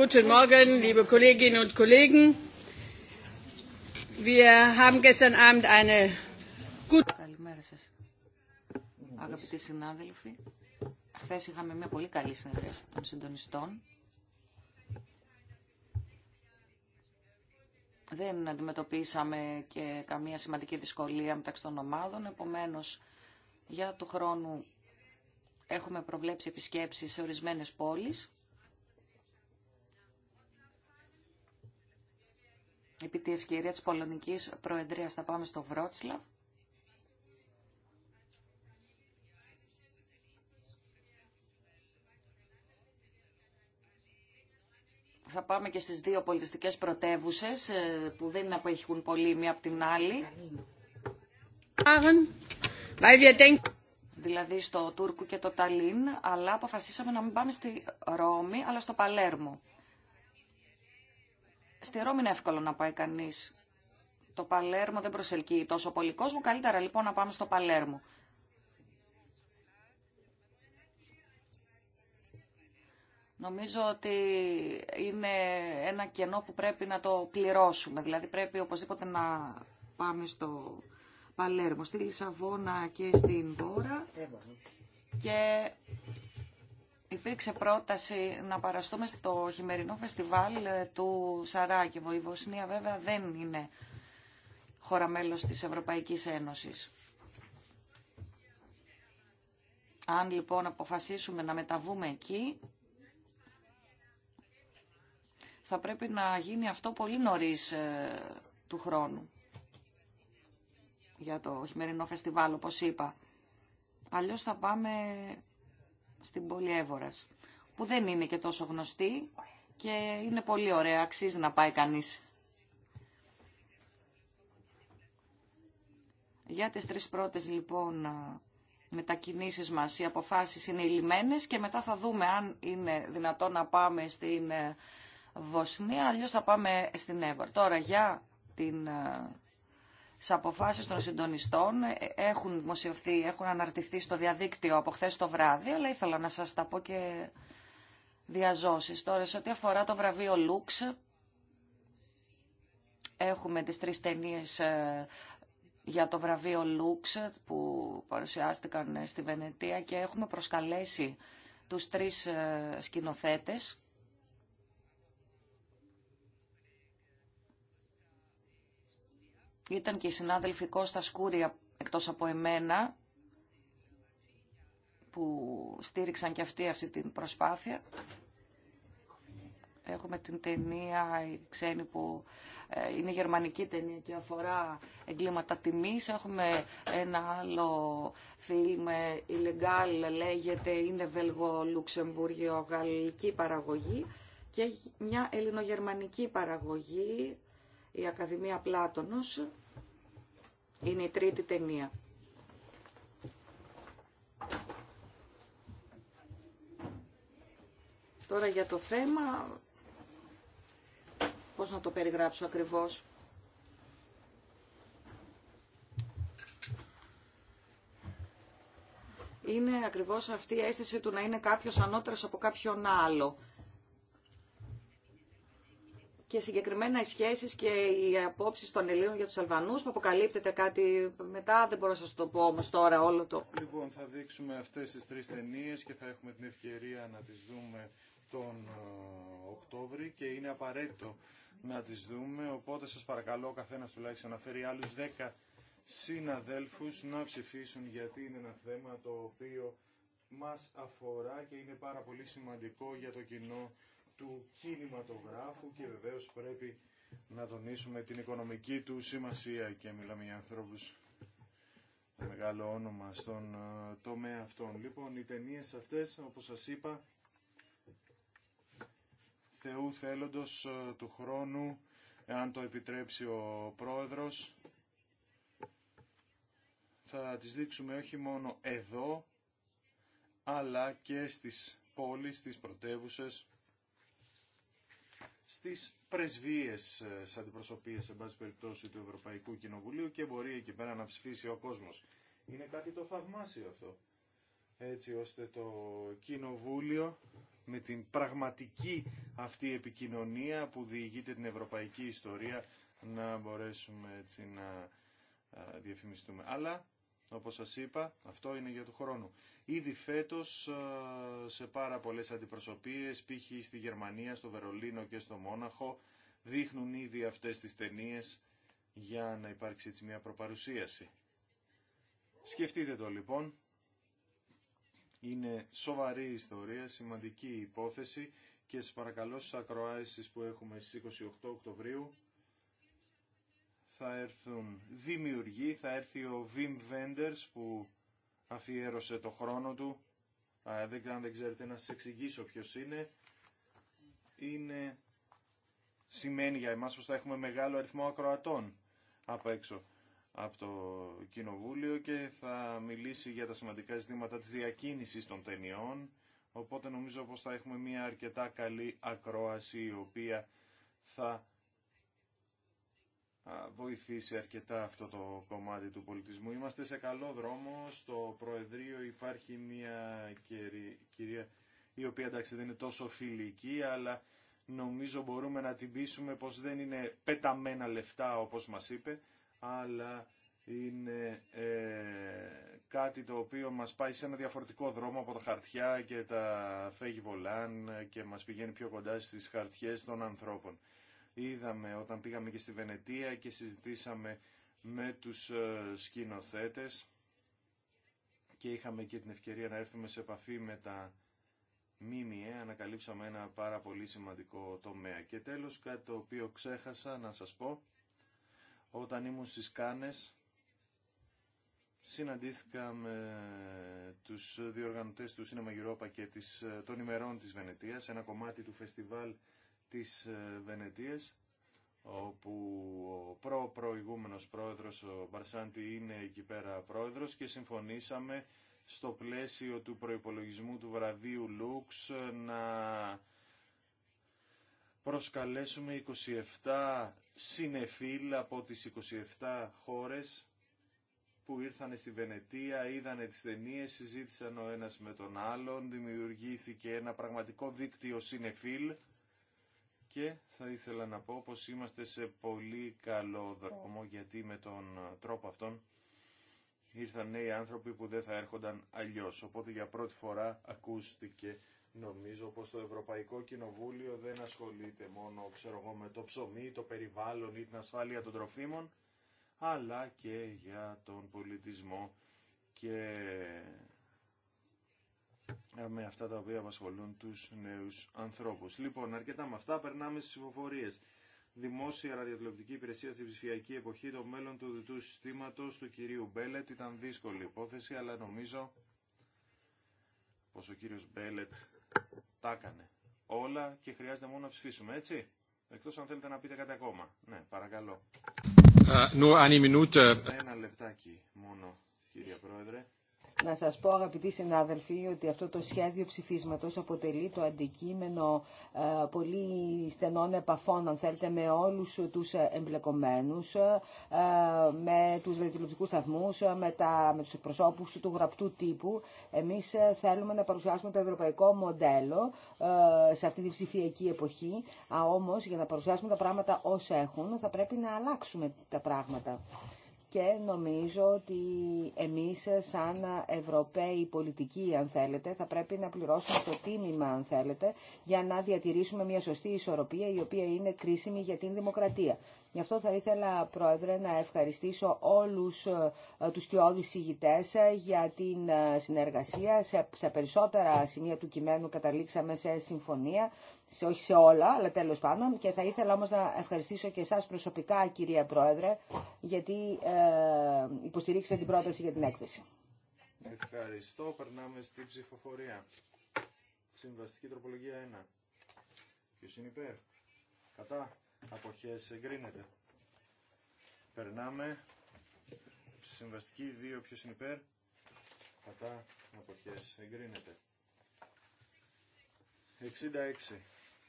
Guten Morgen, liebe Kolleginnen und Kollegen. Wir haben gestern Abend eine Καλημέρα σας, αγαπητοί συνάδελφοι. χθε είχαμε μια πολύ καλή συνεδρίαση των συντονιστών. Δεν αντιμετωπίσαμε και καμία σημαντική δυσκολία μεταξύ των ομάδων. Επομένω, για του χρόνου έχουμε προβλέψει επισκέψει σε ορισμένες πόλεις επί τη ευκαιρία της Πολωνικής Προεδρίας θα πάμε στο Βρότσλαβ. Θα πάμε και στις δύο πολιτιστικές πρωτεύουσες ε, που δεν έχουν πολύ μία από την άλλη. Δηλαδή στο Τούρκου και το Ταλίν, αλλά αποφασίσαμε να μην πάμε στη Ρώμη, αλλά στο Παλέρμο. Στη Ρώμη είναι εύκολο να πάει κανείς. Το Παλέρμο δεν προσελκύει τόσο πολύ κόσμο. Καλύτερα λοιπόν να πάμε στο Παλέρμο. Νομίζω ότι είναι ένα κενό που πρέπει να το πληρώσουμε. Δηλαδή πρέπει οπωσδήποτε να πάμε στο Παλέρμο, στη Λισαβόνα και στην Βόρα. Και Υπήρξε πρόταση να παραστούμε στο χειμερινό φεστιβάλ ε, του Σαράκεβο. Η Βοσνία βέβαια δεν είναι χώρα μέλος της Ευρωπαϊκής Ένωσης. Αν λοιπόν αποφασίσουμε να μεταβούμε εκεί, θα πρέπει να γίνει αυτό πολύ νωρίς ε, του χρόνου για το χειμερινό φεστιβάλ, όπως είπα. Αλλιώς θα πάμε στην πόλη Εύωρας, που δεν είναι και τόσο γνωστή και είναι πολύ ωραία, αξίζει να πάει κανείς. Για τις τρεις πρώτες λοιπόν μετακινήσεις μας οι αποφάσεις είναι ηλιμένες και μετά θα δούμε αν είναι δυνατό να πάμε στην ε, Βοσνία, αλλιώς θα πάμε στην Εύωρα. Τώρα για την ε, σε αποφάσει των συντονιστών έχουν δημοσιευθεί, έχουν αναρτηθεί στο διαδίκτυο από χθε το βράδυ, αλλά ήθελα να σας τα πω και διαζώσει. Τώρα, σε ό,τι αφορά το βραβείο Λούξ, έχουμε τις τρει ταινίε ε, για το βραβείο Λούξ που παρουσιάστηκαν ε, στη Βενετία και έχουμε προσκαλέσει τους τρεις ε, σκηνοθέτες Ήταν και οι συνάδελφοι Κώστα Σκούρια, εκτός από εμένα, που στήριξαν και αυτοί αυτή την προσπάθεια. Έχουμε την ταινία η ξένη που ε, είναι γερμανική ταινία και αφορά εγκλήματα τιμής. Έχουμε ένα άλλο φιλμ, ε, Illegal λέγεται, είναι βελγο-λουξεμβούργιο-γαλλική παραγωγή και μια ελληνογερμανική παραγωγή, η Ακαδημία Πλάτωνος, είναι η τρίτη ταινία. Τώρα για το θέμα, πώς να το περιγράψω ακριβώς. Είναι ακριβώς αυτή η αίσθηση του να είναι κάποιος ανώτερος από κάποιον άλλο και συγκεκριμένα οι σχέσεις και οι απόψεις των Ελλήνων για τους Αλβανούς που αποκαλύπτεται κάτι μετά, δεν μπορώ να σας το πω όμως τώρα όλο το... Λοιπόν, θα δείξουμε αυτές τις τρεις ταινίε και θα έχουμε την ευκαιρία να τις δούμε τον ε, Οκτώβρη και είναι απαραίτητο να τις δούμε, οπότε σας παρακαλώ ο καθένας τουλάχιστον να φέρει άλλους 10 συναδέλφους να ψηφίσουν γιατί είναι ένα θέμα το οποίο μας αφορά και είναι πάρα πολύ σημαντικό για το κοινό του κινηματογράφου και βεβαίως πρέπει να τονίσουμε την οικονομική του σημασία και μιλάμε για ανθρώπους μεγάλο όνομα στον ε, τομέα αυτών. Λοιπόν, οι ταινίε αυτές, όπως σας είπα, Θεού θέλοντος ε, του χρόνου, εάν το επιτρέψει ο Πρόεδρος, θα τις δείξουμε όχι μόνο εδώ, αλλά και στις πόλεις, στις πρωτεύουσες, στις πρεσβείες σε αντιπροσωπείες σε πάση περιπτώσει του Ευρωπαϊκού Κοινοβουλίου και μπορεί εκεί πέρα να ψηφίσει ο κόσμος. Είναι κάτι το θαυμάσιο αυτό. Έτσι ώστε το Κοινοβούλιο με την πραγματική αυτή επικοινωνία που διηγείται την ευρωπαϊκή ιστορία να μπορέσουμε έτσι να διαφημιστούμε. Αλλά όπως σας είπα, αυτό είναι για του χρόνου. Ήδη φέτος σε πάρα πολλές αντιπροσωπείες, π.χ. στη Γερμανία, στο Βερολίνο και στο Μόναχο, δείχνουν ήδη αυτές τις ταινίε για να υπάρξει έτσι μια προπαρουσίαση. Σκεφτείτε το λοιπόν. Είναι σοβαρή ιστορία, σημαντική υπόθεση και σας παρακαλώ στις ακροάσεις που έχουμε στις 28 Οκτωβρίου θα έρθουν δημιουργοί, θα έρθει ο Wim Wenders που αφιέρωσε το χρόνο του. Α, δεν αν δεν ξέρετε να σας εξηγήσω ποιος είναι. Είναι... Σημαίνει για εμάς πως θα έχουμε μεγάλο αριθμό ακροατών από έξω από το Κοινοβούλιο και θα μιλήσει για τα σημαντικά ζητήματα της διακίνησης των ταινιών. Οπότε νομίζω πως θα έχουμε μια αρκετά καλή ακρόαση η οποία θα βοηθήσει αρκετά αυτό το κομμάτι του πολιτισμού. Είμαστε σε καλό δρόμο. Στο Προεδρείο υπάρχει μια κυρία η οποία εντάξει δεν είναι τόσο φιλική, αλλά νομίζω μπορούμε να την πείσουμε πως δεν είναι πεταμένα λεφτά όπως μας είπε, αλλά είναι ε, κάτι το οποίο μας πάει σε ένα διαφορετικό δρόμο από τα χαρτιά και τα φέγγι βολάν και μας πηγαίνει πιο κοντά στις χαρτιές των ανθρώπων είδαμε όταν πήγαμε και στη Βενετία και συζητήσαμε με τους ε, σκηνοθέτες και είχαμε και την ευκαιρία να έρθουμε σε επαφή με τα ΜΜΕ, ανακαλύψαμε ένα πάρα πολύ σημαντικό τομέα. Και τέλος, κάτι το οποίο ξέχασα να σας πω, όταν ήμουν στις Κάνες, συναντήθηκα με τους διοργανωτές του Cinema Europa και ε, των ημερών της Βενετίας, ένα κομμάτι του φεστιβάλ της ε, Βενετίας όπου ο προ-προηγούμενος πρόεδρος ο Μπαρσάντη είναι εκεί πέρα πρόεδρος και συμφωνήσαμε στο πλαίσιο του προϋπολογισμού του βραβείου Λούξ να προσκαλέσουμε 27 συνεφίλ από τις 27 χώρες που ήρθαν στη Βενετία, είδανε τις ταινίε, συζήτησαν ο ένας με τον άλλον, δημιουργήθηκε ένα πραγματικό δίκτυο συνεφίλ και θα ήθελα να πω πως είμαστε σε πολύ καλό δρόμο γιατί με τον τρόπο αυτόν ήρθαν νέοι άνθρωποι που δεν θα έρχονταν αλλιώς. Οπότε για πρώτη φορά ακούστηκε νομίζω πως το Ευρωπαϊκό Κοινοβούλιο δεν ασχολείται μόνο ξέρω εγώ, με το ψωμί, το περιβάλλον ή την ασφάλεια των τροφίμων αλλά και για τον πολιτισμό και ε, με αυτά τα οποία απασχολούν τους νέους ανθρώπους. Λοιπόν, αρκετά με αυτά περνάμε στις υποφορίες. Δημόσια ραδιοτηλεοπτική υπηρεσία στην ψηφιακή εποχή, το μέλλον του διτού συστήματο του κυρίου Μπέλετ ήταν δύσκολη υπόθεση, αλλά νομίζω πως ο κύριος Μπέλετ τα έκανε όλα και χρειάζεται μόνο να ψηφίσουμε, έτσι. Εκτός αν θέλετε να πείτε κάτι ακόμα. Ναι, παρακαλώ. Uh, nur eine Minute. Ένα λεπτάκι μόνο, κύριε Πρόεδρε. Να σας πω αγαπητοί συνάδελφοι ότι αυτό το σχέδιο ψηφίσματος αποτελεί το αντικείμενο ε, πολύ στενών επαφών αν θέλετε με όλους τους ε, εμπλεκομένους, ε, με τους διατηλεπτικούς σταθμούς, με, τα, με τους προσώπους του γραπτού τύπου. Εμείς θέλουμε να παρουσιάσουμε το ευρωπαϊκό μοντέλο σε αυτή τη ψηφιακή εποχή, όμως για να παρουσιάσουμε τα πράγματα όσα έχουν θα πρέπει να αλλάξουμε τα πράγματα και νομίζω ότι εμείς σαν Ευρωπαίοι πολιτικοί, αν θέλετε, θα πρέπει να πληρώσουμε το τίμημα, αν θέλετε, για να διατηρήσουμε μια σωστή ισορροπία η οποία είναι κρίσιμη για την δημοκρατία. Γι' αυτό θα ήθελα, Πρόεδρε, να ευχαριστήσω όλους ε, τους κοιόδης ηγητές ε, για την ε, συνεργασία. Σε περισσότερα σημεία του κειμένου καταλήξαμε σε συμφωνία, σε, όχι σε όλα, αλλά τέλος πάντων. Και θα ήθελα όμως να ευχαριστήσω και εσάς προσωπικά, κυρία Πρόεδρε, γιατί ε, υποστηρίξατε την πρόταση για την έκθεση. Ευχαριστώ. Περνάμε στην ψηφοφορία. Συμβαστική τροπολογία 1. Ποιος είναι υπέρ. Κατά αποχές εγκρίνεται. Περνάμε συμβαστική 2 ποιος είναι υπέρ κατά αποχές εγκρίνεται. 66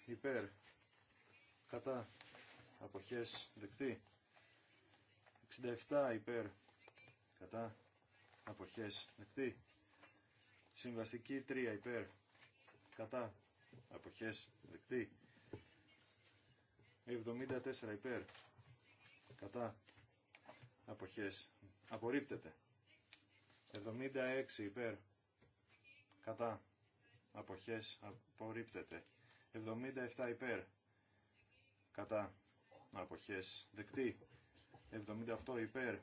υπέρ κατά αποχές δεκτή. 67 υπέρ κατά αποχές δεκτή. Συμβαστική 3 υπέρ κατά αποχές δεκτή. 74 υπέρ κατά αποχές απορρίπτεται 76 υπέρ κατά αποχές απορρίπτεται 77 υπέρ κατά αποχές δεκτή 78 υπέρ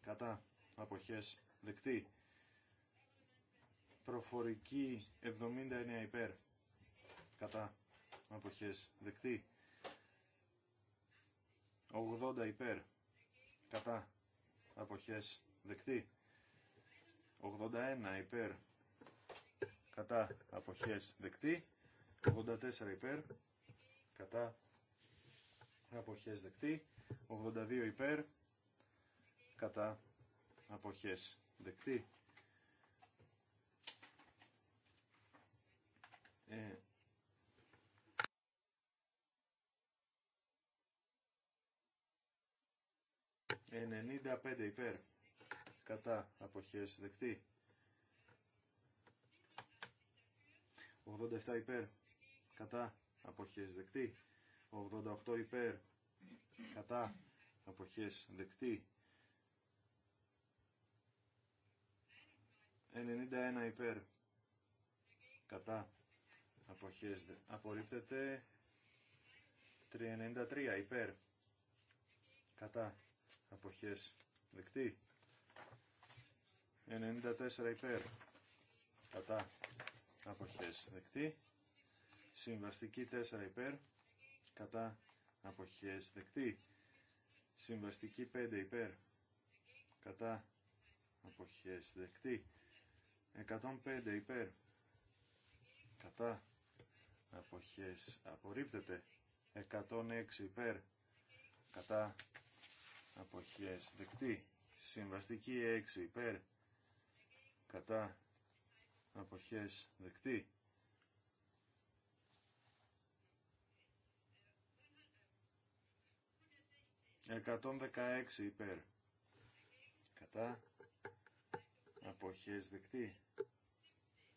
κατά αποχές δεκτή προφορική 79 υπέρ κατά αποχές δεκτή 80 υπέρ κατά αποχές δεκτή 81 υπέρ κατά αποχές δεκτή 84 υπέρ κατά αποχές δεκτή 82 υπέρ κατά αποχές δεκτή ε, 95 υπέρ κατά αποχές δεκτή 87 υπέρ κατά αποχές δεκτή 88 υπέρ κατά αποχές δεκτή 91 υπέρ κατά αποχές απορρίπτεται 393 υπέρ κατά αποχές δεκτή 94 υπέρ κατά αποχές δεκτή συμβαστική 4 υπέρ κατά αποχές δεκτή συμβαστική 5 υπέρ κατά αποχές δεκτή 105 υπέρ κατά αποχές απορρίπτεται 106 υπέρ κατά αποχές δεκτή. Συμβαστική 6 υπέρ κατά αποχές δεκτή. 116 υπέρ. Κατά. Αποχές δεκτή.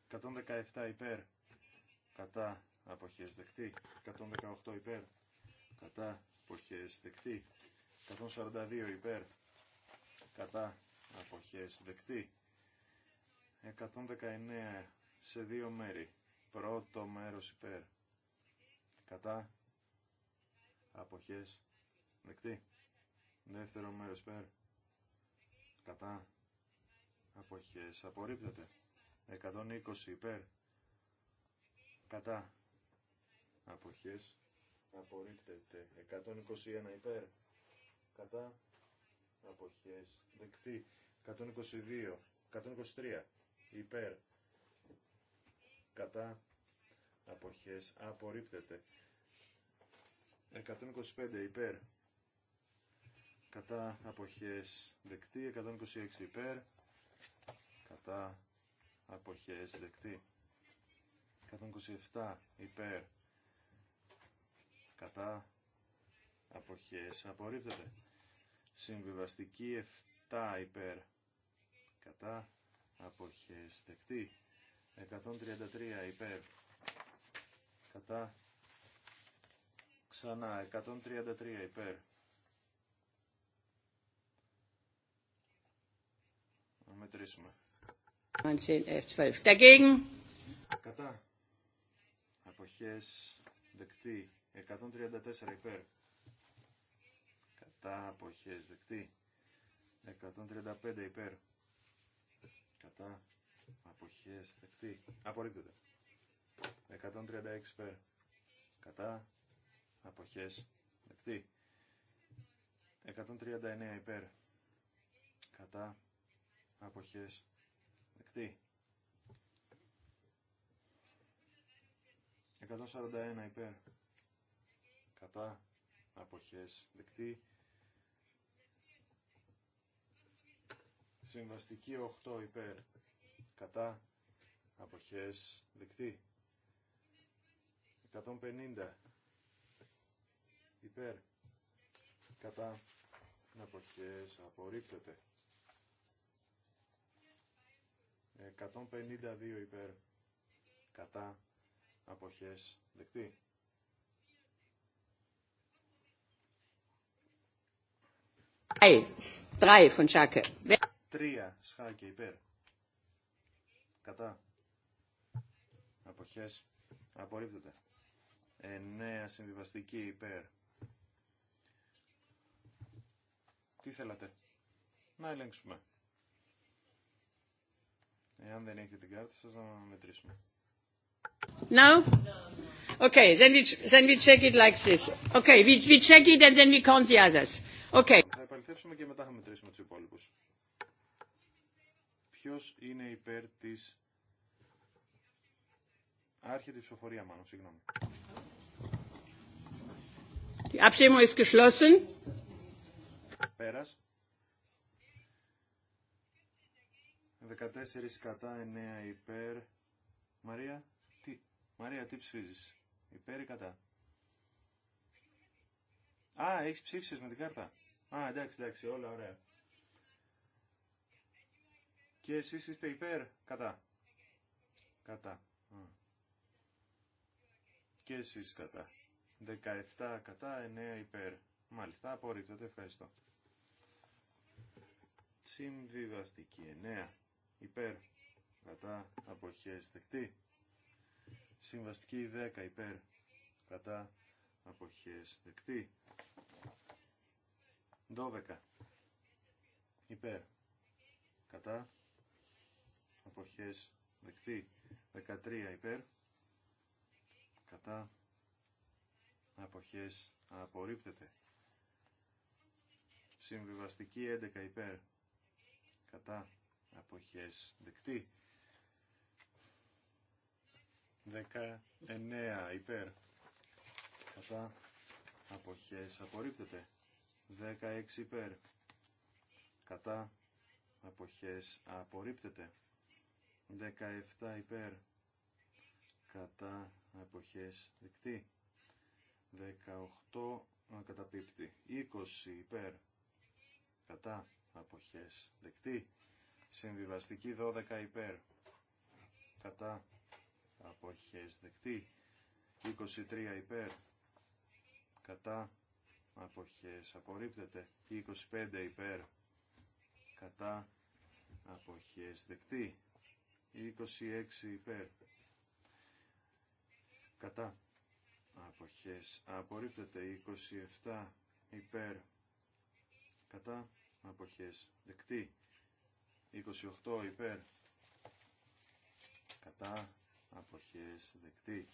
117 υπέρ. Κατά. Αποχές δεκτή. 118 υπέρ. Κατά. Αποχές δεκτή. 142 υπέρ κατά αποχές δεκτή 119 σε δύο μέρη πρώτο μέρος υπέρ κατά αποχές δεκτή δεύτερο μέρος υπέρ κατά αποχές απορρίπτεται 120 υπέρ κατά αποχές απορρίπτεται 121 υπέρ κατά αποχές δεκτή 122 123 υπέρ κατά αποχές απορρίπτεται 125 υπέρ κατά αποχές δεκτή 126 υπέρ κατά αποχές δεκτή 127 υπέρ κατά αποχές απορρίπτεται Συμβιβαστική 7 υπέρ κατά αποχές δεκτή. 133 υπέρ κατά ξανά 133 υπέρ να μετρήσουμε κατά αποχές δεκτή 134 υπέρ αποχές δεκτή 135 υπέρ κατά αποχές δεκτή απορρίπτεται 136 υπέρ κατά αποχές δεκτή 139 υπέρ κατά αποχές δεκτή 141 υπέρ κατά αποχές δεκτή Συμβαστική 8 υπέρ. Κατά. Αποχές δεκτή. 150 υπέρ. Κατά. Αποχές απορρίπτεται. 152 υπέρ. Κατά. Αποχές δεκτή. 3. von Schacke. 3 σχάκε υπέρ. Κατά. Αποχές. Απορρίπτεται. Εννέα συμβιβαστική υπέρ. Τι θέλατε. Να ελέγξουμε. Εάν δεν έχετε την κάρτα σας να μετρήσουμε. No? Okay, then we, then we check it like this. Okay, we, we check it and then we count the others. Okay. Θα επαληθεύσουμε και μετά θα μετρήσουμε τους υπόλοιπους. Ποιος είναι υπέρ της... Άρχεται η ψηφοφορία μάλλον, συγγνώμη. Η Πέρας. 14 κατά, 9 υπέρ. Μαρία, τι, Μαρία, τι ψηφίζεις. Υπέρ ή κατά. Α, έχεις ψήφισες με την κάρτα. Α, εντάξει, εντάξει, όλα ωραία. Και εσείς είστε υπέρ, κατά. Κατά. Και εσείς κατά. 17 κατά, 9 υπέρ. Μάλιστα, απορρίπτεται, ευχαριστώ. Συμβιβαστική 9 υπέρ, κατά, αποχές δεκτή. Συμβαστική 10 υπέρ, κατά, αποχές δεκτή. 12 υπέρ, κατά, αποχές δεκτή 13 υπέρ κατά αποχές απορρίπτεται συμβιβαστική 11 υπέρ κατά αποχές δεκτή 19 υπέρ κατά αποχές απορρίπτεται 16 υπέρ κατά αποχές απορρίπτεται 17 υπέρ κατά εποχές δεκτή 18 καταπίπτει 20 υπέρ κατά εποχές δεκτή συμβιβαστική 12 υπέρ κατά αποχές δεκτή 23 υπέρ κατά αποχές απορρίπτεται 25 υπέρ κατά αποχές δεκτή 26 υπέρ. Κατά. Αποχές. Απορρίπτεται. 27 υπέρ. Κατά. Αποχές. Δεκτή. 28 υπέρ. Κατά. Αποχές. Δεκτή.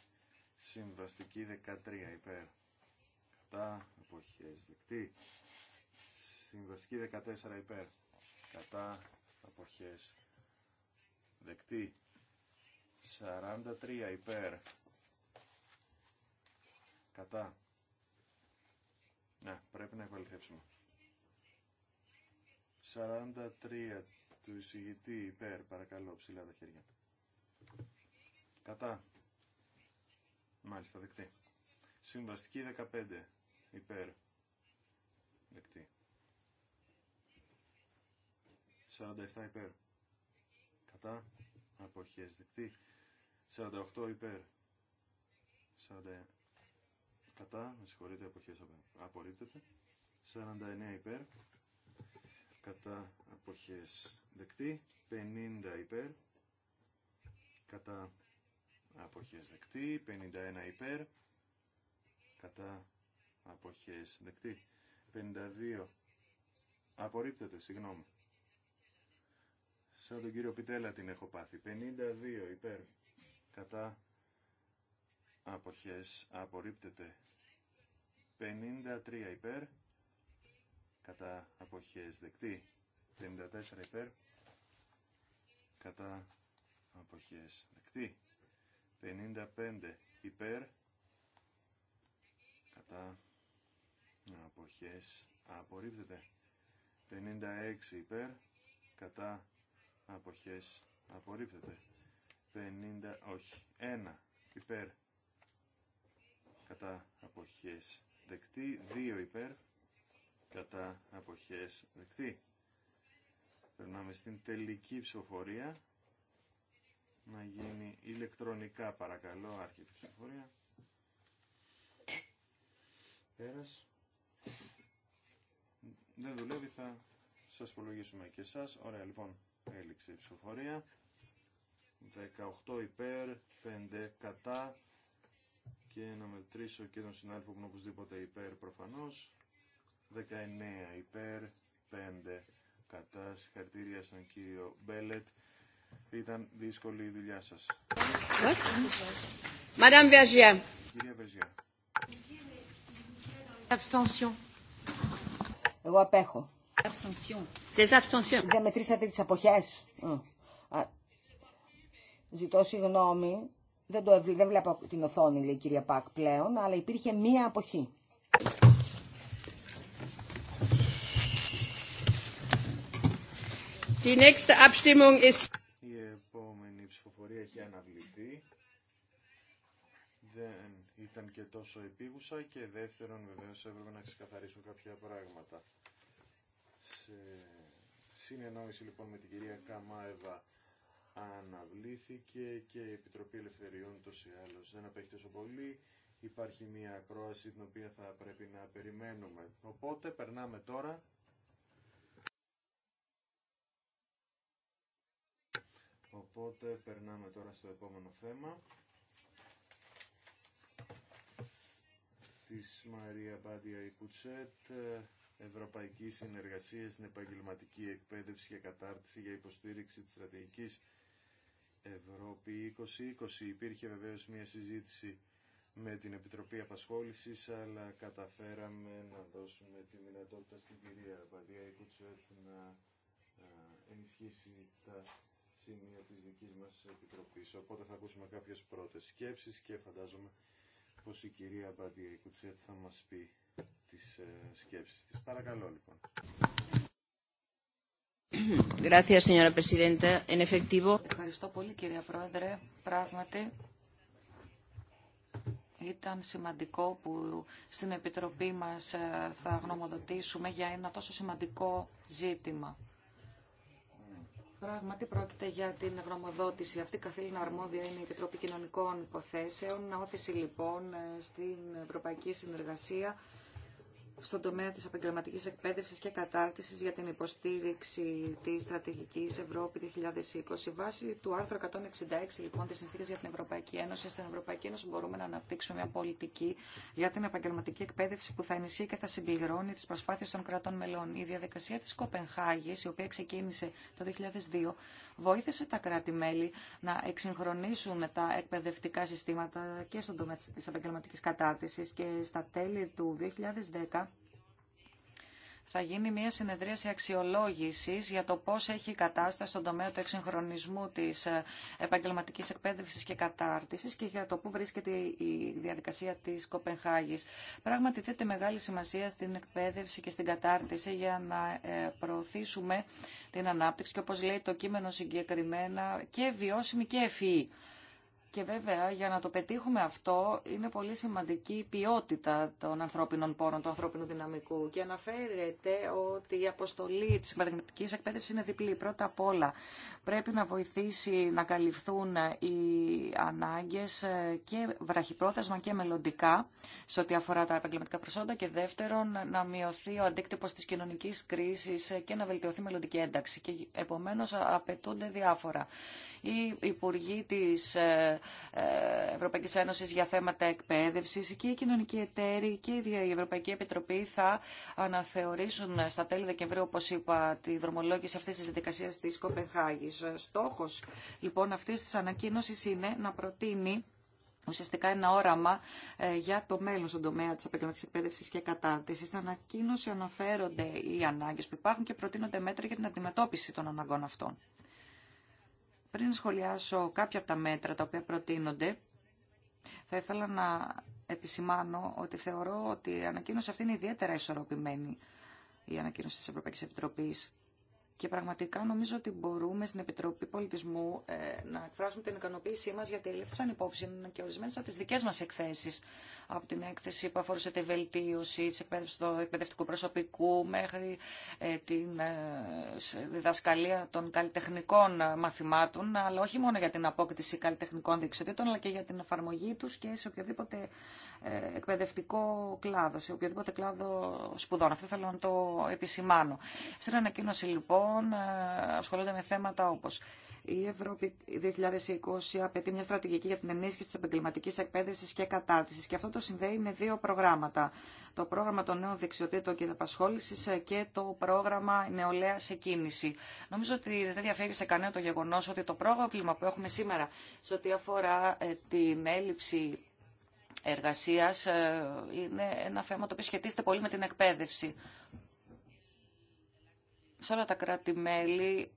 Συμβαστική 13 υπέρ. Κατά. Αποχές. Δεκτή. Συμβαστική 14 υπέρ. Κατά. Αποχές δεκτή 43 υπέρ κατά να πρέπει να επαληθεύσουμε 43 του εισηγητή υπέρ παρακαλώ ψηλά τα χέρια κατά μάλιστα δεκτή συμβαστική 15 υπέρ δεκτή 47 υπέρ κατά αποχές δεκτή 48 υπέρ 40 κατά με συγχωρείτε αποχές απορρίπτεται 49 υπέρ κατά αποχές δεκτή 50 υπέρ κατά αποχές δεκτή 51 υπέρ κατά αποχές δεκτή 52 απορρίπτεται συγγνώμη σαν τον κύριο Πιτέλα την έχω πάθει. 52 υπέρ κατά αποχές απορρίπτεται. 53 υπέρ κατά αποχές δεκτή. 54 υπέρ κατά αποχές δεκτή. 55 υπέρ κατά αποχές απορρίπτεται. 56 υπέρ κατά αποχές απορρίπτεται 50 όχι 1 υπέρ κατά αποχές δεκτή 2 υπέρ κατά αποχές δεκτή περνάμε στην τελική ψηφοφορία να γίνει ηλεκτρονικά παρακαλώ άρχεται η ψηφοφορία πέρας δεν δουλεύει θα σας υπολογίσουμε και εσάς ωραία λοιπόν Έληξε η ψηφοφορία. 18 υπέρ, 5 κατά και να μετρήσω και τον συνάδελφο που είναι οπωσδήποτε υπέρ προφανώς. 19 υπέρ, 5 κατά. Συγχαρητήρια στον κύριο Μπέλετ. Ήταν δύσκολη η δουλειά σας. Madame Βεργιά. Κυρία Εγώ απέχω. Δεν μετρήσατε τις αποχές. Ζητώ συγγνώμη. Δεν, το, δεν βλέπω την οθόνη, λέει η κυρία Πακ πλέον, αλλά υπήρχε μία αποχή. Η επόμενη ψηφοφορία έχει αναβληθεί. Δεν ήταν και τόσο επίγουσα και δεύτερον βεβαίως έπρεπε να ξεκαθαρίσουν κάποια πράγματα σε συνεννόηση λοιπόν με την κυρία Καμάεβα αναβλήθηκε και η Επιτροπή Ελευθεριών τόσο ή δεν απέχει τόσο πολύ. Υπάρχει μια ακρόαση την οποία θα πρέπει να περιμένουμε. Οπότε περνάμε τώρα Οπότε περνάμε τώρα στο επόμενο θέμα της Μαρία Μπάντια Ικουτσέτ ευρωπαϊκή συνεργασία στην επαγγελματική εκπαίδευση και κατάρτιση για υποστήριξη της στρατηγικής Ευρώπη 2020. Υπήρχε βεβαίως μια συζήτηση με την Επιτροπή Απασχόλησης, αλλά καταφέραμε να δώσουμε τη δυνατότητα στην κυρία Βαδία Ικουτσέτ να ε, ενισχύσει τα σημεία της δικής μας Επιτροπής. Οπότε θα ακούσουμε κάποιες πρώτες σκέψεις και φαντάζομαι πως η κυρία Μπάντια Ικουτσέτ θα μας πει τις ε, σκέψεις της. Παρακαλώ λοιπόν. Ευχαριστώ πολύ κυρία Πρόεδρε. Πράγματι ήταν σημαντικό που στην Επιτροπή μας ε, θα γνωμοδοτήσουμε για ένα τόσο σημαντικό ζήτημα. Πράγματι πρόκειται για την γνωμοδότηση. Αυτή η καθήλυνα αρμόδια είναι η Επιτροπή Κοινωνικών Υποθέσεων. Όθηση λοιπόν ε, στην Ευρωπαϊκή Συνεργασία στον τομέα της επαγγελματική εκπαίδευσης και κατάρτισης για την υποστήριξη της στρατηγικής Ευρώπη 2020. Βάσει του άρθρου 166 λοιπόν της Συνθήκης για την Ευρωπαϊκή Ένωση, στην Ευρωπαϊκή Ένωση μπορούμε να αναπτύξουμε μια πολιτική για την επαγγελματική εκπαίδευση που θα ενισχύει και θα συμπληρώνει τις προσπάθειες των κρατών μελών. Η διαδικασία της Κοπενχάγης, η οποία ξεκίνησε το 2002, βοήθησε τα κράτη-μέλη να εξυγχρονίσουν τα εκπαιδευτικά συστήματα και στον τομέα της επαγγελματική κατάρτισης και στα τέλη του 2010 θα γίνει μια συνεδρίαση αξιολόγηση για το πώς έχει η κατάσταση στον τομέα του εξυγχρονισμού της ε, επαγγελματική εκπαίδευση και κατάρτισης και για το πού βρίσκεται η διαδικασία της Κοπενχάγης. Πράγματι θέτει μεγάλη σημασία στην εκπαίδευση και στην κατάρτιση για να ε, προωθήσουμε την ανάπτυξη και όπως λέει το κείμενο συγκεκριμένα και βιώσιμη και ευφυή και βέβαια για να το πετύχουμε αυτό είναι πολύ σημαντική η ποιότητα των ανθρώπινων πόρων, του ανθρώπινου δυναμικού. Και αναφέρεται ότι η αποστολή της μεταγνωτικής εκπαίδευσης είναι διπλή. Πρώτα απ' όλα πρέπει να βοηθήσει να καλυφθούν οι ανάγκες ε, και βραχυπρόθεσμα και μελλοντικά σε ό,τι αφορά τα επαγγελματικά προσόντα και δεύτερον να μειωθεί ο αντίκτυπος της κοινωνικής κρίσης ε, και να βελτιωθεί μελλοντική ένταξη. Και επομένως απαιτούνται διάφορα οι υπουργοί τη ε, ε, Ευρωπαϊκή Ένωση για θέματα εκπαίδευση και οι κοινωνικοί εταίροι και η Ευρωπαϊκή Επιτροπή θα αναθεωρήσουν στα τέλη Δεκεμβρίου, όπω είπα, τη δρομολόγηση αυτής της διαδικασίας τη Κοπενχάγη. στόχο, λοιπόν αυτή τη ανακοίνωση είναι να προτείνει ουσιαστικά ένα όραμα ε, για το μέλλον στον τομέα της επαγγελματικής εκπαίδευσης και κατάρτισης. Στην ανακοίνωση αναφέρονται οι ανάγκες που υπάρχουν και προτείνονται μέτρα για την αντιμετώπιση των αναγκών αυτών. Πριν σχολιάσω κάποια από τα μέτρα τα οποία προτείνονται, θα ήθελα να επισημάνω ότι θεωρώ ότι η ανακοίνωση αυτή είναι ιδιαίτερα ισορροπημένη, η ανακοίνωση της Ευρωπαϊκής Επιτροπής. Και πραγματικά νομίζω ότι μπορούμε στην Επιτροπή Πολιτισμού ε, να εκφράσουμε την ικανοποίησή μα γιατί σαν υπόψη και ορισμένε από τι δικέ μα εκθέσει. Από την έκθεση που αφορούσε τη βελτίωση τη εκπαίδευση του εκπαιδευτικού προσωπικού μέχρι ε, τη ε, διδασκαλία των καλλιτεχνικών μαθημάτων, αλλά όχι μόνο για την απόκτηση καλλιτεχνικών δεξιοτήτων, αλλά και για την εφαρμογή του και σε οποιοδήποτε εκπαιδευτικό κλάδο, σε οποιοδήποτε κλάδο σπουδών. Αυτό θέλω να το επισημάνω. Σε ανακοίνωση λοιπόν, λοιπόν ασχολούνται με θέματα όπως η Ευρώπη 2020 απαιτεί μια στρατηγική για την ενίσχυση της επαγγελματική εκπαίδευσης και κατάρτισης και αυτό το συνδέει με δύο προγράμματα. Το πρόγραμμα των νέων δεξιοτήτων και απασχόλησης και το πρόγραμμα νεολαία σε κίνηση. Νομίζω ότι δεν διαφέρει σε κανένα το γεγονός ότι το πρόβλημα που έχουμε σήμερα σε ό,τι αφορά ε, την έλλειψη εργασίας ε, είναι ένα θέμα το οποίο σχετίζεται πολύ με την εκπαίδευση σε όλα τα κράτη-μέλη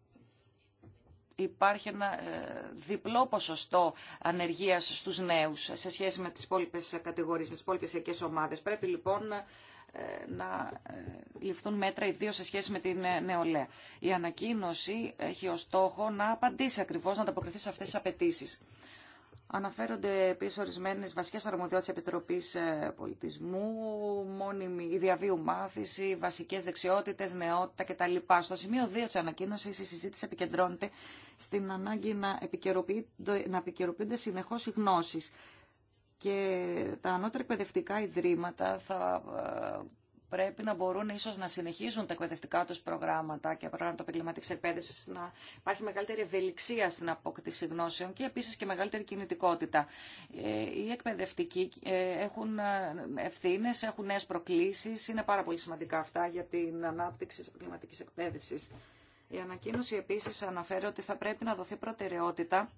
υπάρχει ένα ε, διπλό ποσοστό ανεργίας στους νέους σε σχέση με τις υπόλοιπες κατηγορίες, με τις υπόλοιπες οικιακές ομάδες. Πρέπει λοιπόν ε, να ε, ληφθούν μέτρα ιδίω σε σχέση με την νεολαία. Η ανακοίνωση έχει ως στόχο να απαντήσει ακριβώς, να ανταποκριθεί σε αυτές τις απαιτήσεις. Αναφέρονται επίση ορισμένε βασικέ αρμοδιότητε Επιτροπή ε, Πολιτισμού, μόνιμη η διαβίου μάθηση, βασικέ δεξιότητε, νεότητα κτλ. Στο σημείο 2 τη ανακοίνωση η συζήτηση επικεντρώνεται στην ανάγκη να επικαιροποιούνται, να επικαιροποιούνται συνεχώ οι γνώσει. Και τα ανώτερα εκπαιδευτικά ιδρύματα θα ε, πρέπει να μπορούν ίσω να συνεχίζουν τα εκπαιδευτικά του προγράμματα και προγράμματα επαγγελματική εκπαίδευση, να υπάρχει μεγαλύτερη ευελιξία στην απόκτηση γνώσεων και επίση και μεγαλύτερη κινητικότητα. Ε, οι εκπαιδευτικοί ε, έχουν ε, ευθύνε, έχουν νέε προκλήσει. Είναι πάρα πολύ σημαντικά αυτά για την ανάπτυξη τη επαγγελματική εκπαίδευση. Η ανακοίνωση επίση αναφέρει ότι θα πρέπει να δοθεί προτεραιότητα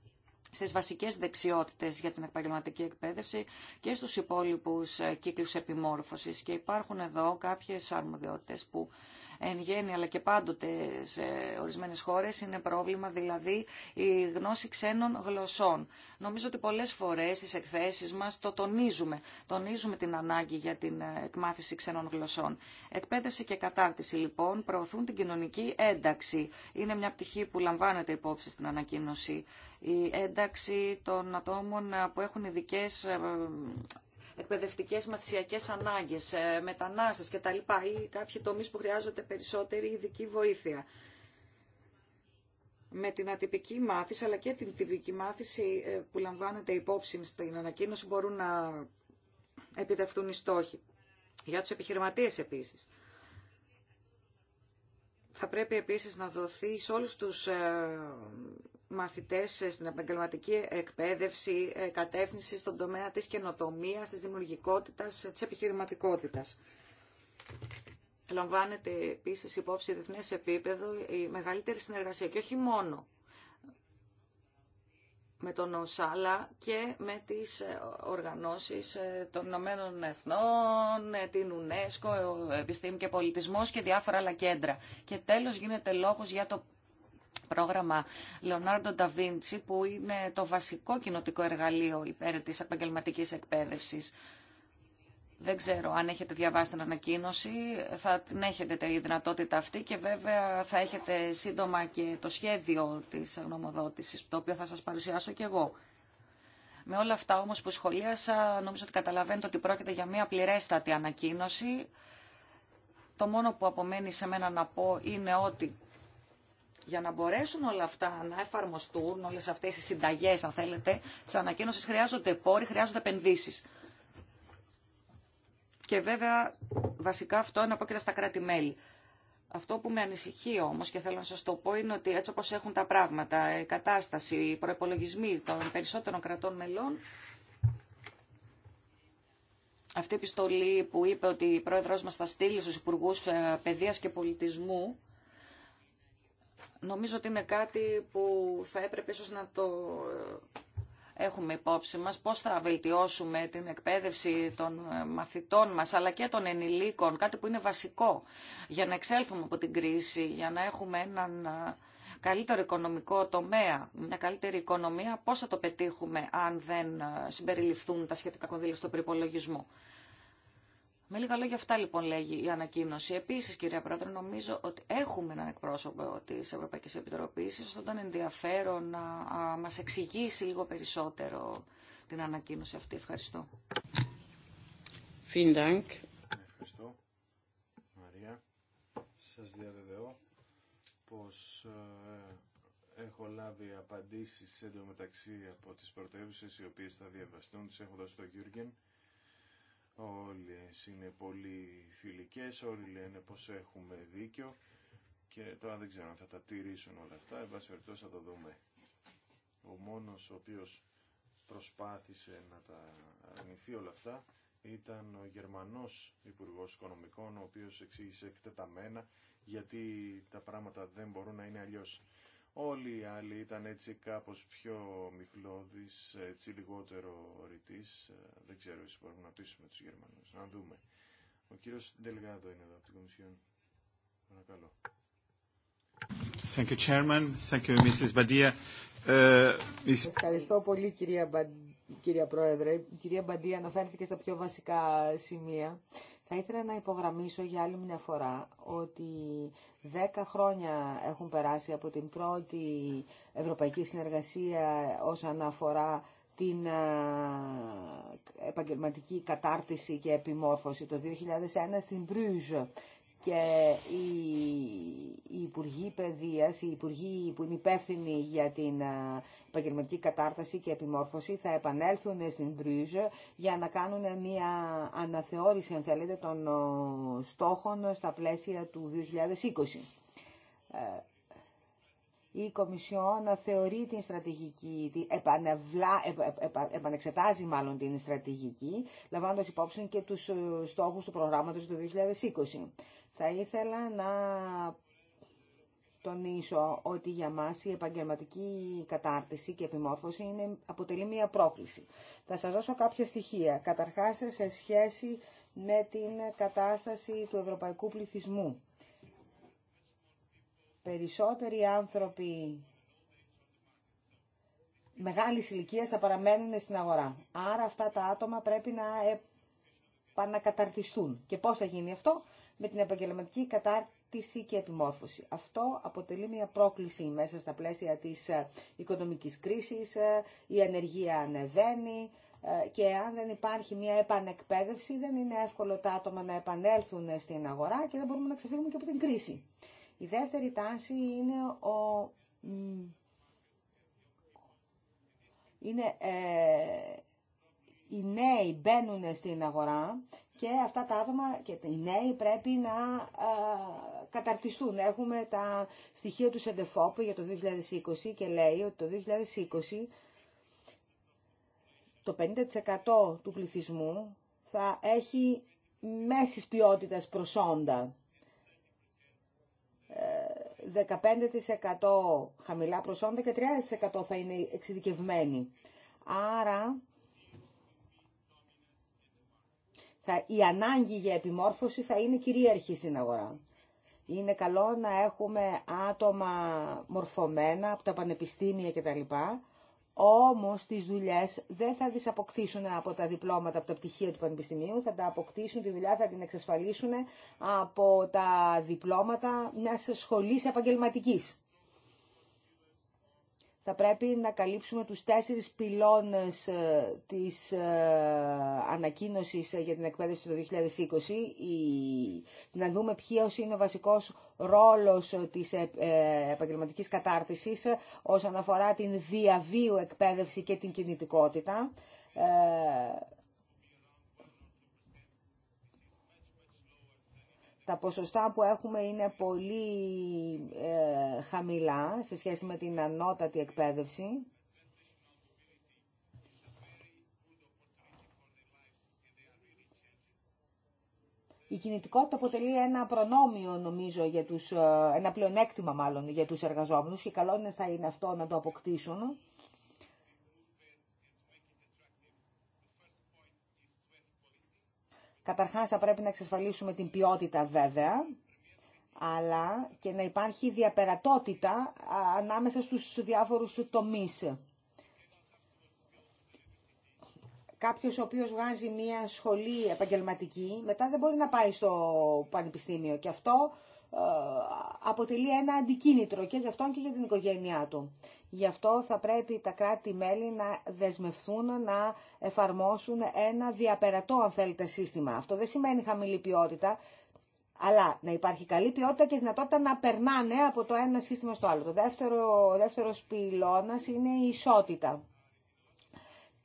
στις βασικές δεξιότητες για την επαγγελματική εκπαίδευση και στους υπόλοιπους ε, κύκλους επιμόρφωσης. Και υπάρχουν εδώ κάποιες αρμοδιότητες που εν γέννη αλλά και πάντοτε σε ορισμένες χώρες είναι πρόβλημα δηλαδή η γνώση ξένων γλωσσών. Νομίζω ότι πολλές φορές στις εκθέσεις μας το τονίζουμε. Τονίζουμε την ανάγκη για την ε, εκμάθηση ξένων γλωσσών. Εκπαίδευση και κατάρτιση λοιπόν προωθούν την κοινωνική ένταξη. Είναι μια πτυχή που λαμβάνεται υπόψη στην ανακοίνωση η ένταξη των ατόμων ε, που έχουν ειδικέ ε, εκπαιδευτικές μαθησιακές ανάγκες, ε, μετανάστες κτλ. ή κάποιοι τομείς που χρειάζονται περισσότερη ειδική βοήθεια. Με την ατυπική μάθηση αλλά και την τυπική μάθηση ε, που λαμβάνεται υπόψη στην ανακοίνωση μπορούν να επιτευχθούν οι στόχοι. Για τους επιχειρηματίες επίσης. Θα πρέπει επίσης να δοθεί σε όλους τους ε, μαθητές στην επαγγελματική εκπαίδευση, ε, κατεύθυνση στον τομέα της καινοτομίας, της δημιουργικότητας, ε, της επιχειρηματικότητας. Λαμβάνεται επίσης υπόψη διεθνέ επίπεδο η μεγαλύτερη συνεργασία και όχι μόνο με τον ΣΑΛΑ και με τις ε, οργανώσεις των Ηνωμένων Εθνών, την UNESCO, Επιστήμη και Πολιτισμός και διάφορα άλλα κέντρα. Και τέλος γίνεται λόγος για το πρόγραμμα Λεωνάρντο Νταβίντσι που είναι το βασικό κοινοτικό εργαλείο υπέρ της επαγγελματική εκπαίδευσης. Δεν ξέρω αν έχετε διαβάσει την ανακοίνωση, θα την έχετε τη δυνατότητα αυτή και βέβαια θα έχετε σύντομα και το σχέδιο της γνωμοδότησης, το οποίο θα σας παρουσιάσω και εγώ. Με όλα αυτά όμως που σχολίασα, νομίζω ότι καταλαβαίνετε ότι πρόκειται για μια πληρέστατη ανακοίνωση. Το μόνο που απομένει σε μένα να πω είναι ότι για να μπορέσουν όλα αυτά να εφαρμοστούν, όλες αυτές οι συνταγές, αν θέλετε, τη ανακοίνωση, χρειάζονται πόροι, χρειάζονται επενδύσεις. Και βέβαια, βασικά αυτό είναι απόκειτα στα κράτη-μέλη. Αυτό που με ανησυχεί όμω και θέλω να σα το πω είναι ότι έτσι όπω έχουν τα πράγματα, η κατάσταση, οι προπολογισμοί των περισσότερων κρατών μελών, αυτή η επιστολή που είπε ότι η πρόεδρό μα θα στείλει στου υπουργού ε, παιδεία και πολιτισμού Νομίζω ότι είναι κάτι που θα έπρεπε ίσως να το ε, έχουμε υπόψη μας, πώς θα βελτιώσουμε την εκπαίδευση των ε, μαθητών μας, αλλά και των ενηλίκων, κάτι που είναι βασικό για να εξέλθουμε από την κρίση, για να έχουμε έναν ε, καλύτερο οικονομικό τομέα, μια καλύτερη οικονομία, πώς θα το πετύχουμε αν δεν συμπεριληφθούν τα σχετικά κονδύλια στο προπολογισμό. Με λίγα λόγια αυτά λοιπόν λέγει η ανακοίνωση. Επίσης κυρία Πρόεδρε νομίζω ότι έχουμε έναν εκπρόσωπο της Ευρωπαϊκής Επιτροπής. Ίσως θα ήταν ενδιαφέρον να μας εξηγήσει λίγο περισσότερο την ανακοίνωση αυτή. Ευχαριστώ. Ευχαριστώ. Μαρία, σας διαβεβαιώ πως ε, έχω λάβει απαντήσεις εντωμεταξύ από τις πρωτεύουσες οι οποίες θα διαβαστούν. Τις έχω δώσει στο Γιούργεν Όλες είναι πολύ φιλικές, όλοι λένε πως έχουμε δίκιο και τώρα δεν ξέρω αν θα τα τηρήσουν όλα αυτά, εν θα το δούμε. Ο μόνος ο οποίος προσπάθησε να τα αρνηθεί όλα αυτά ήταν ο Γερμανός Υπουργός Οικονομικών, ο οποίος εξήγησε εκτεταμένα γιατί τα πράγματα δεν μπορούν να είναι αλλιώς. Όλοι οι άλλοι ήταν έτσι κάπως πιο μιχλώδης, έτσι λιγότερο ρητής. Δεν ξέρω, εσύ μπορούμε να πείσουμε τους Γερμανούς. Να δούμε. Ο κύριος Ντελγάδο είναι εδώ από την Κομισιόν. Παρακαλώ. Ε, Ευχαριστώ πολύ, κυρία, κυρία Πρόεδρε. κυρία Μπαντία αναφέρθηκε στα πιο βασικά σημεία θα ήθελα να υπογραμμίσω για άλλη μια φορά ότι δέκα χρόνια έχουν περάσει από την πρώτη ευρωπαϊκή συνεργασία όσον αφορά την επαγγελματική κατάρτιση και επιμόρφωση το 2001 στην Bruges και οι Υπουργοί Παιδείας, οι Υπουργοί που είναι υπεύθυνοι για την ε, επαγγελματική κατάρταση και επιμόρφωση θα επανέλθουν στην Μπρίζ για να κάνουν μια αναθεώρηση, αν θέλετε, των ε, στόχων στα πλαίσια του 2020. Ε, η Κομισιόν θεωρεί την στρατηγική, επανευλα, επανεξετάζει μάλλον την στρατηγική, λαμβάνοντας υπόψη και τους στόχους του προγράμματος του 2020. Θα ήθελα να τονίσω ότι για μας η επαγγελματική κατάρτιση και επιμόρφωση είναι, αποτελεί μια πρόκληση. Θα σας δώσω κάποια στοιχεία. Καταρχάς σε σχέση με την κατάσταση του ευρωπαϊκού πληθυσμού. Περισσότεροι άνθρωποι μεγάλη ηλικία θα παραμένουν στην αγορά. Άρα αυτά τα άτομα πρέπει να επανακαταρτιστούν. Και πώς θα γίνει αυτό? με την επαγγελματική κατάρτιση και επιμόρφωση. Αυτό αποτελεί μια πρόκληση μέσα στα πλαίσια της ε, οικονομικής κρίσης, ε, η ανεργία ανεβαίνει ε, και αν δεν υπάρχει μια επανεκπαίδευση δεν είναι εύκολο τα άτομα να επανέλθουν στην αγορά και δεν μπορούμε να ξεφύγουμε και από την κρίση. Η δεύτερη τάση είναι ο... Είναι ε, οι νέοι μπαίνουν στην αγορά και αυτά τα άτομα και οι νέοι πρέπει να ε, καταρτιστούν. Έχουμε τα στοιχεία του ΣΕΝΤΕΦΟΠ για το 2020 και λέει ότι το 2020 το 50% του πληθυσμού θα έχει μέσης ποιότητας προσόντα. 15% ε, χαμηλά προσόντα και 30% θα είναι εξειδικευμένοι. Άρα θα, η ανάγκη για επιμόρφωση θα είναι κυρίαρχη στην αγορά. Είναι καλό να έχουμε άτομα μορφωμένα από τα πανεπιστήμια κτλ. Όμως τις δουλειές δεν θα τις αποκτήσουν από τα διπλώματα, από τα πτυχία του Πανεπιστημίου, θα τα αποκτήσουν, τη δουλειά θα την εξασφαλίσουν από τα διπλώματα μιας σχολής επαγγελματικής θα πρέπει να καλύψουμε τους τέσσερις πυλώνες ε, της ε, ανακοίνωσης ε, για την εκπαίδευση το 2020, να δούμε ποιος είναι ο βασικός ρόλος της επαγγελματικής κατάρτισης όσον αφορά την διαβίου εκπαίδευση και την κινητικότητα. τα ποσοστά που έχουμε είναι πολύ ε, χαμηλά σε σχέση με την ανώτατη εκπαίδευση. Η κινητικότητα αποτελεί ένα προνόμιο, νομίζω, για τους, ε, ένα πλεονέκτημα μάλλον για τους εργαζόμενους και καλό είναι θα είναι αυτό να το αποκτήσουν. Καταρχάς θα πρέπει να εξασφαλίσουμε την ποιότητα βέβαια, αλλά και να υπάρχει διαπερατότητα ανάμεσα στους διάφορους τομείς. Κάποιος ο οποίος βγάζει μια σχολή επαγγελματική, μετά δεν μπορεί να πάει στο πανεπιστήμιο και αυτό ε, αποτελεί ένα αντικίνητρο και για αυτόν και για την οικογένειά του. Γι' αυτό θα πρέπει τα κράτη-μέλη να δεσμευθούν να εφαρμόσουν ένα διαπερατό, αν θέλετε, σύστημα. Αυτό δεν σημαίνει χαμηλή ποιότητα, αλλά να υπάρχει καλή ποιότητα και δυνατότητα να περνάνε από το ένα σύστημα στο άλλο. Το δεύτερο, δεύτερος πυλώνας είναι η ισότητα.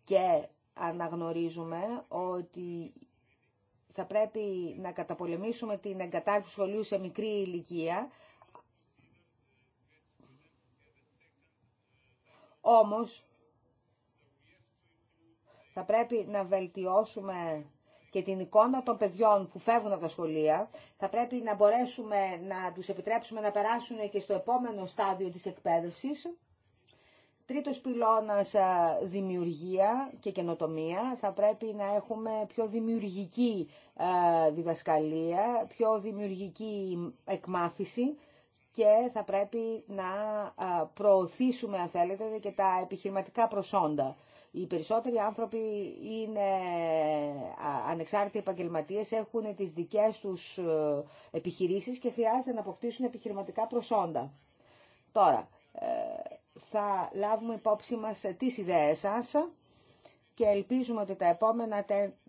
Και αναγνωρίζουμε ότι θα πρέπει να καταπολεμήσουμε την εγκατάλειψη σχολείου σε μικρή ηλικία. Όμως, θα πρέπει να βελτιώσουμε και την εικόνα των παιδιών που φεύγουν από τα σχολεία. Θα πρέπει να μπορέσουμε να τους επιτρέψουμε να περάσουν και στο επόμενο στάδιο της εκπαίδευσης. Τρίτος πυλώνας δημιουργία και καινοτομία. Θα πρέπει να έχουμε πιο δημιουργική διδασκαλία, πιο δημιουργική εκμάθηση και θα πρέπει να προωθήσουμε, αν θέλετε, και τα επιχειρηματικά προσόντα. Οι περισσότεροι άνθρωποι είναι ανεξάρτητοι επαγγελματίες, έχουν τις δικές τους επιχειρήσεις και χρειάζεται να αποκτήσουν επιχειρηματικά προσόντα. Τώρα, ε, θα λάβουμε υπόψη μας ε, τις ιδέες σας και ελπίζουμε ότι τα επόμενα,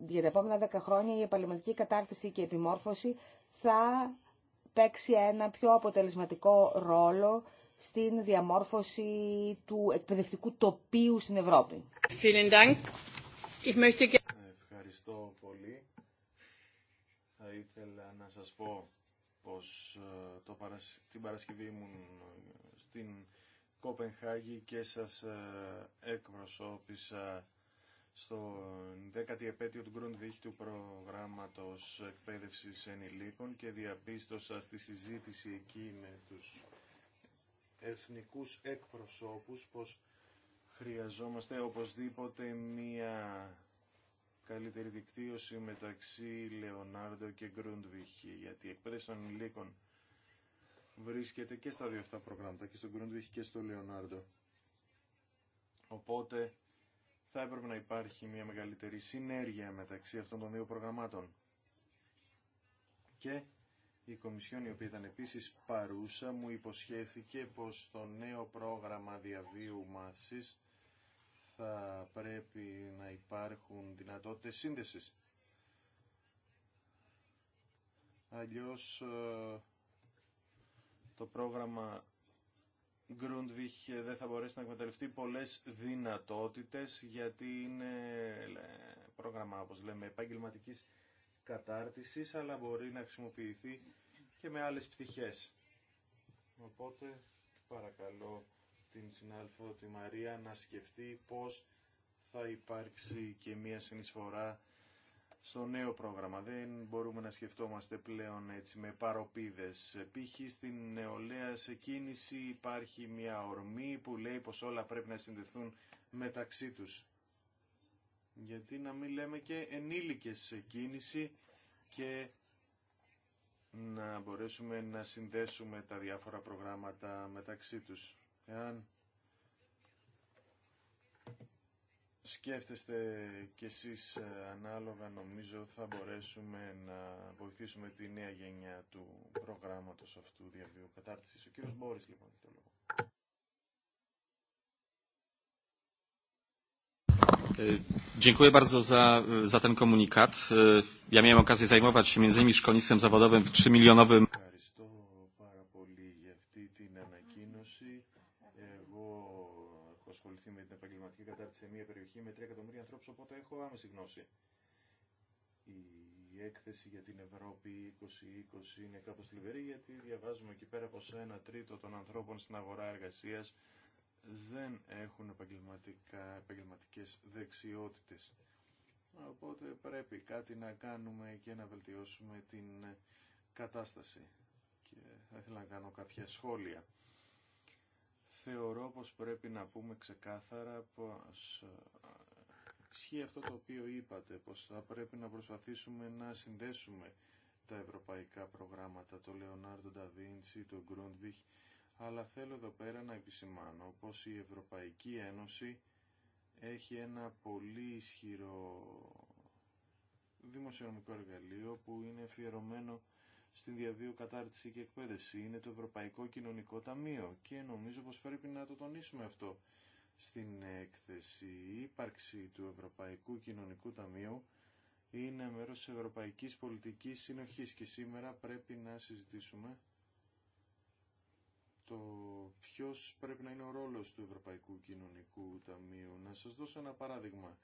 για τα επόμενα 10 χρόνια η επαγγελματική κατάρτιση και επιμόρφωση θα παίξει ένα πιο αποτελεσματικό ρόλο στην διαμόρφωση του εκπαιδευτικού τοπίου στην Ευρώπη. Ευχαριστώ πολύ. Θα ήθελα να σας πω πως ε, το, την Παρασκευή ήμουν ε, στην Κοπενχάγη και σας ε, εκπροσώπησα στο 10 επέτειο του Γκρουντβίχτου του προγράμματος εκπαίδευσης ενηλίκων και διαπίστωσα στη συζήτηση εκεί με τους εθνικούς εκπροσώπους πως χρειαζόμαστε οπωσδήποτε μία καλύτερη δικτύωση μεταξύ Λεωνάρντο και Γκρούντβιχ γιατί η εκπαίδευση των ενηλίκων βρίσκεται και στα δύο αυτά προγράμματα, και στον Grundwig και στο Λεονάρντο. Οπότε θα έπρεπε να υπάρχει μια μεγαλύτερη συνέργεια μεταξύ αυτών των δύο προγραμμάτων. Και η Κομισιόν, η οποία ήταν επίσης παρούσα, μου υποσχέθηκε πως το νέο πρόγραμμα διαβίου μάθησης θα πρέπει να υπάρχουν δυνατότητες σύνδεσης. Αλλιώς ε, το πρόγραμμα Grundwich δεν θα μπορέσει να εκμεταλλευτεί πολλές δυνατότητες γιατί είναι πρόγραμμα όπως λέμε επαγγελματικής κατάρτισης αλλά μπορεί να χρησιμοποιηθεί και με άλλες πτυχές. Οπότε παρακαλώ την συνάδελφο τη Μαρία να σκεφτεί πώς θα υπάρξει και μία συνεισφορά στο νέο πρόγραμμα. Δεν μπορούμε να σκεφτόμαστε πλέον έτσι με παροπίδες. Π.χ. στην νεολαία σε κίνηση υπάρχει μια ορμή που λέει πως όλα πρέπει να συνδεθούν μεταξύ τους. Γιατί να μην λέμε και ενήλικες σε κίνηση και να μπορέσουμε να συνδέσουμε τα διάφορα προγράμματα μεταξύ τους. Εάν σκέφτεστε κι εσείς ε, ανάλογα νομίζω θα μπορέσουμε να βοηθήσουμε τη νέα γενιά του προγράμματος αυτού διαβίου κατάρτισης. Ο κύριος Μπόρης λοιπόν το λόγο. Ε, dziękuję bardzo za, za ten komunikat. Ε, ja miałem okazję zajmować się między innymi szkolnictwem zawodowym w 3 milionowym με την επαγγελματική κατάρτιση σε μια περιοχή με 3 εκατομμύρια ανθρώπου οπότε έχω άμεση γνώση. Η έκθεση για την Ευρώπη 2020 είναι κάπω θλιβερή γιατί διαβάζουμε εκεί πέρα πω ένα τρίτο των ανθρώπων στην αγορά εργασία δεν έχουν επαγγελματικέ δεξιότητε. Οπότε πρέπει κάτι να κάνουμε και να βελτιώσουμε την κατάσταση. Και θα ήθελα να κάνω κάποια σχόλια θεωρώ πως πρέπει να πούμε ξεκάθαρα πως ε, ισχύει αυτό το οποίο είπατε, πως θα πρέπει να προσπαθήσουμε να συνδέσουμε τα ευρωπαϊκά προγράμματα, το Λεωνάρντο Νταβίντσι, το Γκρούντβιχ, αλλά θέλω εδώ πέρα να επισημάνω πως η Ευρωπαϊκή Ένωση έχει ένα πολύ ισχυρό δημοσιονομικό εργαλείο που είναι αφιερωμένο στην διαβίω, κατάρτιση και εκπαίδευση. Είναι το Ευρωπαϊκό Κοινωνικό Ταμείο και νομίζω πως πρέπει να το τονίσουμε αυτό στην έκθεση. Η ύπαρξη του Ευρωπαϊκού Κοινωνικού Ταμείου είναι μέρος της Ευρωπαϊκής Πολιτικής Συνοχής και σήμερα πρέπει να συζητήσουμε το ποιος πρέπει να είναι ο ρόλος του Ευρωπαϊκού Κοινωνικού Ταμείου. Να σας δώσω ένα παράδειγμα.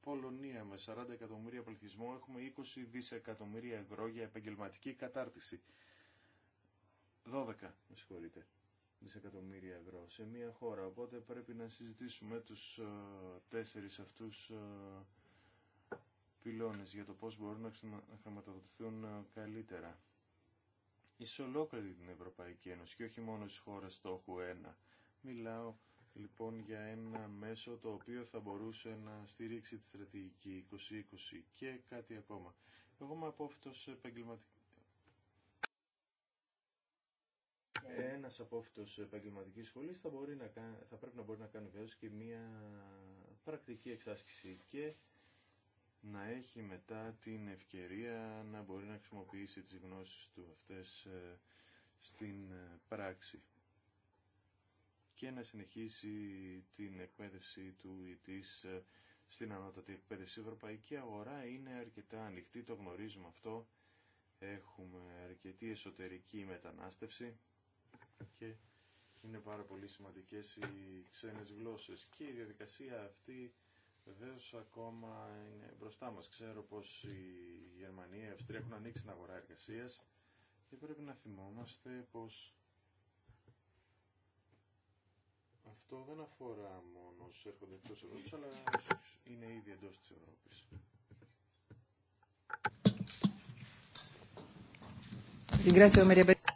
Πολωνία με 40 εκατομμύρια πληθυσμό έχουμε 20 δισεκατομμύρια ευρώ για επαγγελματική κατάρτιση. 12, με συγχωρείτε, δισεκατομμύρια ευρώ σε μια χώρα. Οπότε πρέπει να συζητήσουμε τους ε, τέσσερις αυτούς ε, πυλώνες για το πώς μπορούν να χρηματοδοτηθούν ε, καλύτερα. Εις ολόκληρη την Ευρωπαϊκή Ένωση και όχι μόνο στις χώρες στόχου 1. Μιλάω λοιπόν για ένα μέσο το οποίο θα μπορούσε να στηρίξει τη στρατηγική 2020 και κάτι ακόμα. Εγώ είμαι απόφυτος επαγγελματικός. Ένας απόφυτος επαγγελματικής σχολής θα, μπορεί να θα πρέπει να μπορεί να κάνει βέβαια και μία πρακτική εξάσκηση και να έχει μετά την ευκαιρία να μπορεί να χρησιμοποιήσει τις γνώσεις του αυτές ε, στην ε, πράξη και να συνεχίσει την εκπαίδευση του ή ε, στην ανώτατη εκπαίδευση. Η ευρωπαϊκή αγορά είναι αρκετά ανοιχτή, το γνωρίζουμε αυτό. Έχουμε αρκετή εσωτερική μετανάστευση και είναι πάρα πολύ σημαντικές οι ξένες γλώσσες και η διαδικασία αυτή βεβαίω ακόμα είναι μπροστά μας. Ξέρω πως η Γερμανία, η Αυστρία έχουν ανοίξει την αγορά εργασίας και πρέπει να θυμόμαστε πως αυτό δεν αφορά μόνο όσους έρχονται εκτό Ευρώπης, αλλά είναι ήδη εντό της Ευρώπης.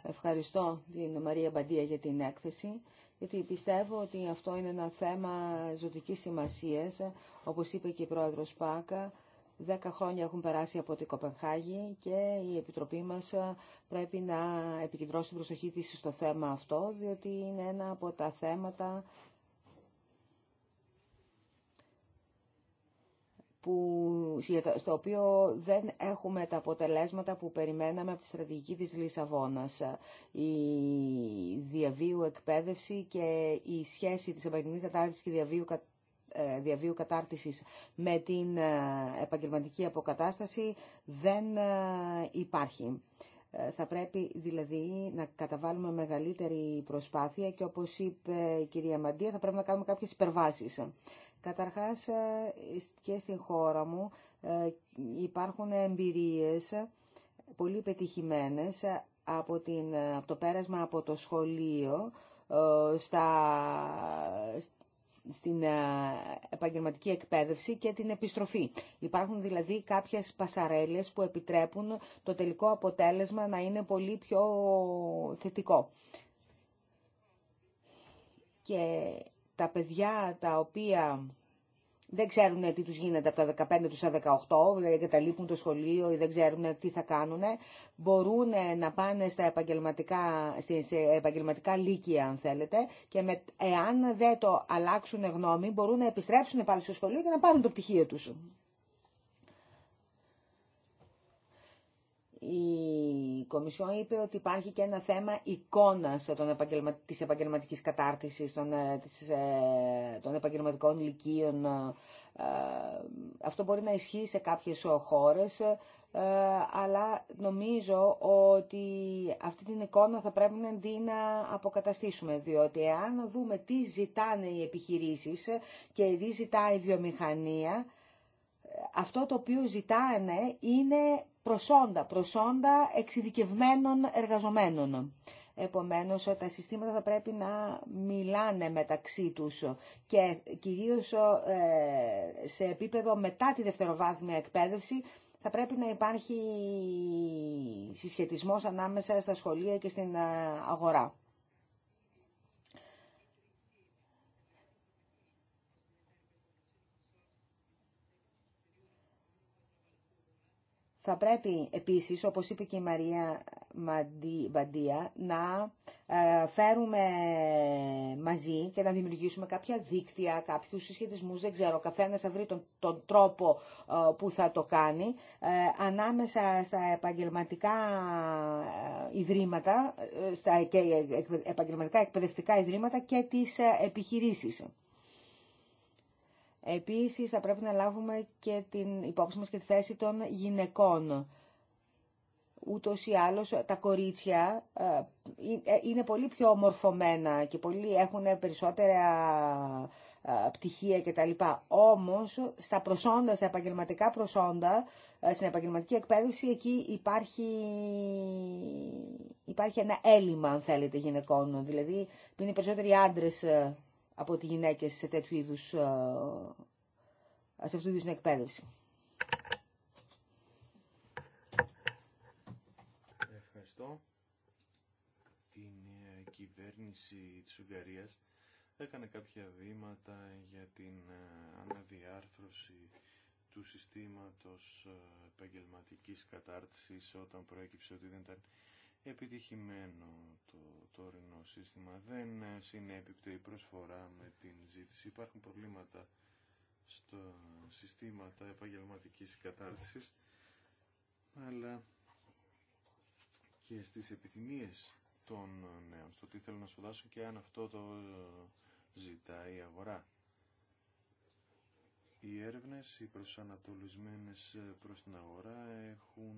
Ευχαριστώ την Μαρία Μπαντία για την έκθεση, γιατί πιστεύω ότι αυτό είναι ένα θέμα ζωτικής σημασίας, όπως είπε και η πρόεδρος Πάκα, Δέκα χρόνια έχουν περάσει από την Κοπενχάγη και η Επιτροπή μας ε, πρέπει να επικεντρώσει την προσοχή της στο θέμα αυτό, διότι είναι ένα από τα θέματα που, στο οποίο δεν έχουμε τα αποτελέσματα που περιμέναμε από τη στρατηγική της Λισαβόνας. Η διαβίου εκπαίδευση και η σχέση της επαγγελματικής κατάρτισης και διαβίου ε, διαβίου κατάρτισης με την ε, επαγγελματική αποκατάσταση δεν ε, υπάρχει. Θα πρέπει δηλαδή να καταβάλουμε μεγαλύτερη προσπάθεια και όπως είπε η κυρία Μαντία θα πρέπει να κάνουμε κάποιες υπερβάσεις. Καταρχάς και στην χώρα μου υπάρχουν εμπειρίες πολύ πετυχημένες από, την, από το πέρασμα από το σχολείο στα, στην ε, επαγγελματική εκπαίδευση και την επιστροφή. Υπάρχουν δηλαδή κάποιες πασαρέλες που επιτρέπουν το τελικό αποτέλεσμα να είναι πολύ πιο θετικό. Και τα παιδιά τα οποία δεν ξέρουν τι τους γίνεται από τα 15 του στα 18, δηλαδή καταλείπουν το σχολείο ή δεν ξέρουν τι θα κάνουν, μπορούν να πάνε στα επαγγελματικά, στις επαγγελματικά λύκεια αν θέλετε και με, εάν δεν το αλλάξουν γνώμη μπορούν να επιστρέψουν πάλι στο σχολείο και να πάρουν το πτυχίο τους. η Κομισιόν είπε ότι υπάρχει και ένα θέμα εικόνας τη επαγγελματική της επαγγελματικής κατάρτισης, των, ε, ε, των επαγγελματικών ηλικίων. Ε, αυτό μπορεί να ισχύει σε κάποιες χώρες, αλλά νομίζω ότι αυτή την εικόνα θα πρέπει να την αποκαταστήσουμε, διότι αν δούμε τι ζητάνε οι επιχειρήσεις και τι ζητάει η βιομηχανία, αυτό το οποίο ζητάνε είναι προσόντα, προσόντα εξειδικευμένων εργαζομένων. Επομένως, τα συστήματα θα πρέπει να μιλάνε μεταξύ τους και κυρίως ε, σε επίπεδο μετά τη δευτεροβάθμια εκπαίδευση θα πρέπει να υπάρχει συσχετισμός ανάμεσα στα σχολεία και στην ε, αγορά. Θα πρέπει επίσης, όπως είπε και η Μαρία Μαντία, να ε, φέρουμε μαζί και να δημιουργήσουμε κάποια δίκτυα, κάποιους συσχετισμούς, δεν ξέρω, καθένας θα βρει τον, τον τρόπο ε, που θα το κάνει, ε, ανάμεσα στα επαγγελματικά ιδρύματα, στα επαγγελματικά εκπαιδευτικά ιδρύματα και τις επιχειρήσεις. Επίσης θα πρέπει να λάβουμε και την υπόψη μας και τη θέση των γυναικών. Ούτως ή άλλως τα κορίτσια ε, ε, είναι πολύ πιο ομορφωμένα και πολύ έχουν περισσότερα ε, πτυχία κτλ. Όμως στα προσόντα, στα επαγγελματικά προσόντα, στην επαγγελματική εκπαίδευση εκεί υπάρχει, υπάρχει ένα έλλειμμα αν θέλετε γυναικών. Δηλαδή είναι περισσότεροι άντρες από τις γυναίκες σε τέτοιου είδους, ε, σε αυτού εκπαίδευση. Ευχαριστώ. Την ε, κυβέρνηση της Ουγγαρίας έκανε κάποια βήματα για την ε, αναδιάρθρωση του συστήματος επαγγελματική κατάρτισης όταν προέκυψε ότι δεν ήταν επιτυχημένο το τωρινό σύστημα. Δεν συνέπειπτε η προσφορά με την ζήτηση. Υπάρχουν προβλήματα στο συστήματα επαγγελματικής κατάρτισης αλλά και στις επιθυμίες των νέων, στο τι θέλουν να σπουδάσουν και αν αυτό το ζητάει η αγορά. Οι έρευνες, οι προσανατολισμένες προς την αγορά έχουν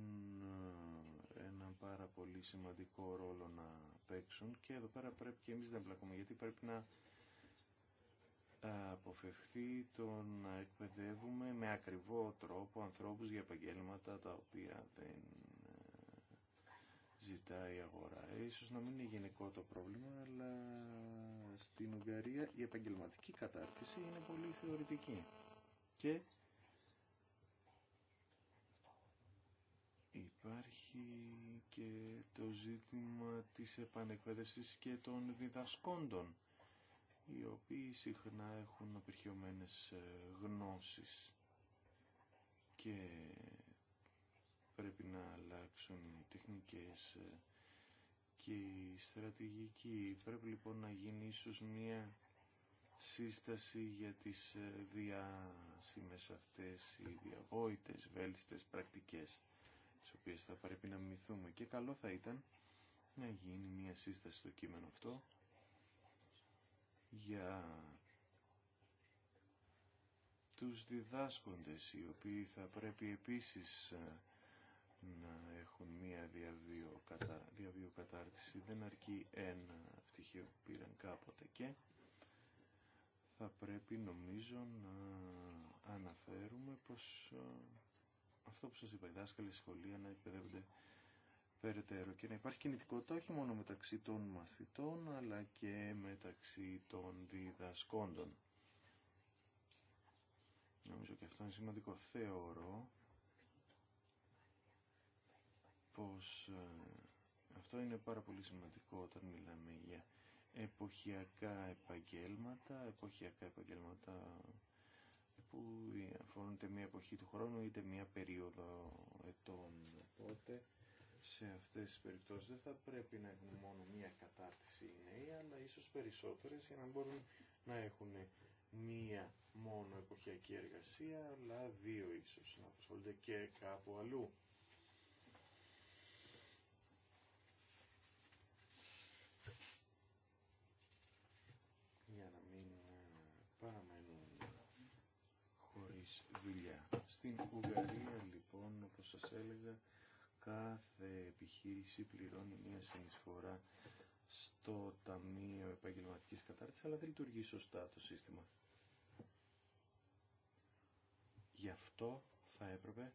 πάρα πολύ σημαντικό ρόλο να παίξουν και εδώ πέρα πρέπει και εμείς να εμπλακούμε γιατί πρέπει να αποφευθεί το να εκπαιδεύουμε με ακριβό τρόπο ανθρώπους για επαγγέλματα τα οποία δεν ε, ζητάει η αγορά. Ίσως να μην είναι γενικό το πρόβλημα, αλλά στην Ουγγαρία η επαγγελματική κατάρτιση είναι πολύ θεωρητική και υπάρχει και το ζήτημα της επανεκπαίδευσης και των διδασκόντων οι οποίοι συχνά έχουν απερχιωμένες ε, γνώσεις και πρέπει να αλλάξουν οι τεχνικές ε, και η στρατηγική. Πρέπει λοιπόν να γίνει ίσως μία σύσταση για τις ε, διάσημες αυτές οι διαβόητες βέλτιστες πρακτικές τις οποίες θα πρέπει να μιμηθούμε και καλό θα ήταν να γίνει μια σύσταση στο κείμενο αυτό για τους διδάσκοντες οι οποίοι θα πρέπει επίσης ε, να έχουν μία διαβιοκατάρτιση Δεν αρκεί ένα πτυχίο που πήραν κάποτε και θα πρέπει νομίζω να αναφέρουμε πως ε, αυτό που σας είπα, οι δάσκαλοι, σχολεία να εκπαιδεύονται περαιτέρω και να υπάρχει κινητικότητα όχι μόνο μεταξύ των μαθητών αλλά και μεταξύ των διδασκόντων. Νομίζω και αυτό είναι σημαντικό. Θεωρώ πως ε, αυτό είναι πάρα πολύ σημαντικό όταν μιλάμε για εποχιακά επαγγέλματα, εποχιακά επαγγέλματα που αφορούν είτε μία εποχή του χρόνου είτε μία περίοδο ετών. Οπότε σε αυτές τις περιπτώσεις δεν θα πρέπει να έχουν μόνο μία κατάρτιση οι νέοι, αλλά ίσως περισσότερες για να μπορούν να έχουν μία μόνο εποχιακή εργασία, αλλά δύο ίσως να απασχολούνται και κάπου αλλού. Στην Ουγγαρία, λοιπόν, όπως σας έλεγα, κάθε επιχείρηση πληρώνει μια συνεισφορά στο Ταμείο Επαγγελματικής Κατάρτισης, αλλά δεν λειτουργεί σωστά το σύστημα. Γι' αυτό θα έπρεπε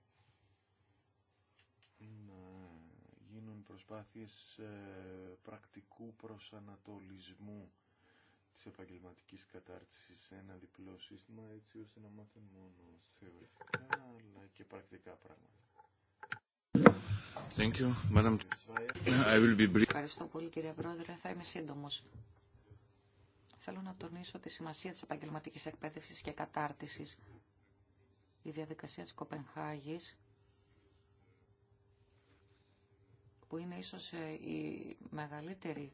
να γίνουν προσπάθειες ε, πρακτικού προσανατολισμού της επαγγελματικής κατάρτισης σε ένα διπλό σύστημα έτσι ώστε να μάθουν μόνο θεωρητικά αλλά και πρακτικά πράγματα. Thank you, Madam. I will be brief. Ευχαριστώ πολύ κύριε Πρόεδρε. Θα είμαι σύντομο. Θέλω να τονίσω τη σημασία της επαγγελματικής εκπαίδευση και κατάρτισης. Η διαδικασία της Κοπενχάγης που είναι ίσως ε, η μεγαλύτερη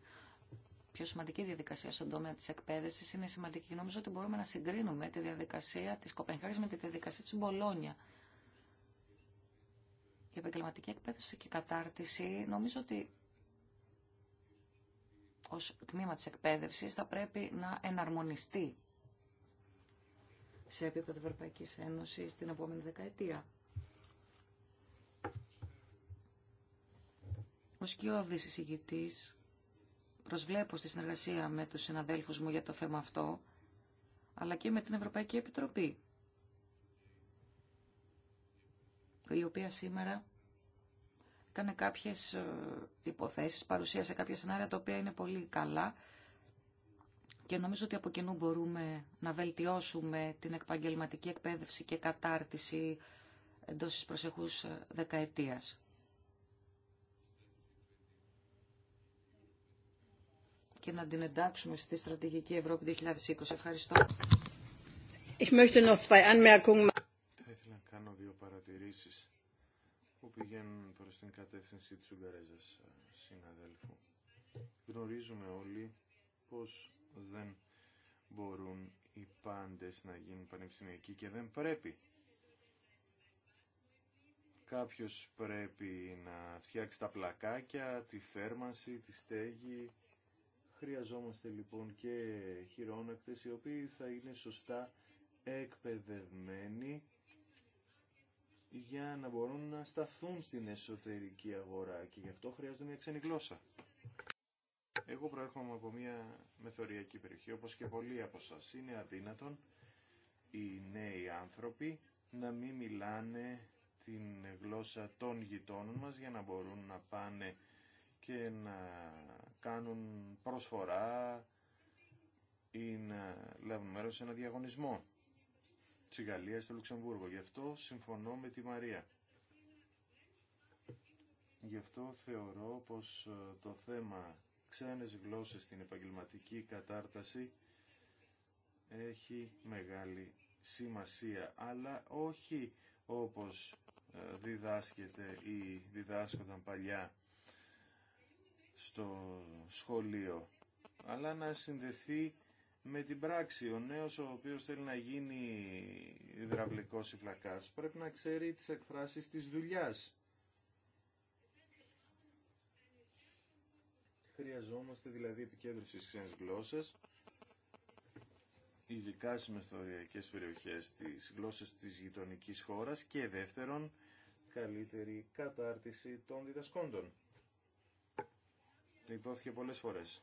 πιο σημαντική διαδικασία στον τομέα τη εκπαίδευση είναι σημαντική. Νομίζω ότι μπορούμε να συγκρίνουμε τη διαδικασία τη Κοπενχάγη με τη διαδικασία τη Μπολόνια. Η επαγγελματική εκπαίδευση και η κατάρτιση νομίζω ότι ως τμήμα της εκπαίδευση θα πρέπει να εναρμονιστεί σε επίπεδο Ευρωπαϊκή Ένωση την επόμενη δεκαετία. Ο σκιώδης εισηγητής προσβλέπω στη συνεργασία με τους συναδέλφους μου για το θέμα αυτό, αλλά και με την Ευρωπαϊκή Επιτροπή, η οποία σήμερα κάνει κάποιες ε, υποθέσεις, παρουσίασε κάποια σενάρια τα οποία είναι πολύ καλά και νομίζω ότι από κοινού μπορούμε να βελτιώσουμε την επαγγελματική εκπαίδευση και κατάρτιση εντός της προσεχούς ε, δεκαετίας. και να την εντάξουμε στη στρατηγική Ευρώπη 2020. Ευχαριστώ. Θα ήθελα να κάνω δύο παρατηρήσεις που πηγαίνουν προ την κατεύθυνση της Ουγγαρέζας ε, συναδέλφου. Γνωρίζουμε όλοι πως δεν μπορούν οι πάντες να γίνουν πανεπιστημιακοί και δεν πρέπει. Κάποιος πρέπει να φτιάξει τα πλακάκια, τη θέρμανση, τη στέγη, Χρειαζόμαστε λοιπόν και χειρόνακτες οι οποίοι θα είναι σωστά εκπαιδευμένοι για να μπορούν να σταθούν στην εσωτερική αγορά και γι' αυτό χρειάζονται μια ξένη γλώσσα. Εγώ προέρχομαι από μια μεθοριακή περιοχή, όπως και πολλοί από σας. Είναι αδύνατον οι νέοι άνθρωποι να μην μιλάνε την γλώσσα των γειτόνων μας για να μπορούν να πάνε και να κάνουν προσφορά ή να λάβουν μέρος σε ένα διαγωνισμό στη Γαλλία, στο Λουξεμβούργο. Γι' αυτό συμφωνώ με τη Μαρία. Γι' αυτό θεωρώ πως ε, το θέμα ξένες γλώσσες στην επαγγελματική κατάρταση έχει μεγάλη σημασία, αλλά όχι όπως ε, διδάσκεται ή διδάσκονταν παλιά στο σχολείο, αλλά να συνδεθεί με την πράξη. Ο νέος ο οποίος θέλει να γίνει υδραυλικός ή φλακάς πρέπει να ξέρει τις εκφράσεις της δουλειάς. Χρειαζόμαστε δηλαδή επικέντρωση στις ξένες γλώσσες, ειδικά στις μεθοριακές περιοχές της γλώσσας της γειτονικής χώρας και δεύτερον, καλύτερη κατάρτιση των διδασκόντων. Υπόθηκε πολλές φορές.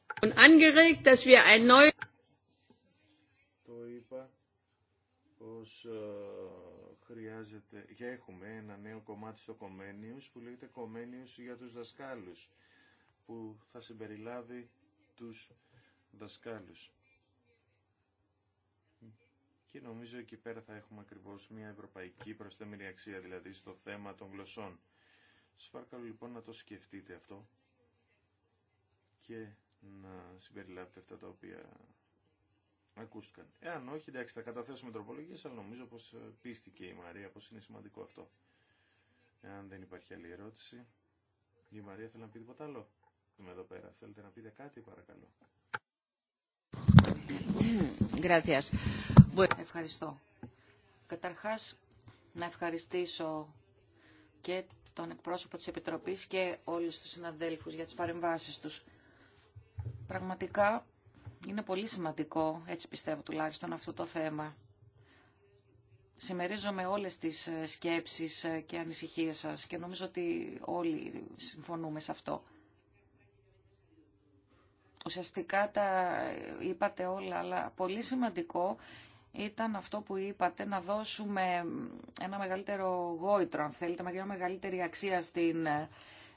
Το είπα πως ε, χρειάζεται και έχουμε ένα νέο κομμάτι στο κομμένιους που λέγεται κομμένιους για τους δασκάλους που θα συμπεριλάβει τους δασκάλους. Και νομίζω εκεί πέρα θα έχουμε ακριβώς μια ευρωπαϊκή προσθέμενη αξία, δηλαδή στο θέμα των γλωσσών. Σας παρακαλώ λοιπόν να το σκεφτείτε αυτό και να συμπεριλάβετε αυτά τα οποία ακούστηκαν. Εάν όχι, εντάξει, θα καταθέσουμε τροπολογίε, αλλά νομίζω πω ε, πίστηκε η Μαρία πω είναι σημαντικό αυτό. Εάν δεν υπάρχει άλλη ερώτηση, η Μαρία θέλει να πει τίποτα άλλο. Είμαι εδώ πέρα. Θέλετε να πείτε κάτι, παρακαλώ. Ευχαριστώ. Καταρχάς, να ευχαριστήσω και τον εκπρόσωπο της Επιτροπής και όλους τους συναδέλφους για τις παρεμβάσεις τους. Πραγματικά είναι πολύ σημαντικό, έτσι πιστεύω τουλάχιστον, αυτό το θέμα. Συμμερίζομαι όλες τις ε, σκέψεις ε, και ανησυχίες σας και νομίζω ότι όλοι συμφωνούμε σε αυτό. Ουσιαστικά τα ε, είπατε όλα, αλλά πολύ σημαντικό ήταν αυτό που είπατε, να δώσουμε ένα μεγαλύτερο γόητρο, αν θέλετε, μια μεγαλύτερη αξία στην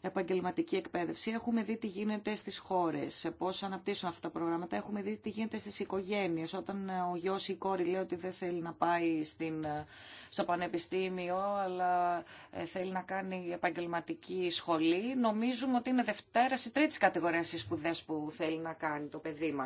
επαγγελματική εκπαίδευση. Έχουμε δει τι γίνεται στι χώρε. πώς αναπτύσσουν αυτά τα προγράμματα. Έχουμε δει τι γίνεται στι οικογένειε. Όταν ε, ο γιος ή η κόρη λέει ότι δεν θέλει να πάει στην, ε, στο πανεπιστήμιο, αλλά ε, θέλει να κάνει επαγγελματική σχολή, νομίζουμε ότι είναι δευτέρα ή τρίτη κατηγορία οι σπουδέ που θέλει να κάνει το παιδί μα.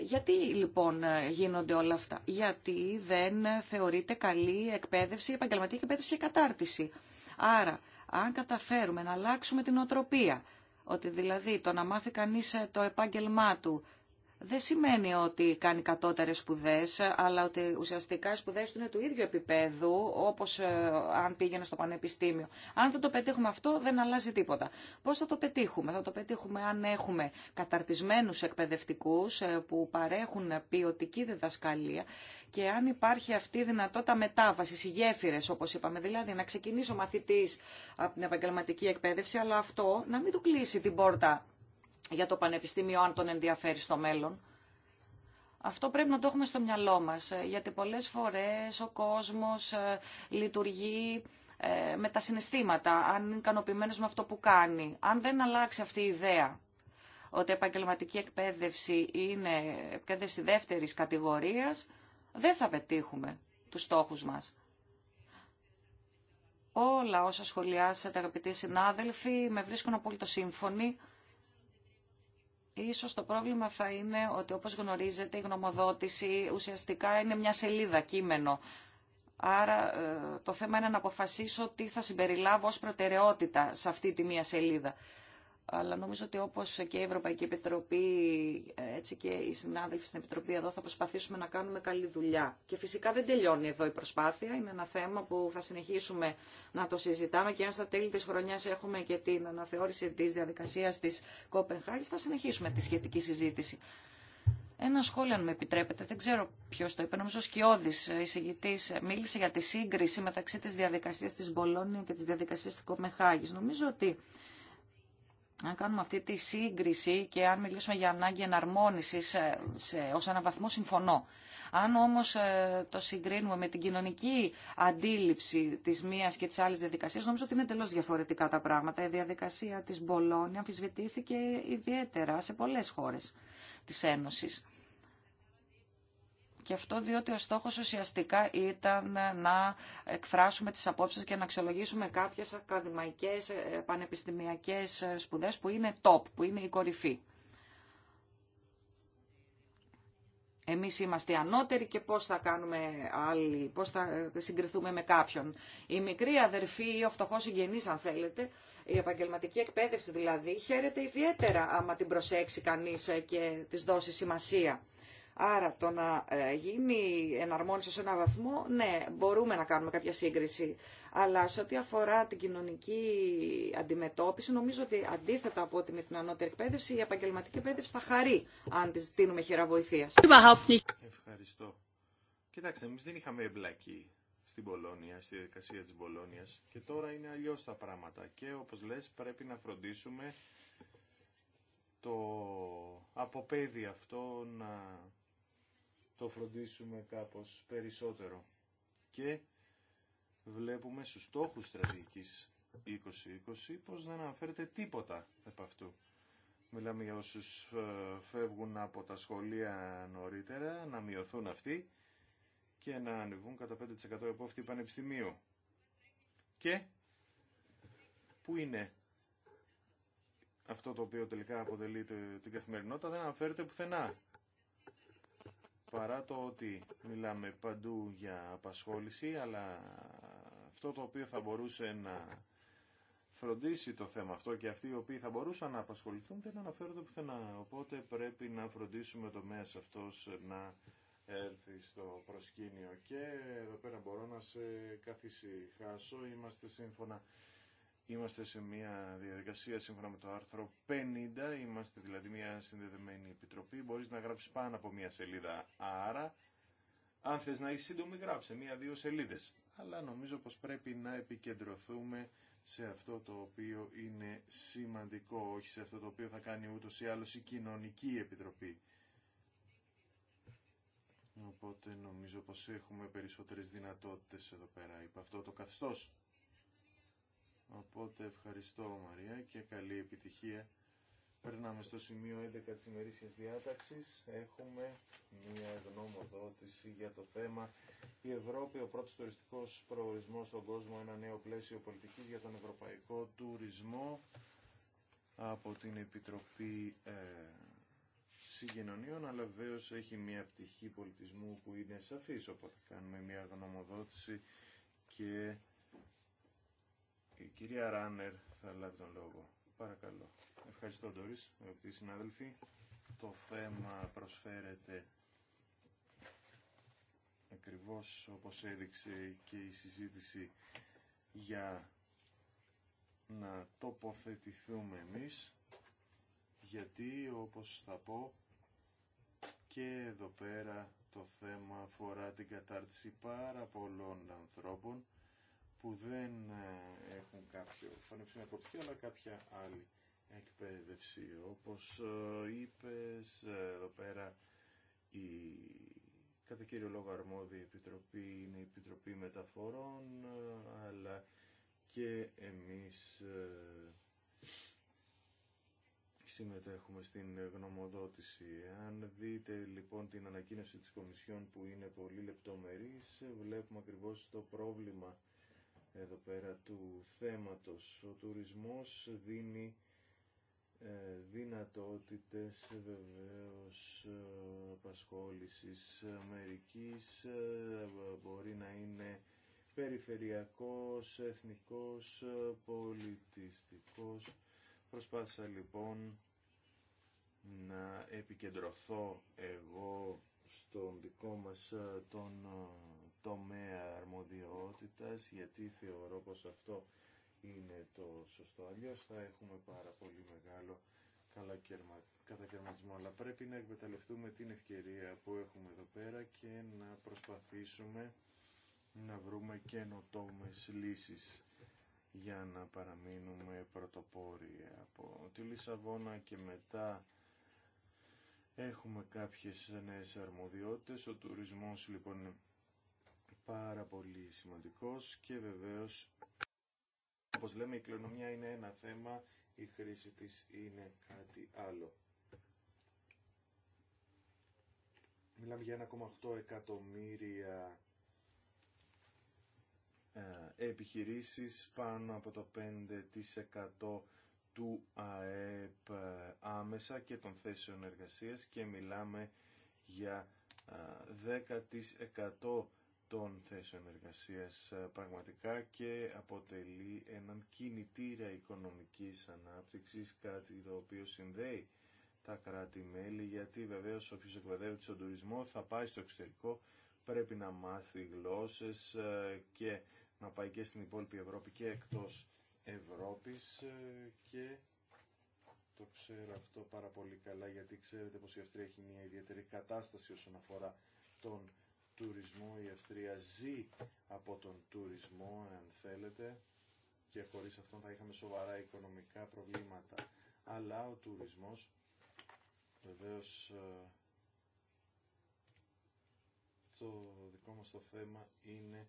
Γιατί λοιπόν γίνονται όλα αυτά. Γιατί δεν θεωρείται καλή εκπαίδευση, επαγγελματική εκπαίδευση και κατάρτιση. Άρα αν καταφέρουμε να αλλάξουμε την οτροπία, ότι δηλαδή το να μάθει κανείς ε, το επάγγελμά του δεν σημαίνει ότι κάνει κατώτερες σπουδές, αλλά ότι ουσιαστικά οι σπουδές του είναι του ίδιου επίπεδου, όπως ε, αν πήγαινε στο πανεπιστήμιο. Αν δεν το πετύχουμε αυτό, δεν αλλάζει τίποτα. Πώς θα το πετύχουμε. Θα το πετύχουμε αν έχουμε καταρτισμένους εκπαιδευτικούς ε, που παρέχουν ποιοτική διδασκαλία και αν υπάρχει αυτή η δυνατότητα μετάβαση, οι γέφυρε, όπω είπαμε. Δηλαδή, να ξεκινήσει ο μαθητή από την επαγγελματική εκπαίδευση, αλλά αυτό να μην του κλείσει την πόρτα για το Πανεπιστήμιο, αν τον ενδιαφέρει στο μέλλον. Αυτό πρέπει να το έχουμε στο μυαλό μας, ε, γιατί πολλές φορές ο κόσμος ε, λειτουργεί ε, με τα συναισθήματα, αν είναι ικανοποιημένος με αυτό που κάνει. Αν δεν αλλάξει αυτή η ιδέα ότι η επαγγελματική εκπαίδευση είναι εκπαίδευση δεύτερης κατηγορίας, δεν θα πετύχουμε τους στόχους μας. Όλα όσα σχολιάσατε αγαπητοί συνάδελφοι με βρίσκουν απόλυτο σύμφωνοι. Ίσως το πρόβλημα θα είναι ότι όπως γνωρίζετε η γνωμοδότηση ουσιαστικά είναι μια σελίδα κείμενο. Άρα ε, το θέμα είναι να αποφασίσω τι θα συμπεριλάβω ως προτεραιότητα σε αυτή τη μία σελίδα αλλά νομίζω ότι όπως και η Ευρωπαϊκή Επιτροπή, έτσι και οι συνάδελφοι στην Επιτροπή εδώ θα προσπαθήσουμε να κάνουμε καλή δουλειά. Και φυσικά δεν τελειώνει εδώ η προσπάθεια, είναι ένα θέμα που θα συνεχίσουμε να το συζητάμε και αν στα τέλη της χρονιάς έχουμε και την αναθεώρηση της διαδικασίας της Κόπενχάγης, θα συνεχίσουμε τη σχετική συζήτηση. Ένα σχόλιο, αν με επιτρέπετε, δεν ξέρω ποιο το είπε, νομίζω ο Σκιώδη, ε, εισηγητή, ε, μίλησε για τη σύγκριση μεταξύ τη διαδικασία τη Μπολόνια και τη διαδικασία τη Κοπενχάγη. Νομίζω ότι αν κάνουμε αυτή τη σύγκριση και αν μιλήσουμε για ανάγκη εναρμόνισης ε, σε, ως έναν βαθμό συμφωνώ. Αν όμως ε, το συγκρίνουμε με την κοινωνική αντίληψη της μίας και της άλλης διαδικασίας, νομίζω ότι είναι εντελώ διαφορετικά τα πράγματα. Η διαδικασία της Μπολόνια αμφισβητήθηκε ιδιαίτερα σε πολλές χώρες της Ένωσης. Και αυτό διότι ο στόχος ουσιαστικά ήταν να εκφράσουμε τις απόψεις και να αξιολογήσουμε κάποιες ακαδημαϊκές, ε, πανεπιστημιακές ε, σπουδές που είναι top, που είναι η κορυφή. Εμείς είμαστε ανώτεροι και πώς θα κάνουμε άλλοι, πώς θα συγκριθούμε με κάποιον. Η μικρή αδερφή ή ο φτωχός συγγενής αν θέλετε, η επαγγελματική εκπαίδευση δηλαδή, χαίρεται ιδιαίτερα άμα την προσέξει κανείς ε, και της δώσει σημασία. Άρα το να ε, γίνει εναρμόνιση σε έναν βαθμό, ναι, μπορούμε να κάνουμε κάποια σύγκριση. Αλλά σε ό,τι αφορά την κοινωνική αντιμετώπιση, νομίζω ότι αντίθετα από την ανώτερη εκπαίδευση, η επαγγελματική εκπαίδευση θα χαρεί αν τη δίνουμε βοηθεία. Ευχαριστώ. Κοιτάξτε, εμεί δεν είχαμε εμπλακεί στην Πολώνια, στη διαδικασία τη Πολώνια. και τώρα είναι αλλιώ τα πράγματα και όπω λέ, πρέπει να φροντίσουμε το αποπέδι αυτό να το φροντίσουμε κάπως περισσότερο. Και βλέπουμε στους στόχους στρατηγικής 2020 πως δεν αναφέρεται τίποτα από αυτού. Μιλάμε για όσους ε, φεύγουν από τα σχολεία νωρίτερα, να μειωθούν αυτοί και να ανεβούν κατά 5% από αυτή πανεπιστημίου. Και πού είναι αυτό το οποίο τελικά αποτελεί την καθημερινότητα δεν αναφέρεται πουθενά παρά το ότι μιλάμε παντού για απασχόληση, αλλά αυτό το οποίο θα μπορούσε να φροντίσει το θέμα αυτό και αυτοί οι οποίοι θα μπορούσαν να απασχοληθούν δεν αναφέρονται πουθενά. Οπότε πρέπει να φροντίσουμε το μέσα αυτός να έρθει στο προσκήνιο. Και εδώ πέρα μπορώ να σε καθυσυχάσω, είμαστε σύμφωνα Είμαστε σε μια διαδικασία σύμφωνα με το άρθρο 50, είμαστε δηλαδή μια συνδεδεμένη επιτροπή, μπορείς να γράψεις πάνω από μια σελίδα. Άρα, αν θες να εισαι συντομη σύντομη, γράψε μια-δύο σελίδες. Αλλά νομίζω πως πρέπει να επικεντρωθούμε σε αυτό το οποίο είναι σημαντικό, όχι σε αυτό το οποίο θα κάνει ούτως ή άλλως η κοινωνική επιτροπή. Οπότε νομίζω πως έχουμε περισσότερες δυνατότητες εδώ πέρα υπ' αυτό το καθεστώς. Οπότε ευχαριστώ Μαρία και καλή επιτυχία. Περνάμε στο σημείο 11 της ημερήσιας διάταξης. Έχουμε μία γνωμοδότηση για το θέμα «Η Ευρώπη, ο πρώτος τουριστικός προορισμός στον κόσμο, ένα νέο πλαίσιο πολιτικής για τον ευρωπαϊκό τουρισμό» από την Επιτροπή ε, αλλά βεβαίω έχει μία πτυχή πολιτισμού που είναι σαφής, οπότε κάνουμε μία γνωμοδότηση και η κυρία Ράνερ θα λάβει τον λόγο. Παρακαλώ. Ευχαριστώ, Ντόρις, αγαπητοί συνάδελφοι. Το θέμα προσφέρεται ακριβώς όπως έδειξε και η συζήτηση για να τοποθετηθούμε εμείς γιατί όπως θα πω και εδώ πέρα το θέμα αφορά την κατάρτιση πάρα πολλών ανθρώπων που δεν ε, έχουν κάποιο πανεπιστημιακό πτυχίο αλλά κάποια άλλη εκπαίδευση. Όπως ε, είπες ε, εδώ πέρα η κατά κύριο λόγο αρμόδια επιτροπή είναι η Επιτροπή Μεταφορών αλλά και εμείς συμμετέχουμε στην γνωμοδότηση. Αν δείτε λοιπόν την ανακοίνωση της Κομισιόν που είναι πολύ λεπτομερής, βλέπουμε ακριβώς το πρόβλημα εδώ πέρα του θέματος. Ο τουρισμός δίνει ε, δυνατότητες βεβαίως ε, απασχόλησης μερικής ε, μπορεί να είναι περιφερειακός, εθνικός, πολιτιστικός. Προσπάθησα λοιπόν να επικεντρωθώ εγώ στον δικό μας τον τομέα αρμοδιότητας γιατί θεωρώ πως αυτό είναι το σωστό. Αλλιώς θα έχουμε πάρα πολύ μεγάλο κατακαιρματισμό. Αλλά πρέπει να εκμεταλλευτούμε την ευκαιρία που έχουμε εδώ πέρα και να προσπαθήσουμε να βρούμε καινοτόμε λύσεις για να παραμείνουμε πρωτοπόροι από τη Λισαβόνα και μετά έχουμε κάποιες νέες αρμοδιότητες. Ο τουρισμός λοιπόν πάρα πολύ σημαντικός και βεβαίως, όπως λέμε, η κληρονομιά είναι ένα θέμα, η χρήση της είναι κάτι άλλο. Μιλάμε για 1,8 εκατομμύρια ε, επιχειρήσεις πάνω από το 5% του ΑΕΠ ε, άμεσα και των θέσεων εργασίας και μιλάμε για 10% ε, των θέσεων εργασίας ε, πραγματικά και αποτελεί έναν κινητήρα οικονομικής ανάπτυξης, κάτι το οποίο συνδέει τα κράτη-μέλη, γιατί βεβαίως όποιος εκπαιδεύεται στον τουρισμό θα πάει στο εξωτερικό, πρέπει να μάθει γλώσσες ε, και να πάει και στην υπόλοιπη Ευρώπη και εκτός Ευρώπης ε, και το ξέρω αυτό πάρα πολύ καλά γιατί ξέρετε πως η Αυστρία έχει μια ιδιαίτερη κατάσταση όσον αφορά τον τουρισμό, η Αυστρία ζει από τον τουρισμό, αν θέλετε, και χωρίς αυτόν θα είχαμε σοβαρά οικονομικά προβλήματα. Αλλά ο τουρισμός βεβαίως ε, το δικό μας το θέμα είναι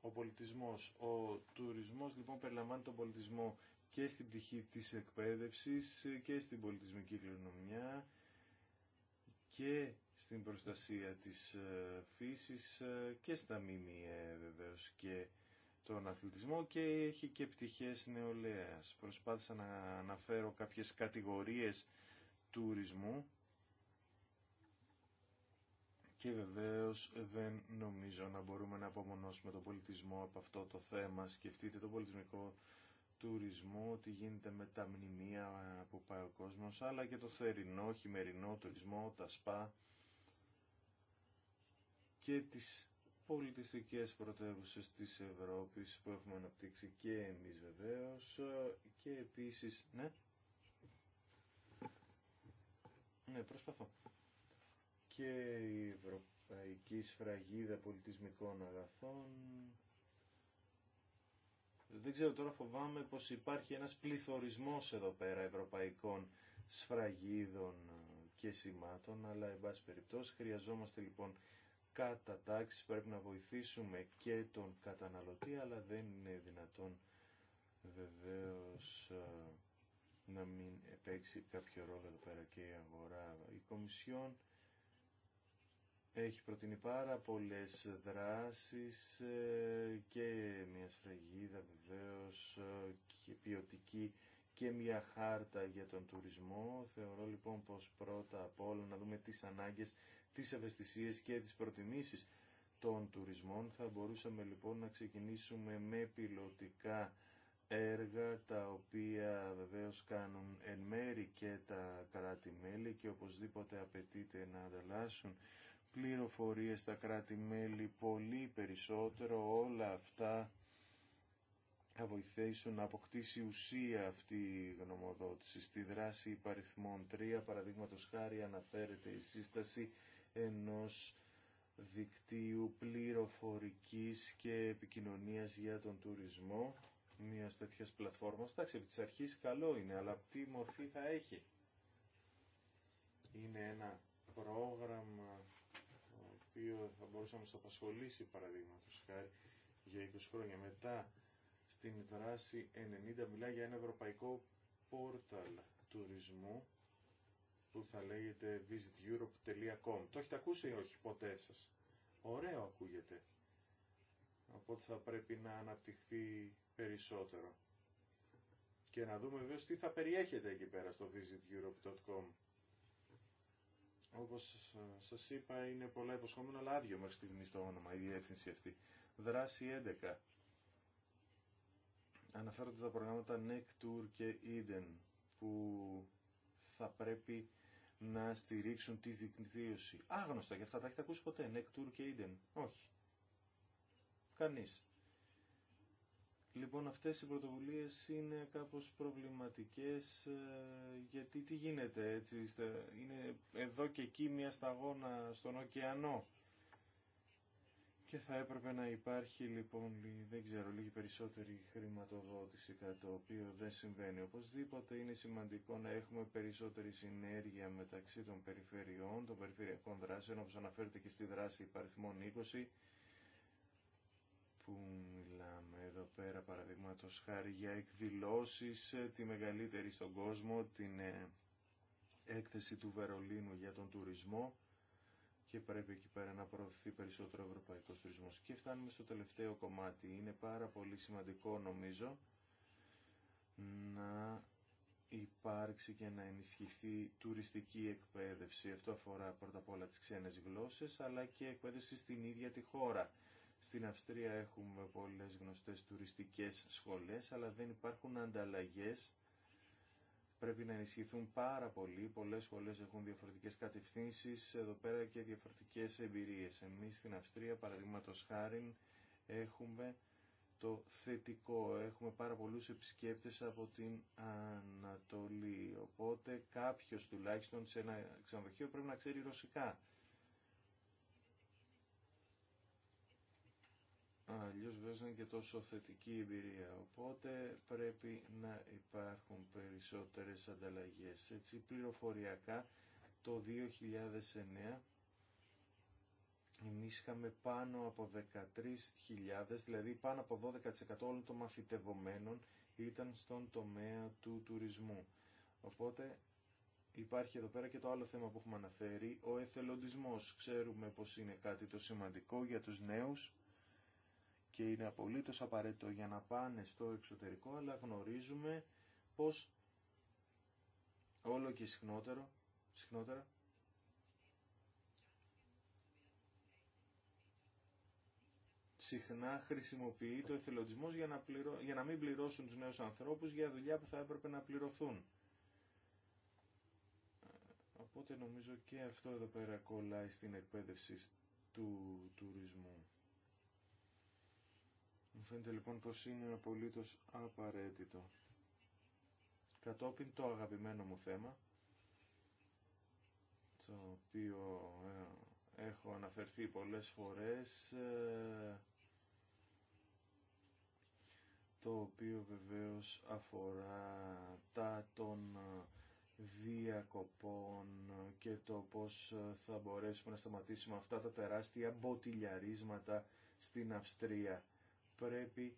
ο πολιτισμός. Ο τουρισμός λοιπόν περιλαμβάνει τον πολιτισμό και στην πτυχή της εκπαίδευσης ε, και στην πολιτισμική κληρονομιά και στην προστασία της ε, φύσης ε, και στα ΜΜΕ βεβαίως και τον αθλητισμό και έχει και πτυχές νεολαίας. Προσπάθησα να αναφέρω κάποιες κατηγορίες τουρισμού και βεβαίως δεν νομίζω να μπορούμε να απομονώσουμε τον πολιτισμό από αυτό το θέμα. Σκεφτείτε τον πολιτισμικό τουρισμό, τι γίνεται με τα μνημεία που πάει ο κόσμος, αλλά και το θερινό, χειμερινό τουρισμό, τα σπα και τις πολιτιστικές πρωτεύουσες της Ευρώπης που έχουμε αναπτύξει και εμείς βεβαίως και επίσης, ναι, ναι προσπαθώ και η Ευρωπαϊκή Σφραγίδα Πολιτισμικών Αγαθών δεν ξέρω τώρα φοβάμαι πως υπάρχει ένας πληθωρισμός εδώ πέρα ευρωπαϊκών σφραγίδων και σημάτων αλλά εν πάση περιπτώσει χρειαζόμαστε λοιπόν κατά τάξη πρέπει να βοηθήσουμε και τον καταναλωτή αλλά δεν είναι δυνατόν βεβαίως ε, να μην παίξει κάποιο ρόλο εδώ πέρα και η αγορά. Η Κομισιόν έχει προτείνει πάρα πολλές δράσεις ε, και μια σφραγίδα βεβαίως ε, και ποιοτική και μια χάρτα για τον τουρισμό. Θεωρώ λοιπόν πως πρώτα απ' όλα να δούμε τις ανάγκες τις ευαισθησίες και τις προτιμήσεις των τουρισμών. Θα μπορούσαμε λοιπόν να ξεκινήσουμε με πιλωτικά έργα τα οποία βεβαίως κάνουν εν μέρη και τα κράτη-μέλη και οπωσδήποτε απαιτείται να ανταλλάσσουν πληροφορίες στα κράτη-μέλη πολύ περισσότερο όλα αυτά θα βοηθήσουν να αποκτήσει ουσία αυτή η γνωμοδότηση. Στη δράση υπαριθμών 3, παραδείγματο χάρη, αναφέρεται η σύσταση ενός δικτύου πληροφορικής και επικοινωνίας για τον τουρισμό μια τέτοια πλατφόρμα. Εντάξει, επί της αρχής καλό είναι, αλλά τι μορφή θα έχει. Είναι ένα πρόγραμμα το οποίο θα μπορούσε να μας απασχολήσει παραδείγματος χάρη για 20 χρόνια. Μετά στην δράση 90 μιλά για ένα ευρωπαϊκό πόρταλ τουρισμού που θα λέγεται visiteurope.com. Το έχετε ακούσει ή όχι ποτέ σας. Ωραίο ακούγεται. Οπότε θα πρέπει να αναπτυχθεί περισσότερο. Και να δούμε βέβαια τι θα περιέχεται εκεί πέρα στο visiteurope.com. Όπως σας είπα είναι πολλά υποσχόμενα αλλά άδειο μέχρι στιγμή το όνομα, η διεύθυνση αυτή. Δράση 11. Αναφέρονται τα προγράμματα NEC Tour και Eden που θα πρέπει να στηρίξουν τη δικτύωση. Άγνωστα για αυτά, τα έχετε ακούσει ποτέ, Νεκ και Όχι. Κανείς. Λοιπόν, αυτές οι πρωτοβουλίες είναι κάπως προβληματικές, ε, γιατί τι γίνεται, έτσι, είναι εδώ και εκεί μια σταγόνα στον ωκεανό. Και θα έπρεπε να υπάρχει λοιπόν, δεν ξέρω, λίγη περισσότερη χρηματοδότηση, κάτι το οποίο δεν συμβαίνει. Οπωσδήποτε είναι σημαντικό να έχουμε περισσότερη συνέργεια μεταξύ των περιφερειών, των περιφερειακών δράσεων, όπως αναφέρεται και στη δράση υπαριθμών 20, που μιλάμε εδώ πέρα παραδείγματο χάρη για εκδηλώσεις, ε, τη μεγαλύτερη στον κόσμο, την ε, έκθεση του Βερολίνου για τον τουρισμό, και πρέπει εκεί πέρα να προωθεί περισσότερο ευρωπαϊκό τουρισμό. Και φτάνουμε στο τελευταίο κομμάτι. Είναι πάρα πολύ σημαντικό νομίζω να υπάρξει και να ενισχυθεί τουριστική εκπαίδευση. Αυτό αφορά πρώτα απ' όλα τις ξένες γλώσσες, αλλά και εκπαίδευση στην ίδια τη χώρα. Στην Αυστρία έχουμε πολλές γνωστές τουριστικές σχολές, αλλά δεν υπάρχουν ανταλλαγές πρέπει να ενισχυθούν πάρα πολύ. Πολλές φορέ έχουν διαφορετικές κατευθύνσεις εδώ πέρα και διαφορετικές εμπειρίες. Εμείς στην Αυστρία, παραδείγματο χάρη, έχουμε το θετικό. Έχουμε πάρα πολλούς επισκέπτες από την Ανατολή. Οπότε κάποιος τουλάχιστον σε ένα ξενοδοχείο πρέπει να ξέρει ρωσικά. Αλλιώς βέβαια και τόσο θετική εμπειρία, οπότε πρέπει να υπάρχουν περισσότερες ανταλλαγές. Έτσι, πληροφοριακά, το 2009 εμείς είχαμε πάνω από 13.000, δηλαδή πάνω από 12% όλων των μαθητευομένων ήταν στον τομέα του τουρισμού. Οπότε υπάρχει εδώ πέρα και το άλλο θέμα που έχουμε αναφέρει, ο εθελοντισμός. Ξέρουμε πως είναι κάτι το σημαντικό για τους νέους και είναι απολύτως απαραίτητο για να πάνε στο εξωτερικό, αλλά γνωρίζουμε πως όλο και συχνότερο, συχνότερα συχνά χρησιμοποιεί το εθελοντισμό για, να πληρω... για να μην πληρώσουν τους νέους ανθρώπους για δουλειά που θα έπρεπε να πληρωθούν. Οπότε νομίζω και αυτό εδώ πέρα κολλάει στην εκπαίδευση του τουρισμού. Μου φαίνεται λοιπόν πως είναι απολύτως απαραίτητο. Κατόπιν το αγαπημένο μου θέμα, το οποίο ε, έχω αναφερθεί πολλές φορές, ε, το οποίο βεβαίως αφορά τα των ε, διακοπών και το πώς θα μπορέσουμε να σταματήσουμε αυτά τα τεράστια μποτιλιαρίσματα στην Αυστρία πρέπει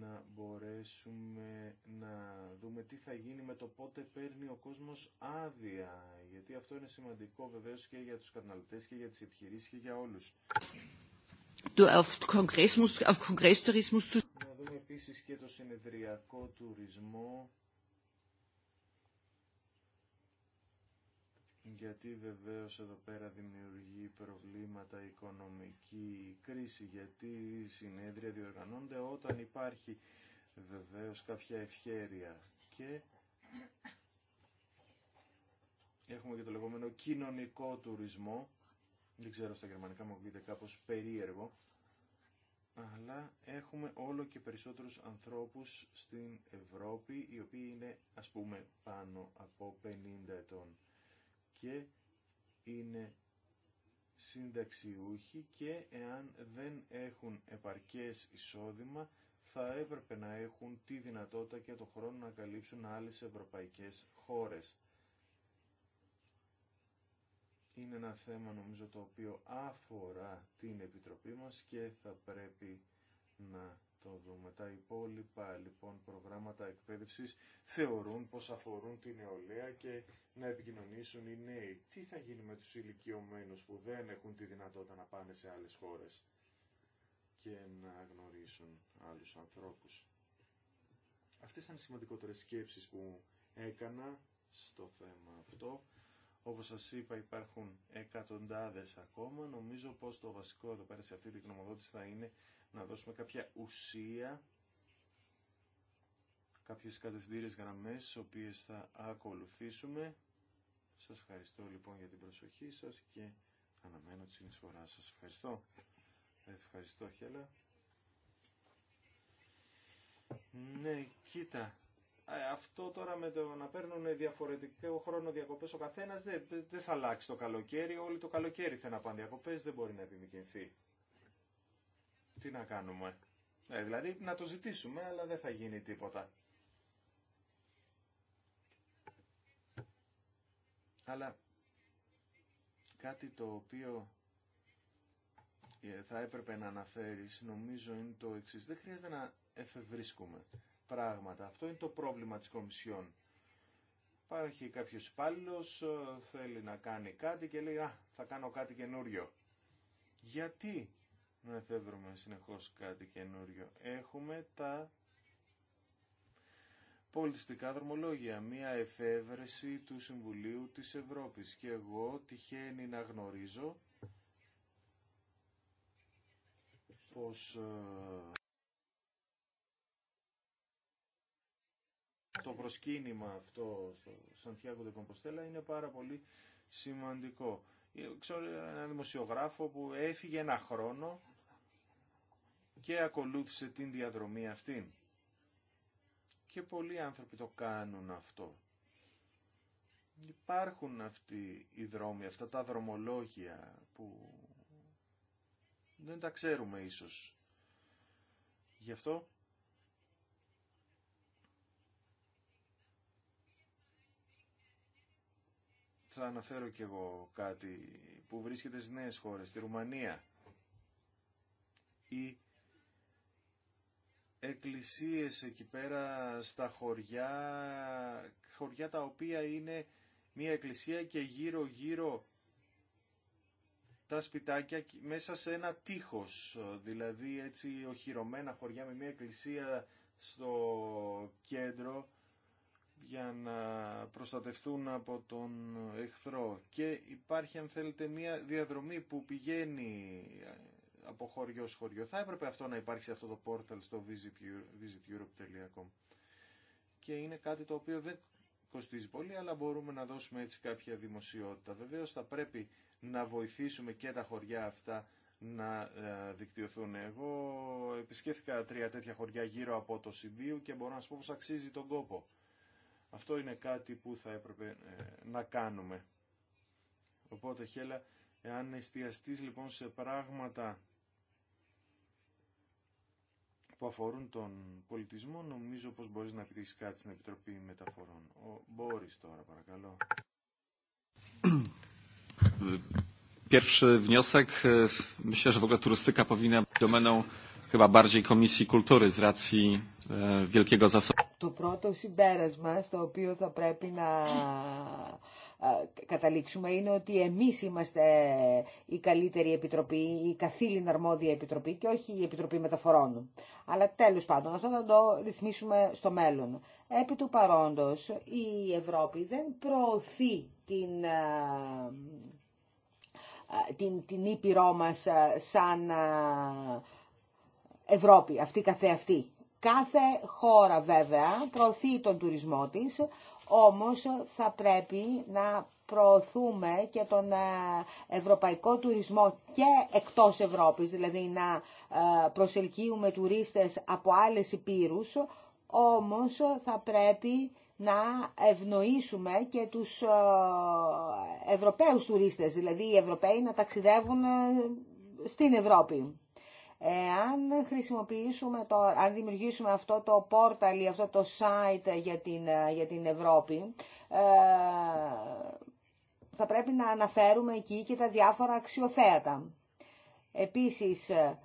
να μπορέσουμε να δούμε τι θα γίνει με το πότε παίρνει ο κόσμος άδεια. Γιατί αυτό είναι σημαντικό βεβαίως και για τους καταναλωτές και για τις επιχειρήσεις και για όλους. Να δούμε επίσης και το συνεδριακό τουρισμό γιατί βεβαίως εδώ πέρα δημιουργεί προβλήματα οικονομική κρίση, γιατί οι συνέδρια διοργανώνται όταν υπάρχει βεβαίως κάποια ευχέρεια και έχουμε και το λεγόμενο κοινωνικό τουρισμό, δεν ξέρω στα γερμανικά μου βγείτε κάπως περίεργο, αλλά έχουμε όλο και περισσότερους ανθρώπους στην Ευρώπη, οι οποίοι είναι ας πούμε πάνω από 50 ετών και είναι συνταξιούχοι και εάν δεν έχουν επαρκές εισόδημα θα έπρεπε να έχουν τη δυνατότητα και το χρόνο να καλύψουν άλλες ευρωπαϊκές χώρες. Είναι ένα θέμα νομίζω το οποίο αφορά την Επιτροπή μας και θα πρέπει να το δούμε. Τα υπόλοιπα λοιπόν προγράμματα εκπαίδευσης θεωρούν πως αφορούν την νεολαία και να επικοινωνήσουν οι νέοι. Τι θα γίνει με τους ηλικιωμένου που δεν έχουν τη δυνατότητα να πάνε σε άλλες χώρες και να γνωρίσουν άλλους ανθρώπους. Αυτές ήταν οι σημαντικότερες σκέψεις που έκανα στο θέμα αυτό. Όπως σας είπα υπάρχουν εκατοντάδες ακόμα. Νομίζω πως το βασικό εδώ πέρα σε αυτή την γνωμοδότηση θα είναι να δώσουμε κάποια ουσία, κάποιες κατευθυντήριες γραμμές, τις οποίες θα ακολουθήσουμε. Σας ευχαριστώ λοιπόν για την προσοχή σας και αναμένω τη συνεισφορά σας. Ευχαριστώ. Ευχαριστώ Χέλα. Ναι, κοίτα, ε, αυτό τώρα με το να παίρνουν διαφορετικό χρόνο διακοπέ ο καθένα δεν, δε θα αλλάξει το καλοκαίρι. Όλοι το καλοκαίρι θέλουν να πάνε διακοπέ, δεν μπορεί να επιμηκυνθεί. Τι να κάνουμε. Ε, δηλαδή να το ζητήσουμε, αλλά δεν θα γίνει τίποτα. Αλλά κάτι το οποίο ε, θα έπρεπε να αναφέρεις νομίζω είναι το εξής. Δεν χρειάζεται να εφευρίσκουμε πράγματα. Αυτό είναι το πρόβλημα της Κομισιόν. Υπάρχει κάποιος υπάλληλο θέλει να κάνει κάτι και λέει «Α, θα κάνω κάτι καινούριο». Γιατί να εφεύρουμε συνεχώς κάτι καινούριο. Έχουμε τα πολιτιστικά δρομολόγια, μία εφεύρεση του Συμβουλίου της Ευρώπης και εγώ τυχαίνει να γνωρίζω πως ε, το προσκύνημα αυτό στο Σαντιάγκο Κομποστέλα είναι πάρα πολύ σημαντικό. Ξέρω έναν δημοσιογράφο που έφυγε ένα χρόνο και ακολούθησε την διαδρομή αυτή. Και πολλοί άνθρωποι το κάνουν αυτό. Υπάρχουν αυτοί οι δρόμοι, αυτά τα δρομολόγια που δεν τα ξέρουμε ίσως. Γι' αυτό θα αναφέρω κι εγώ κάτι που βρίσκεται στις νέες χώρες, στη Ρουμανία. Οι εκκλησίες εκεί πέρα στα χωριά, χωριά τα οποία είναι μια εκκλησία και γύρω γύρω τα σπιτάκια μέσα σε ένα τείχος, δηλαδή έτσι οχυρωμένα χωριά με μια εκκλησία στο κέντρο για να προστατευτούν από τον εχθρό και υπάρχει αν θέλετε μια διαδρομή που πηγαίνει ε, από χωριό σε χωριό. Θα έπρεπε αυτό να σε αυτό το πόρταλ στο visiteurope.com και είναι κάτι το οποίο δεν κοστίζει πολύ αλλά μπορούμε να δώσουμε έτσι κάποια δημοσιότητα. Βεβαίως θα πρέπει να βοηθήσουμε και τα χωριά αυτά να ε, δικτυωθούν. Εγώ επισκέφθηκα τρία τέτοια χωριά γύρω από το Σιμπίου και μπορώ να σου πω πως αξίζει τον κόπο. Αυτό είναι κάτι που θα έπρεπε ε, να κάνουμε. Οπότε, Χέλα, εάν εστιαστείς λοιπόν σε πράγματα που αφορούν τον πολιτισμό, νομίζω πως μπορείς να επιτύχεις κάτι στην Επιτροπή Μεταφορών. Ο Μπόρις τώρα, παρακαλώ. Pierwszy wniosek, myślę, że w ogóle turystyka powinna E, το πρώτο συμπέρασμα στο οποίο θα πρέπει να ε, καταλήξουμε είναι ότι εμείς είμαστε η καλύτερη επιτροπή, η καθήλυνα αρμόδια επιτροπή και όχι η επιτροπή μεταφορών. Αλλά τέλος πάντων αυτό θα το ρυθμίσουμε στο μέλλον. Επί του παρόντος η Ευρώπη δεν προωθεί την ε, ε, την, Ήπειρό μας σαν Ευρώπη, αυτή καθεαυτή. Κάθε χώρα βέβαια προωθεί τον τουρισμό της, όμως θα πρέπει να προωθούμε και τον ε, ευρωπαϊκό τουρισμό και εκτός Ευρώπης, δηλαδή να ε, προσελκύουμε τουρίστες από άλλες υπήρους, όμως θα πρέπει να ευνοήσουμε και τους ε, Ευρωπαίους τουρίστες, δηλαδή οι Ευρωπαίοι να ταξιδεύουν στην Ευρώπη χρησιμοποιήσουμε το, αν δημιουργήσουμε αυτό το πόρταλ ή αυτό το site για την, για την Ευρώπη, ε, θα πρέπει να αναφέρουμε εκεί και τα διάφορα αξιοθέατα. Επίσης, ε,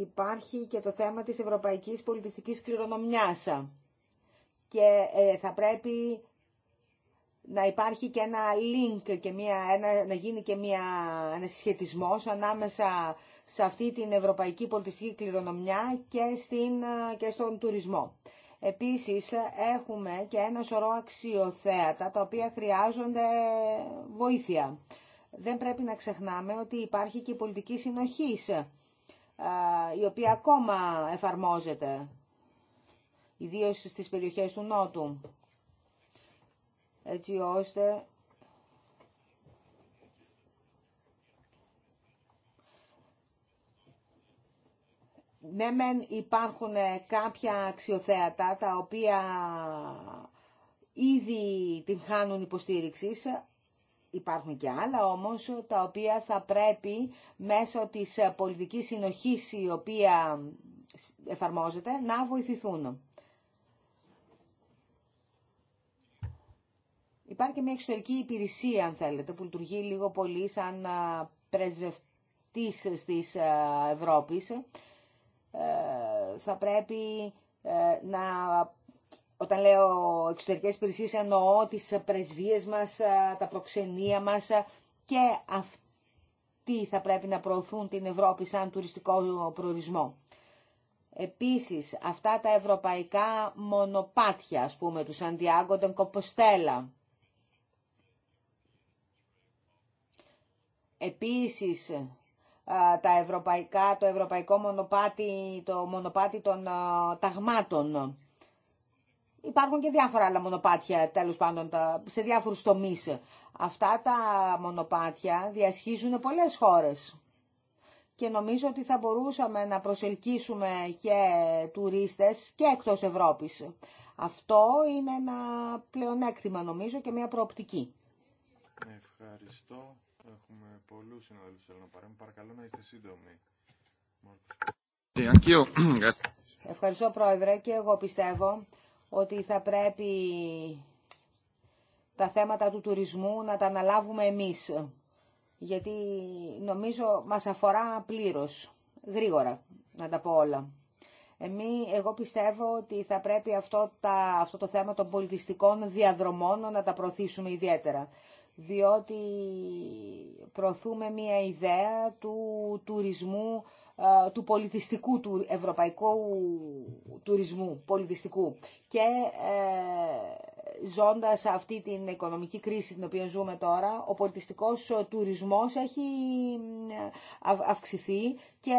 υπάρχει και το θέμα της ευρωπαϊκής πολιτιστικής κληρονομιάς και ε, θα πρέπει να υπάρχει και ένα link και μια, ένα, να γίνει και μια, ένα συσχετισμός ανάμεσα σε αυτή την ευρωπαϊκή πολιτιστική κληρονομιά και, στην, ε, και στον τουρισμό. Επίσης έχουμε και ένα σωρό αξιοθέατα τα οποία χρειάζονται βοήθεια. Δεν πρέπει να ξεχνάμε ότι υπάρχει και η πολιτική συνοχής ε, η οποία ακόμα εφαρμόζεται ιδίως στις περιοχές του Νότου έτσι ώστε ναι μεν υπάρχουν κάποια αξιοθέατα τα οποία ήδη την χάνουν υποστήριξης, υπάρχουν και άλλα όμως τα οποία θα πρέπει μέσω της πολιτικής συνοχής η οποία εφαρμόζεται να βοηθηθούν. Υπάρχει και μια εξωτερική υπηρεσία, αν θέλετε, που λειτουργεί λίγο πολύ σαν πρεσβευτής της Ευρώπης θα πρέπει ε, να όταν λέω εξωτερικές υπηρεσίες εννοώ τις πρεσβείες μας, ε, τα προξενία μας ε, και αυτοί θα πρέπει να προωθούν την Ευρώπη σαν τουριστικό προορισμό. Επίσης, αυτά τα ευρωπαϊκά μονοπάτια, ας πούμε, του Σαντιάγκο, τον Κοποστέλα. Επίσης, τα ευρωπαϊκά, το ευρωπαϊκό μονοπάτι, το μονοπάτι των ταγμάτων. Υπάρχουν και διάφορα άλλα μονοπάτια, τέλος πάντων, σε διάφορους τομείς. Αυτά τα μονοπάτια διασχίζουν πολλές χώρες. Και νομίζω ότι θα μπορούσαμε να προσελκύσουμε και τουρίστες και εκτός Ευρώπης. Αυτό είναι ένα πλεονέκτημα νομίζω και μια προοπτική. Ευχαριστώ. Έχουμε πολλού να Παρακαλώ να είστε Ευχαριστώ Πρόεδρε και εγώ πιστεύω ότι θα πρέπει τα θέματα του τουρισμού να τα αναλάβουμε εμείς. Γιατί νομίζω μας αφορά πλήρως, γρήγορα να τα πω όλα. Εμεί, εγώ πιστεύω ότι θα πρέπει αυτό, αυτό το θέμα των πολιτιστικών διαδρομών να τα προωθήσουμε ιδιαίτερα διότι προωθούμε μια ιδέα του τουρισμού, του πολιτιστικού, του ευρωπαϊκού τουρισμού, πολιτιστικού. Και ε, ζώντας αυτή την οικονομική κρίση την οποία ζούμε τώρα, ο πολιτιστικός τουρισμός έχει αυξηθεί και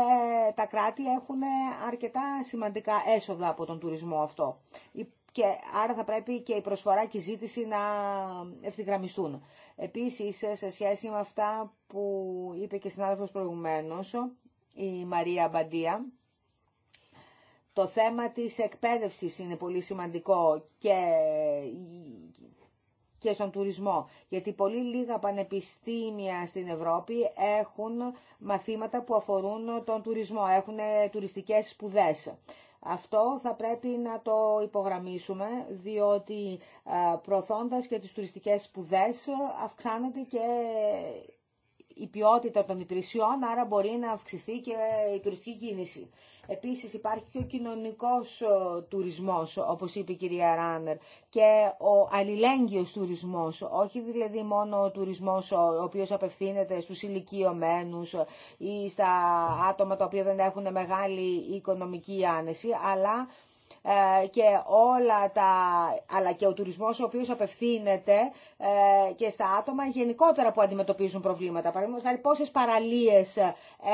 τα κράτη έχουν αρκετά σημαντικά έσοδα από τον τουρισμό αυτό και άρα θα πρέπει και η προσφορά και η ζήτηση να ευθυγραμμιστούν. Επίσης, σε σχέση με αυτά που είπε και συνάδελφος προηγουμένως, η Μαρία Μπαντία, το θέμα της εκπαίδευσης είναι πολύ σημαντικό και, και στον τουρισμό, γιατί πολύ λίγα πανεπιστήμια στην Ευρώπη έχουν μαθήματα που αφορούν τον τουρισμό, έχουν τουριστικές σπουδές. Αυτό θα πρέπει να το υπογραμμίσουμε, διότι ε, προωθώντας και τις τουριστικές σπουδές αυξάνεται και η ποιότητα των υπηρεσιών, άρα μπορεί να αυξηθεί και η τουριστική κίνηση. Επίσης υπάρχει και ο κοινωνικός τουρισμός, όπως είπε η κυρία Ράνερ, και ο αλληλέγγυος τουρισμός, όχι δηλαδή μόνο ο τουρισμός ο οποίος απευθύνεται στους ηλικιωμένους ή στα άτομα τα οποία δεν έχουν μεγάλη οικονομική άνεση, αλλά ε, και όλα τα, αλλά και ο τουρισμός ο οποίος απευθύνεται ε, και στα άτομα γενικότερα που αντιμετωπίζουν προβλήματα. Παραδείγματος χάρη πόσες παραλίες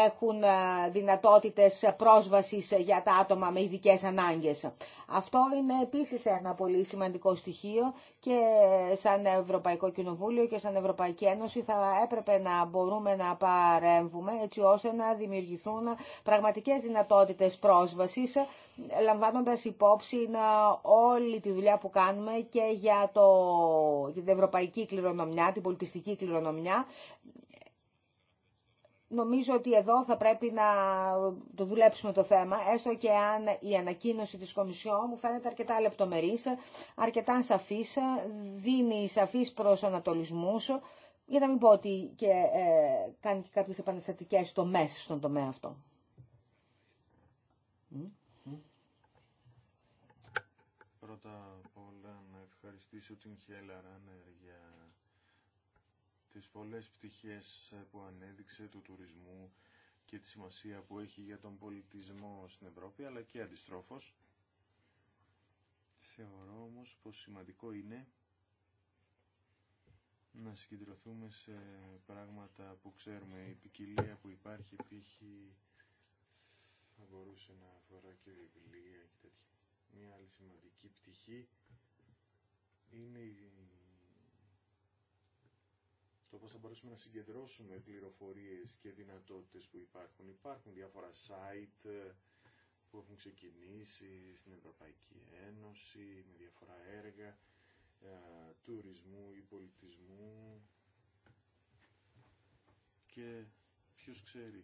έχουν ε, δυνατότητες πρόσβασης για τα άτομα με ειδικέ ανάγκες. Αυτό είναι επίσης ένα πολύ σημαντικό στοιχείο και σαν Ευρωπαϊκό Κοινοβούλιο και σαν Ευρωπαϊκή Ένωση θα έπρεπε να μπορούμε να παρέμβουμε έτσι ώστε να δημιουργηθούν πραγματικές δυνατότητες πρόσβασης λαμβάνοντας υπόψη ε, όλη τη δουλειά που κάνουμε και για, το, για την ευρωπαϊκή κληρονομιά, την πολιτιστική κληρονομιά Νομίζω ότι εδώ θα πρέπει να το δουλέψουμε το θέμα, έστω και αν η ανακοίνωση της Κομισιόν μου φαίνεται αρκετά λεπτομερής, αρκετά σαφής, δίνει προς προσανατολισμούς, για να μην πω ότι και ε, κάνει και κάποιες επαναστατικές τομές στον τομέα αυτό. Πρώτα απ' όλα να ευχαριστήσω την Χέλα τις πολλές πτυχές ε, που ανέδειξε του τουρισμού και τη σημασία που έχει για τον πολιτισμό στην Ευρώπη, αλλά και αντιστρόφως. Θεωρώ όμως πως σημαντικό είναι να συγκεντρωθούμε σε πράγματα που ξέρουμε. Η ποικιλία που υπάρχει, π.χ. θα μπορούσε να αφορά και βιβλία και τέτοια. Μια άλλη σημαντική πτυχή είναι η το πώς θα μπορέσουμε να συγκεντρώσουμε πληροφορίες και δυνατότητες που υπάρχουν. Υπάρχουν διάφορα site ε, που έχουν ξεκινήσει στην Ευρωπαϊκή Ένωση με διάφορα έργα ε, τουρισμού ή πολιτισμού και ποιος ξέρει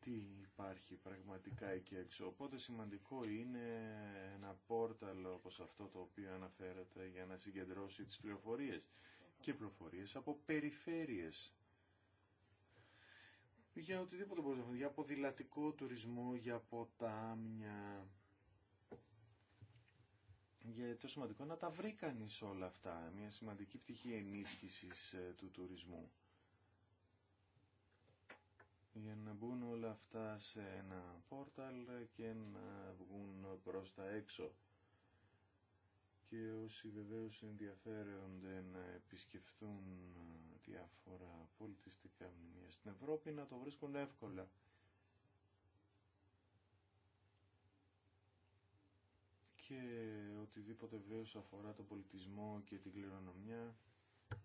τι υπάρχει πραγματικά εκεί έξω. Οπότε σημαντικό είναι ένα πόρταλο όπως αυτό το οποίο αναφέρατε για να συγκεντρώσει τις πληροφορίες και πληροφορίες από περιφέρειες για οτιδήποτε μπορείς να φανταστείς για ποδηλατικό τουρισμό, για ποτάμια. Για το σημαντικό να τα βρει κανείς όλα αυτά, μια σημαντική πτυχή ενίσχυσης ε, του τουρισμού. Για να μπουν όλα αυτά σε ένα πόρταλ και να βγουν προς τα έξω και όσοι βεβαίως ενδιαφέρονται να επισκεφθούν ε, διάφορα πολιτιστικά μνημεία στην Ευρώπη να το βρίσκουν εύκολα. Και οτιδήποτε βέβαιος αφορά τον πολιτισμό και την κληρονομιά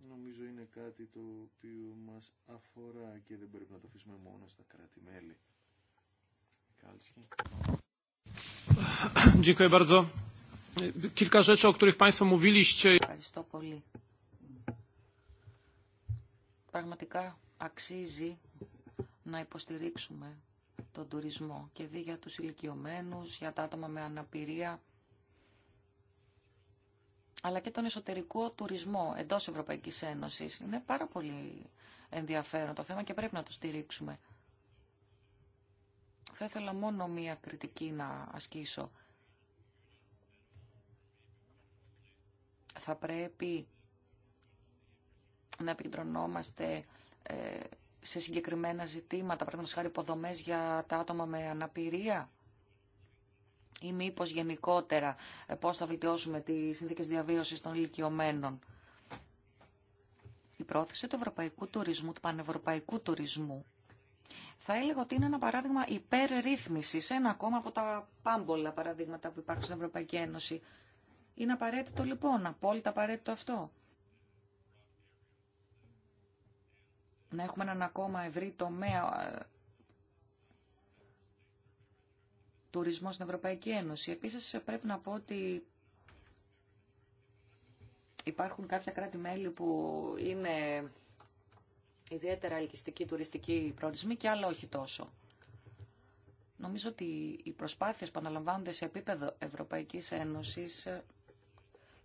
νομίζω είναι κάτι το οποίο μας αφορά και δεν πρέπει να το αφήσουμε μόνο στα κράτη-μέλη. Kilka rzeczy, o których Ευχαριστώ πολύ. Πραγματικά αξίζει να υποστηρίξουμε τον τουρισμό και δι για τους ηλικιωμένους, για τα άτομα με αναπηρία, αλλά και τον εσωτερικό τουρισμό εντός Ευρωπαϊκής Ένωσης. Είναι πάρα πολύ ενδιαφέρον το θέμα και πρέπει να το στηρίξουμε. Θα ήθελα μόνο μία κριτική να ασκήσω. θα πρέπει να επικεντρωνόμαστε ε, σε συγκεκριμένα ζητήματα, παραδείγματος χάρη υποδομές για τα άτομα με αναπηρία ή μήπως γενικότερα ε, πώς θα βελτιώσουμε τις συνθήκες διαβίωσης των ηλικιωμένων. Η πρόθεση του ευρωπαϊκού τουρισμού, του πανευρωπαϊκού τουρισμού, θα έλεγα ότι είναι ένα παράδειγμα υπερρύθμισης, ένα ακόμα από τα πάμπολα παραδείγματα που υπάρχουν στην Ευρωπαϊκή Ένωση. Είναι απαραίτητο λοιπόν, απόλυτα απαραίτητο αυτό. Να έχουμε έναν ακόμα ευρύ τομέα ε, τουρισμό στην Ευρωπαϊκή Ένωση. Επίσης πρέπει να πω ότι υπάρχουν κάποια κράτη-μέλη που είναι ιδιαίτερα ελκυστικοί τουριστικοί προορισμοί και άλλα όχι τόσο. Νομίζω ότι οι προσπάθειες που αναλαμβάνονται σε επίπεδο Ευρωπαϊκής Ένωσης ε,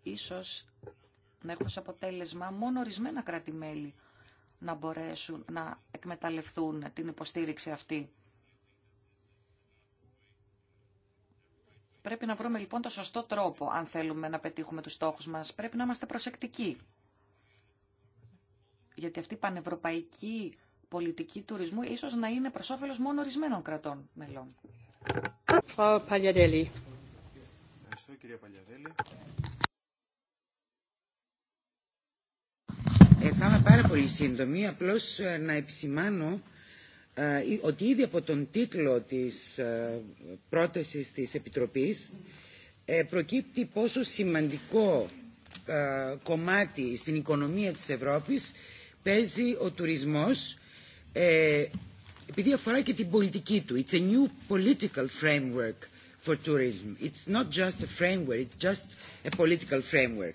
ίσως να έχουν ως αποτέλεσμα μόνο ορισμένα κράτη-μέλη να μπορέσουν να εκμεταλλευτούν την υποστήριξη αυτή. Πρέπει να βρούμε λοιπόν το σωστό τρόπο αν θέλουμε να πετύχουμε τους στόχους μας. Πρέπει να είμαστε προσεκτικοί. Γιατί αυτή η πανευρωπαϊκή πολιτική τουρισμού ίσως να είναι προς όφελος μόνο ορισμένων κρατών μελών. Ε, θα είμαι πάρα πολύ σύντομη, απλώς ε, να επισημάνω ε, ότι ήδη από τον τίτλο της πρότασης της Επιτροπής προκύπτει πόσο σημαντικό κομμάτι στην οικονομία της Ευρώπης παίζει ο τουρισμός επειδή αφορά και την πολιτική του. It's a new political framework for tourism. It's not just a framework, it's just a political framework.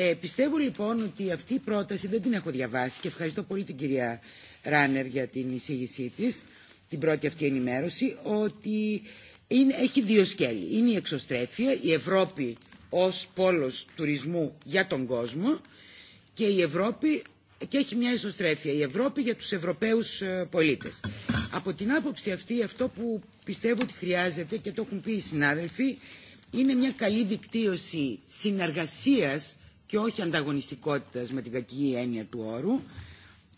Ε, πιστεύω λοιπόν ότι αυτή η πρόταση δεν την έχω διαβάσει και ευχαριστώ πολύ την κυρία Ράνερ για την εισήγησή της, την πρώτη αυτή ενημέρωση, ότι είναι, έχει δύο σκέλη. Είναι η εξωστρέφεια, η Ευρώπη ως πόλος τουρισμού για τον κόσμο και η Ευρώπη και έχει μια ισοστρέφεια η Ευρώπη για τους Ευρωπαίους ε, πολίτες. Από την άποψη αυτή αυτό που πιστεύω ότι χρειάζεται και το έχουν πει οι συνάδελφοι είναι μια καλή δικτύωση συνεργασίας και όχι ανταγωνιστικότητας με την κακή έννοια του όρου,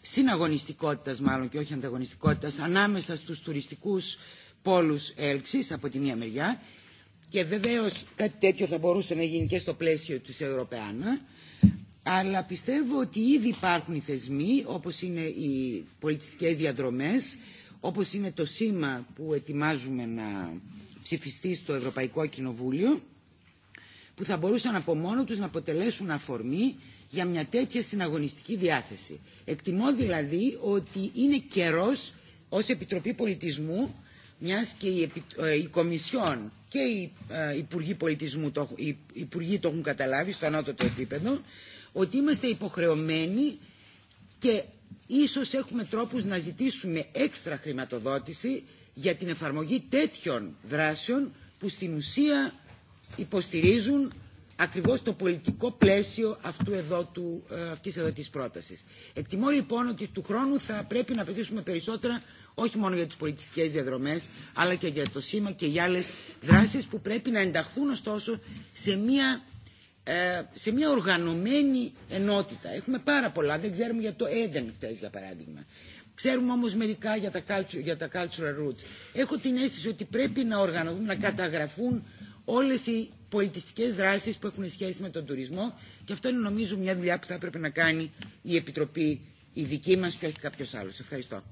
συναγωνιστικότητας μάλλον και όχι ανταγωνιστικότητας ανάμεσα στους τουριστικούς πόλους έλξης από τη μία μεριά και βεβαίως κάτι τέτοιο θα μπορούσε να γίνει και στο πλαίσιο της Ευρωπαϊκής αλλά πιστεύω ότι ήδη υπάρχουν οι θεσμοί όπως είναι οι πολιτιστικές διαδρομές όπως είναι το σήμα που ετοιμάζουμε να ψηφιστεί στο Ευρωπαϊκό Κοινοβούλιο που θα μπορούσαν από μόνο τους να αποτελέσουν αφορμή για μια τέτοια συναγωνιστική διάθεση. Εκτιμώ δηλαδή ότι είναι καιρός ως Επιτροπή Πολιτισμού, μιας και η, ε, η Κομισιόν και οι ε, Υπουργοί Πολιτισμού το, οι το έχουν καταλάβει στο ανώτατο επίπεδο, ότι είμαστε υποχρεωμένοι και ίσως έχουμε τρόπους να ζητήσουμε έξτρα χρηματοδότηση για την εφαρμογή τέτοιων δράσεων που στην ουσία υποστηρίζουν ακριβώς το πολιτικό πλαίσιο αυτή εδώ του, ε, αυτής εδώ της πρότασης. Εκτιμώ λοιπόν ότι του χρόνου θα πρέπει να απαιτήσουμε περισσότερα όχι μόνο για τις πολιτιστικές διαδρομές αλλά και για το σήμα και για άλλες δράσεις που πρέπει να ενταχθούν ωστόσο σε μια, ε, σε μια οργανωμένη ενότητα. Έχουμε πάρα πολλά. Δεν ξέρουμε για το Eden χτες για παράδειγμα. Ξέρουμε όμως μερικά για τα, για τα cultural roots. Έχω την αίσθηση ότι πρέπει να οργανωθούν, να καταγραφούν όλες οι πολιτιστικές δράσεις που έχουν σχέση με τον τουρισμό και αυτό είναι νομίζω μια δουλειά που θα έπρεπε να κάνει η Επιτροπή η δική μας και όχι κάποιος άλλος. Ευχαριστώ.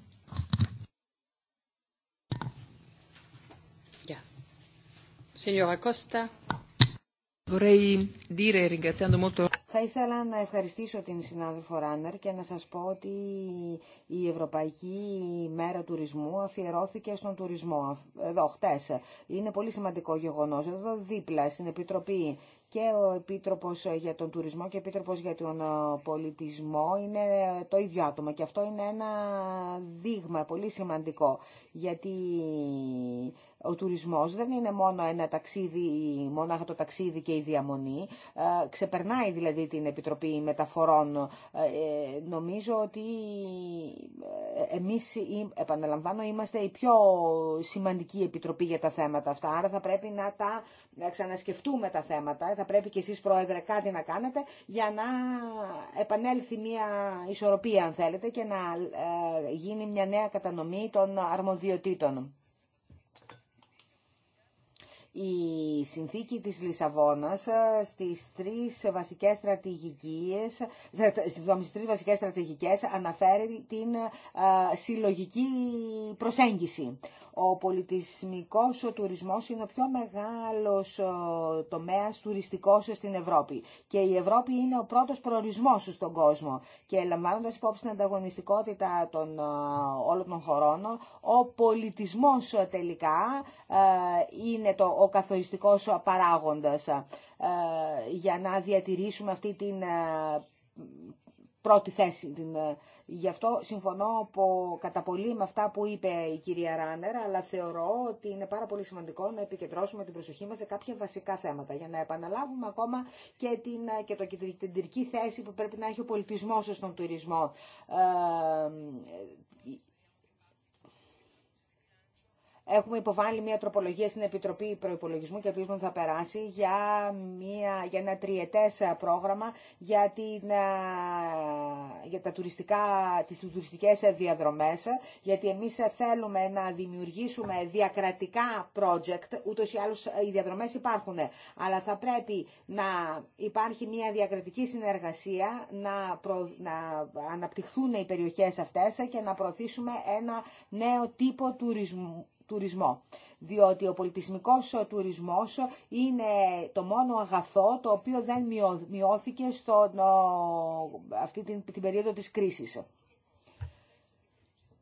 Θα ήθελα να ευχαριστήσω την συνάδελφο Ράνερ και να σας πω ότι η Ευρωπαϊκή Μέρα Τουρισμού αφιερώθηκε στον τουρισμό εδώ χτες. Είναι πολύ σημαντικό γεγονός. Εδώ δίπλα στην Επιτροπή και ο Επίτροπος για τον Τουρισμό και ο Επίτροπος για τον ε, Πολιτισμό είναι το ίδιο άτομο και αυτό είναι ένα δείγμα πολύ σημαντικό γιατί ο τουρισμός δεν είναι μόνο ένα ταξίδι, μόνο το ταξίδι και η διαμονή. Ε, ξεπερνάει δηλαδή την Επιτροπή Μεταφορών. Ε, νομίζω ότι ε, εμείς, επαναλαμβάνω, είμαστε η πιο σημαντική Επιτροπή για τα θέματα αυτά. Άρα θα πρέπει να τα να ξανασκεφτούμε τα θέματα. Θα πρέπει και εσείς, Πρόεδρε, κάτι να κάνετε για να επανέλθει μια ισορροπία, αν θέλετε, και να γίνει μια νέα κατανομή των αρμοδιοτήτων. Η συνθήκη της Λισαβόνας ε, στις τρεις βασικές στρατηγικές, στις τρεις βασικές στρατηγικές αναφέρει την ε, συλλογική προσέγγιση. Ο πολιτισμικός ο τουρισμός είναι ο πιο μεγάλος τομέας τουριστικός στην Ευρώπη και η Ευρώπη είναι ο πρώτος προορισμός στον κόσμο και λαμβάνοντας υπόψη την ανταγωνιστικότητα των, όλων των χωρών, ο πολιτισμός τελικά είναι το, ο καθοριστικός παράγοντας για να διατηρήσουμε αυτή την πρώτη θέση, την Γι' αυτό συμφωνώ κατά πολύ με αυτά που είπε η κυρία Ράνερ, αλλά θεωρώ ότι είναι πάρα πολύ σημαντικό να επικεντρώσουμε την προσοχή μας σε κάποια βασικά θέματα, για να επαναλάβουμε ακόμα και την, την κεντρική θέση που πρέπει να έχει ο πολιτισμός στον τουρισμό. Ε, Έχουμε υποβάλει μια τροπολογία στην Επιτροπή Προπολογισμού και ελπίζουμε θα περάσει για, μια, για ένα τριετές πρόγραμμα για, την, για τα τουριστικά, τις τουριστικές διαδρομές, γιατί εμείς θέλουμε να δημιουργήσουμε διακρατικά project, ούτως ή άλλως οι διαδρομές υπάρχουν, αλλά θα πρέπει να υπάρχει μια διακρατική συνεργασία, να, να αναπτυχθούν οι περιοχές αυτές και να προωθήσουμε ένα νέο τύπο τουρισμού τουρισμό. Διότι ο πολιτισμικός τουρισμός είναι το μόνο αγαθό το οποίο δεν μειώθηκε στον, αυτή την, περίοδο της κρίσης.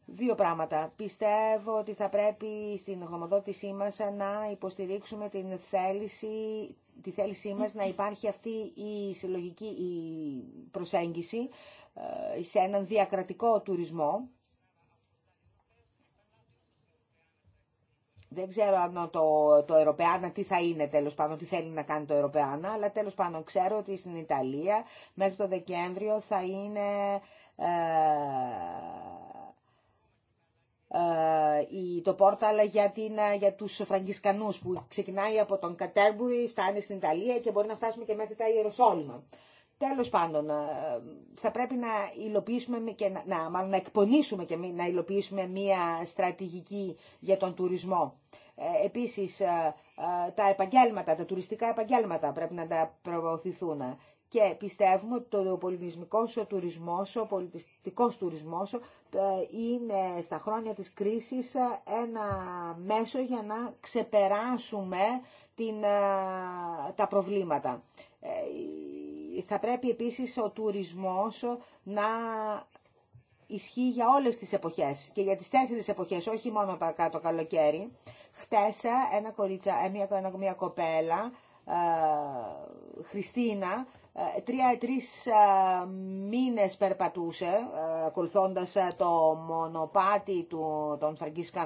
Δύο πράγματα. Πιστεύω ότι θα πρέπει στην γνωμοδότησή μας να υποστηρίξουμε την θέληση, τη θέλησή μας να υπάρχει αυτή η συλλογική η προσέγγιση ε, σε έναν διακρατικό τουρισμό Δεν ξέρω αν το, το τι θα είναι τέλος πάντων, τι θέλει να κάνει το Ευρωπαϊκό, αλλά τέλος πάντων ξέρω ότι στην Ιταλία μέχρι το Δεκέμβριο θα είναι ε, ε το πόρταλ για, για τους Φραγκισκανούς που ξεκινάει από τον Κατέρμπουρη, φτάνει στην Ιταλία και μπορεί να φτάσουμε και μέχρι τα Ιεροσόλυμα. Τέλος πάντων, ε, θα πρέπει να υλοποιήσουμε και να, να, μάλλον να εκπονήσουμε και να υλοποιήσουμε μία στρατηγική για τον τουρισμό. Ε, επίσης, ε, τα επαγγέλματα, τα τουριστικά επαγγέλματα πρέπει να τα προωθηθούν. Και πιστεύουμε ότι το πολιτισμικός ο τουρισμός, ο πολιτιστικός τουρισμός είναι στα χρόνια της κρίσης ένα μέσο για να ξεπεράσουμε την, τα προβλήματα θα πρέπει επίσης ο τουρισμός να ισχύει για όλες τις εποχές και για τις τέσσερις εποχές, όχι μόνο το καλοκαίρι. Χτες ε, ένα κορίτσα, ε, μια, μια κοπέλα, ε, Χριστίνα, ε, τρία-τρεις μήνες περπατούσε, ε, το μονοπάτι του, των Φραγκής ε,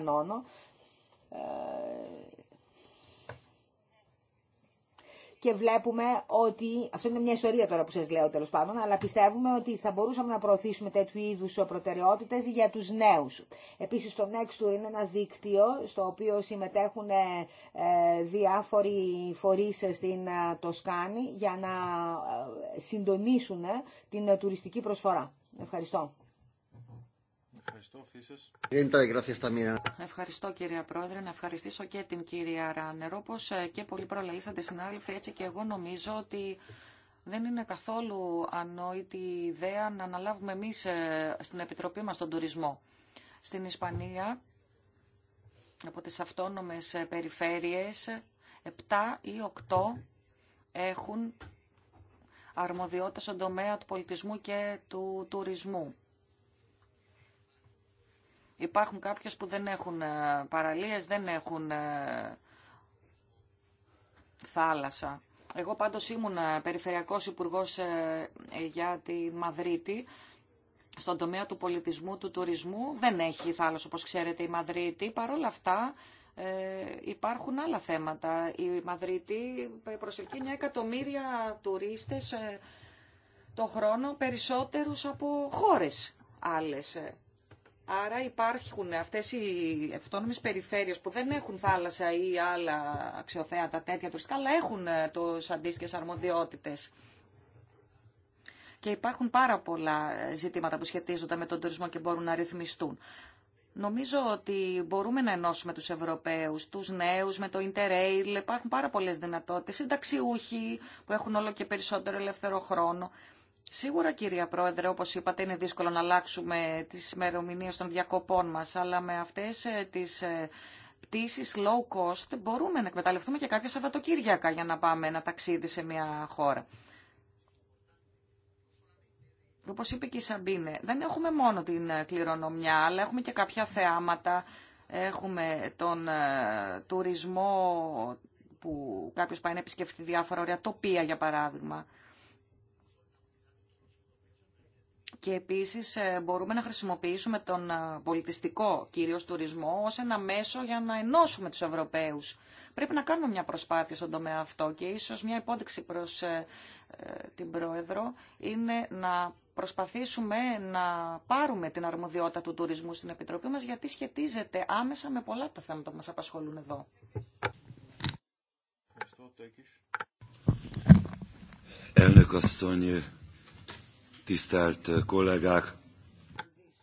και βλέπουμε ότι, αυτό είναι μια ιστορία τώρα που σας λέω τέλος πάντων, αλλά πιστεύουμε ότι θα μπορούσαμε να προωθήσουμε τέτοιου είδους προτεραιότητες για τους νέους. Επίσης το Next είναι ένα δίκτυο στο οποίο συμμετέχουν ε, ε, διάφοροι φορείς στην ε, Τοσκάνη για να συντονίσουν την τουριστική προσφορά. Ευχαριστώ. Ευχαριστώ, κύριε Ευχαριστώ, Πρόεδρε. Να ευχαριστήσω και την κυρία Ράνερ. όπω ε, και πολλοί προλαλήσαντε συνάδελφοι, έτσι και εγώ νομίζω ότι δεν είναι καθόλου ανόητη ιδέα να αναλάβουμε εμεί ε, στην Επιτροπή μα τον τουρισμό. Στην Ισπανία, από τις αυτόνομες ε, περιφέρειες, 7 ή 8 έχουν αρμοδιότητα στον τομέα του πολιτισμού και του τουρισμού. Υπάρχουν κάποιες που δεν έχουν ε, παραλίες, δεν έχουν ε, θάλασσα. Εγώ πάντως ήμουν ε, περιφερειακός υπουργός για τη Μαδρίτη στον τομέα του πολιτισμού, του τουρισμού. Δεν έχει θάλασσα, όπως ξέρετε, η Μαδρίτη. Παρ' όλα αυτά υπάρχουν άλλα θέματα. Η Μαδρίτη προσελκύει μια εκατομμύρια τουρίστες το χρόνο, περισσότερους από χώρες άλλες. Άρα υπάρχουν αυτές οι αυτόνομες περιφέρειες που δεν έχουν θάλασσα ή άλλα αξιοθέατα τέτοια τουριστικά, αλλά έχουν ε, τους αντίστοιχες αρμοδιότητες. Και υπάρχουν πάρα πολλά ε, ζητήματα που σχετίζονται με τον τουρισμό και μπορούν να ρυθμιστούν. Νομίζω ότι μπορούμε να ενώσουμε τους Ευρωπαίους, τους νέους με το Interrail. Υπάρχουν πάρα πολλές δυνατότητες, συνταξιούχοι που έχουν όλο και περισσότερο ελεύθερο χρόνο. Σίγουρα κυρία Πρόεδρε, όπως είπατε είναι δύσκολο να αλλάξουμε τις ημερομηνίε των διακοπών μας, αλλά με αυτές ε, τις ε, πτήσεις low cost μπορούμε να εκμεταλλευτούμε και κάποια Σαββατοκύριακα για να πάμε ένα ταξίδι σε μια χώρα. Όπω είπε και η Σαμπίνε, δεν έχουμε μόνο την ε, κληρονομιά, αλλά έχουμε και κάποια θεάματα. Έχουμε τον τουρισμό που κάποιος πάει να επισκεφθεί διάφορα ωραία τοπία, για παράδειγμα. και επίσης ε, μπορούμε να χρησιμοποιήσουμε τον ε, πολιτιστικό κυρίως τουρισμό ως ένα μέσο για να ενώσουμε τους Ευρωπαίους. Πρέπει να κάνουμε μια προσπάθεια στον τομέα αυτό και ίσως μια υπόδειξη προς ε, την Πρόεδρο είναι να προσπαθήσουμε να πάρουμε την αρμοδιότητα του τουρισμού στην Επιτροπή μας γιατί σχετίζεται άμεσα με πολλά από τα θέματα που μας απασχολούν εδώ. Tisztelt eh, kollégák!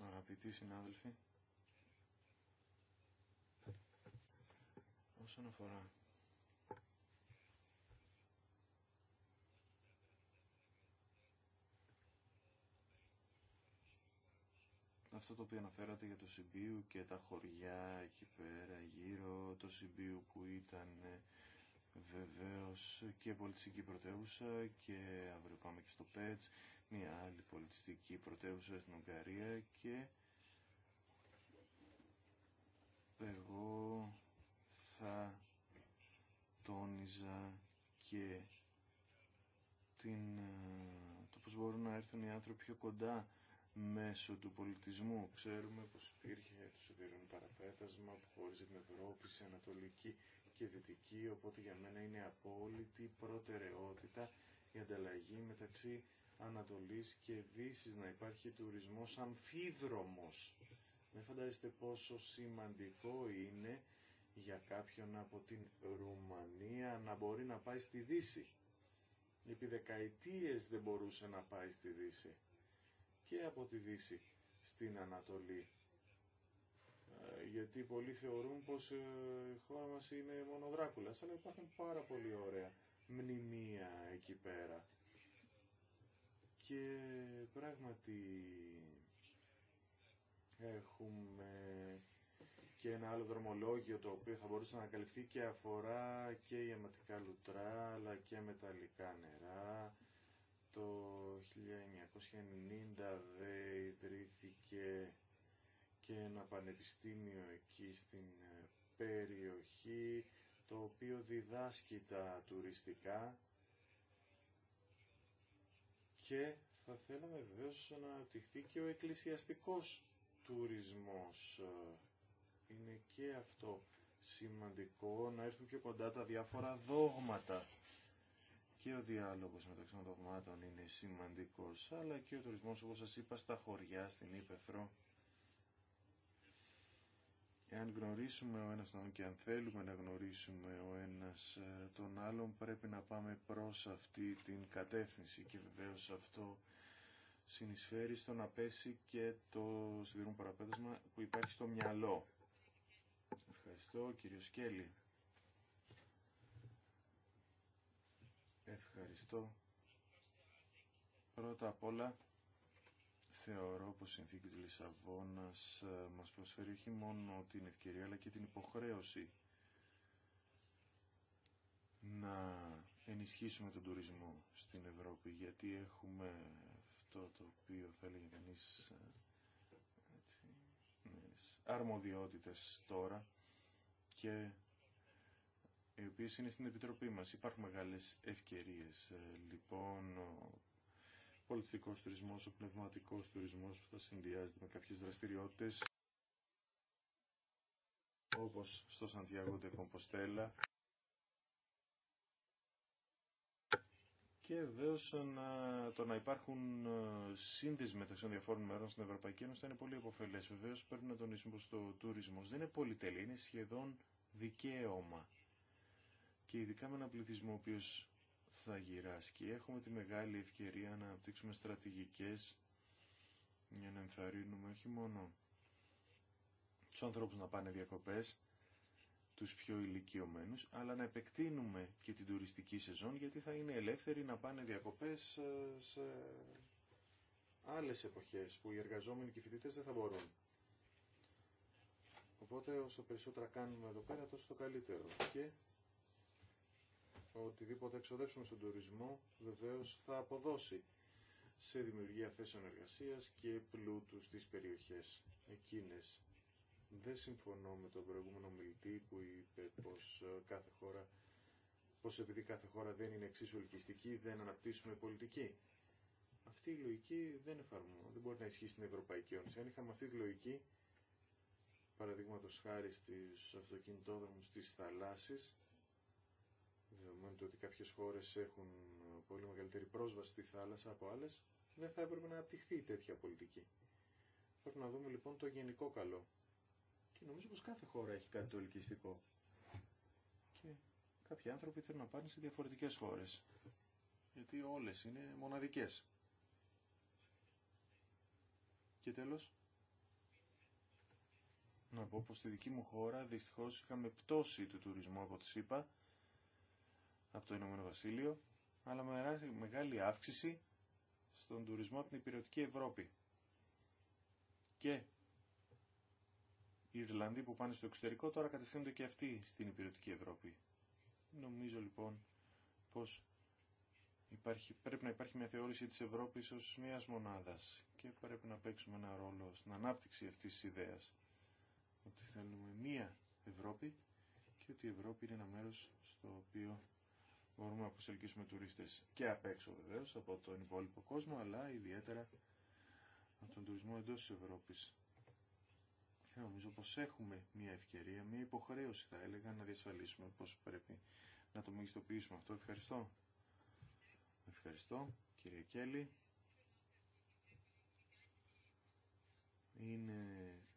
Αγαπητοί συνάδελφοι, όσον αφορά αυτό το οποίο αναφέρατε για το Σιμπίου και τα χωριά εκεί πέρα γύρω, το Σιμπίου που ήταν ε, βεβαίως και πολιτιστική πρωτεύουσα και αύριο πάμε και στο ΠΕΤΣ, μια άλλη πολιτιστική πρωτεύουσα στην Ουγγαρία και εγώ θα τόνιζα και την, ε, το πώς μπορούν να έρθουν οι άνθρωποι πιο κοντά μέσω του πολιτισμού. Ξέρουμε πως υπήρχε το σιδηρούν παραπέτασμα που χώριζε την Ευρώπη σε ανατολική και δυτική, οπότε για μένα είναι απόλυτη προτεραιότητα η ανταλλαγή μεταξύ Ανατολής και Δύσης, να υπάρχει τουρισμός αμφίδρομος. Με φαντάζεστε πόσο σημαντικό είναι για κάποιον από την Ρουμανία να μπορεί να πάει στη Δύση. Επί δεκαετίες δεν μπορούσε να πάει στη Δύση και από τη Δύση στην Ανατολή. Ε, γιατί πολλοί θεωρούν πως ε, η χώρα μας είναι μόνο Δράκουλας, αλλά υπάρχουν πάρα πολύ ωραία μνημεία εκεί πέρα. Και πράγματι έχουμε και ένα άλλο δρομολόγιο το οποίο θα μπορούσε να ανακαλυφθεί και αφορά και αιματικά λουτρά αλλά και μεταλλικά νερά. Το 1990 δε ιδρύθηκε και ένα πανεπιστήμιο εκεί στην ε, περιοχή το οποίο διδάσκει τα τουριστικά και θα θέλαμε βεβαίω να αναπτυχθεί και ο εκκλησιαστικός τουρισμός. Ε, είναι και αυτό σημαντικό να έρθουν πιο κοντά τα διάφορα δόγματα. Και ο διάλογος μεταξύ των δογμάτων είναι σημαντικός, αλλά και ο τουρισμός όπως σας είπα στα χωριά, στην Ήπεθρο Εάν γνωρίσουμε ο ένας τον άλλον και αν θέλουμε να γνωρίσουμε ο ένας ε, τον άλλον πρέπει να πάμε προς αυτή την κατεύθυνση και βεβαίως αυτό συνεισφέρει στο να πέσει και το συγκεκριμένο παραπέτασμα που υπάρχει στο μυαλό. Ευχαριστώ κύριο Σκέλη. Ευχαριστώ. Πρώτα απ' όλα θεωρώ πως η συνθήκη της Λισαβόνας ε, μας προσφέρει όχι μόνο την ευκαιρία αλλά και την υποχρέωση να ενισχύσουμε τον τουρισμό στην Ευρώπη γιατί έχουμε αυτό το οποίο θα έλεγε κανείς ε, αρμοδιότητες τώρα και οι οποίες είναι στην Επιτροπή μας. Υπάρχουν μεγάλες ευκαιρίες. Ε, λοιπόν, πολιτικός τουρισμός, ο πνευματικός τουρισμός που θα συνδυάζεται με κάποιες δραστηριότητες όπως στο Σαντιάγο de Compostela και βεβαίω το να υπάρχουν ε, σύνδεσμοι μεταξύ των διαφόρων μέρων στην Ευρωπαϊκή Ένωση θα είναι πολύ αποφελές. Βεβαίω πρέπει να τονίσουμε πως το τουρισμός δεν είναι πολυτελή, είναι σχεδόν δικαίωμα. Και ειδικά με έναν πληθυσμό ο οποίος θα γυράσκει. Έχουμε τη μεγάλη ευκαιρία να αναπτύξουμε στρατηγικές για να ενθαρρύνουμε όχι μόνο τους ανθρώπους να πάνε διακοπές, τους πιο ηλικιωμένους, αλλά να επεκτείνουμε και την τουριστική σεζόν, γιατί θα είναι ελεύθεροι να πάνε διακοπές ε, σε άλλες εποχές που οι εργαζόμενοι και οι φοιτητές δεν θα μπορούν. Οπότε όσο περισσότερα κάνουμε εδώ πέρα, τόσο το καλύτερο. Και οτιδήποτε εξοδέψουμε στον τουρισμό βεβαίως θα αποδώσει σε δημιουργία θέσεων εργασίας και πλούτου στις περιοχές εκείνες. Δεν συμφωνώ με τον προηγούμενο μιλητή που είπε πως ε, κάθε χώρα πως επειδή κάθε χώρα δεν είναι εξίσου ελκυστική δεν αναπτύσσουμε πολιτική. Αυτή η λογική δεν εφαρμόζεται, δεν μπορεί να ισχύσει στην Ευρωπαϊκή Ένωση. Αν είχαμε αυτή τη λογική, παραδείγματο χάρη στου αυτοκινητόδρομου τη θαλάσση, δεδομένου ότι κάποιε χώρε έχουν πολύ μεγαλύτερη πρόσβαση στη θάλασσα από άλλε δεν θα έπρεπε να απτυχθεί τέτοια πολιτική. Πρέπει να δούμε λοιπόν το γενικό καλό. Και νομίζω πως κάθε χώρα έχει κάτι το ελκυστικό. Και κάποιοι άνθρωποι θέλουν να πάνε σε διαφορετικέ χώρε. Γιατί όλε είναι μοναδικέ. Και τέλος, να πω πως στη δική μου χώρα δυστυχώς είχαμε πτώση του τουρισμού από τη ΣΥΠΑ από το Ηνωμένο Βασίλειο, αλλά με μεγάλη αύξηση στον τουρισμό από την υπηρετική Ευρώπη. Και οι Ιρλανδοί που πάνε στο εξωτερικό τώρα κατευθύνονται και αυτοί στην υπηρετική Ευρώπη. Νομίζω λοιπόν πως υπάρχει, πρέπει να υπάρχει μια θεώρηση της Ευρώπης ως μιας μονάδας και πρέπει να παίξουμε ένα ρόλο στην ανάπτυξη αυτής της ιδέας ότι θέλουμε μία Ευρώπη και ότι η Ευρώπη είναι ένα μέρος στο οποίο μπορούμε να προσελκύσουμε τουρίστες και απ' έξω βεβαίως από τον υπόλοιπο κόσμο, αλλά ιδιαίτερα από τον τουρισμό εντός της Ευρώπης. Και νομίζω πως έχουμε μια ευκαιρία, μια υποχρέωση θα έλεγα να διασφαλίσουμε πως πρέπει να το μεγιστοποιήσουμε αυτό. Ευχαριστώ. Ευχαριστώ κύριε Κέλλη. Είναι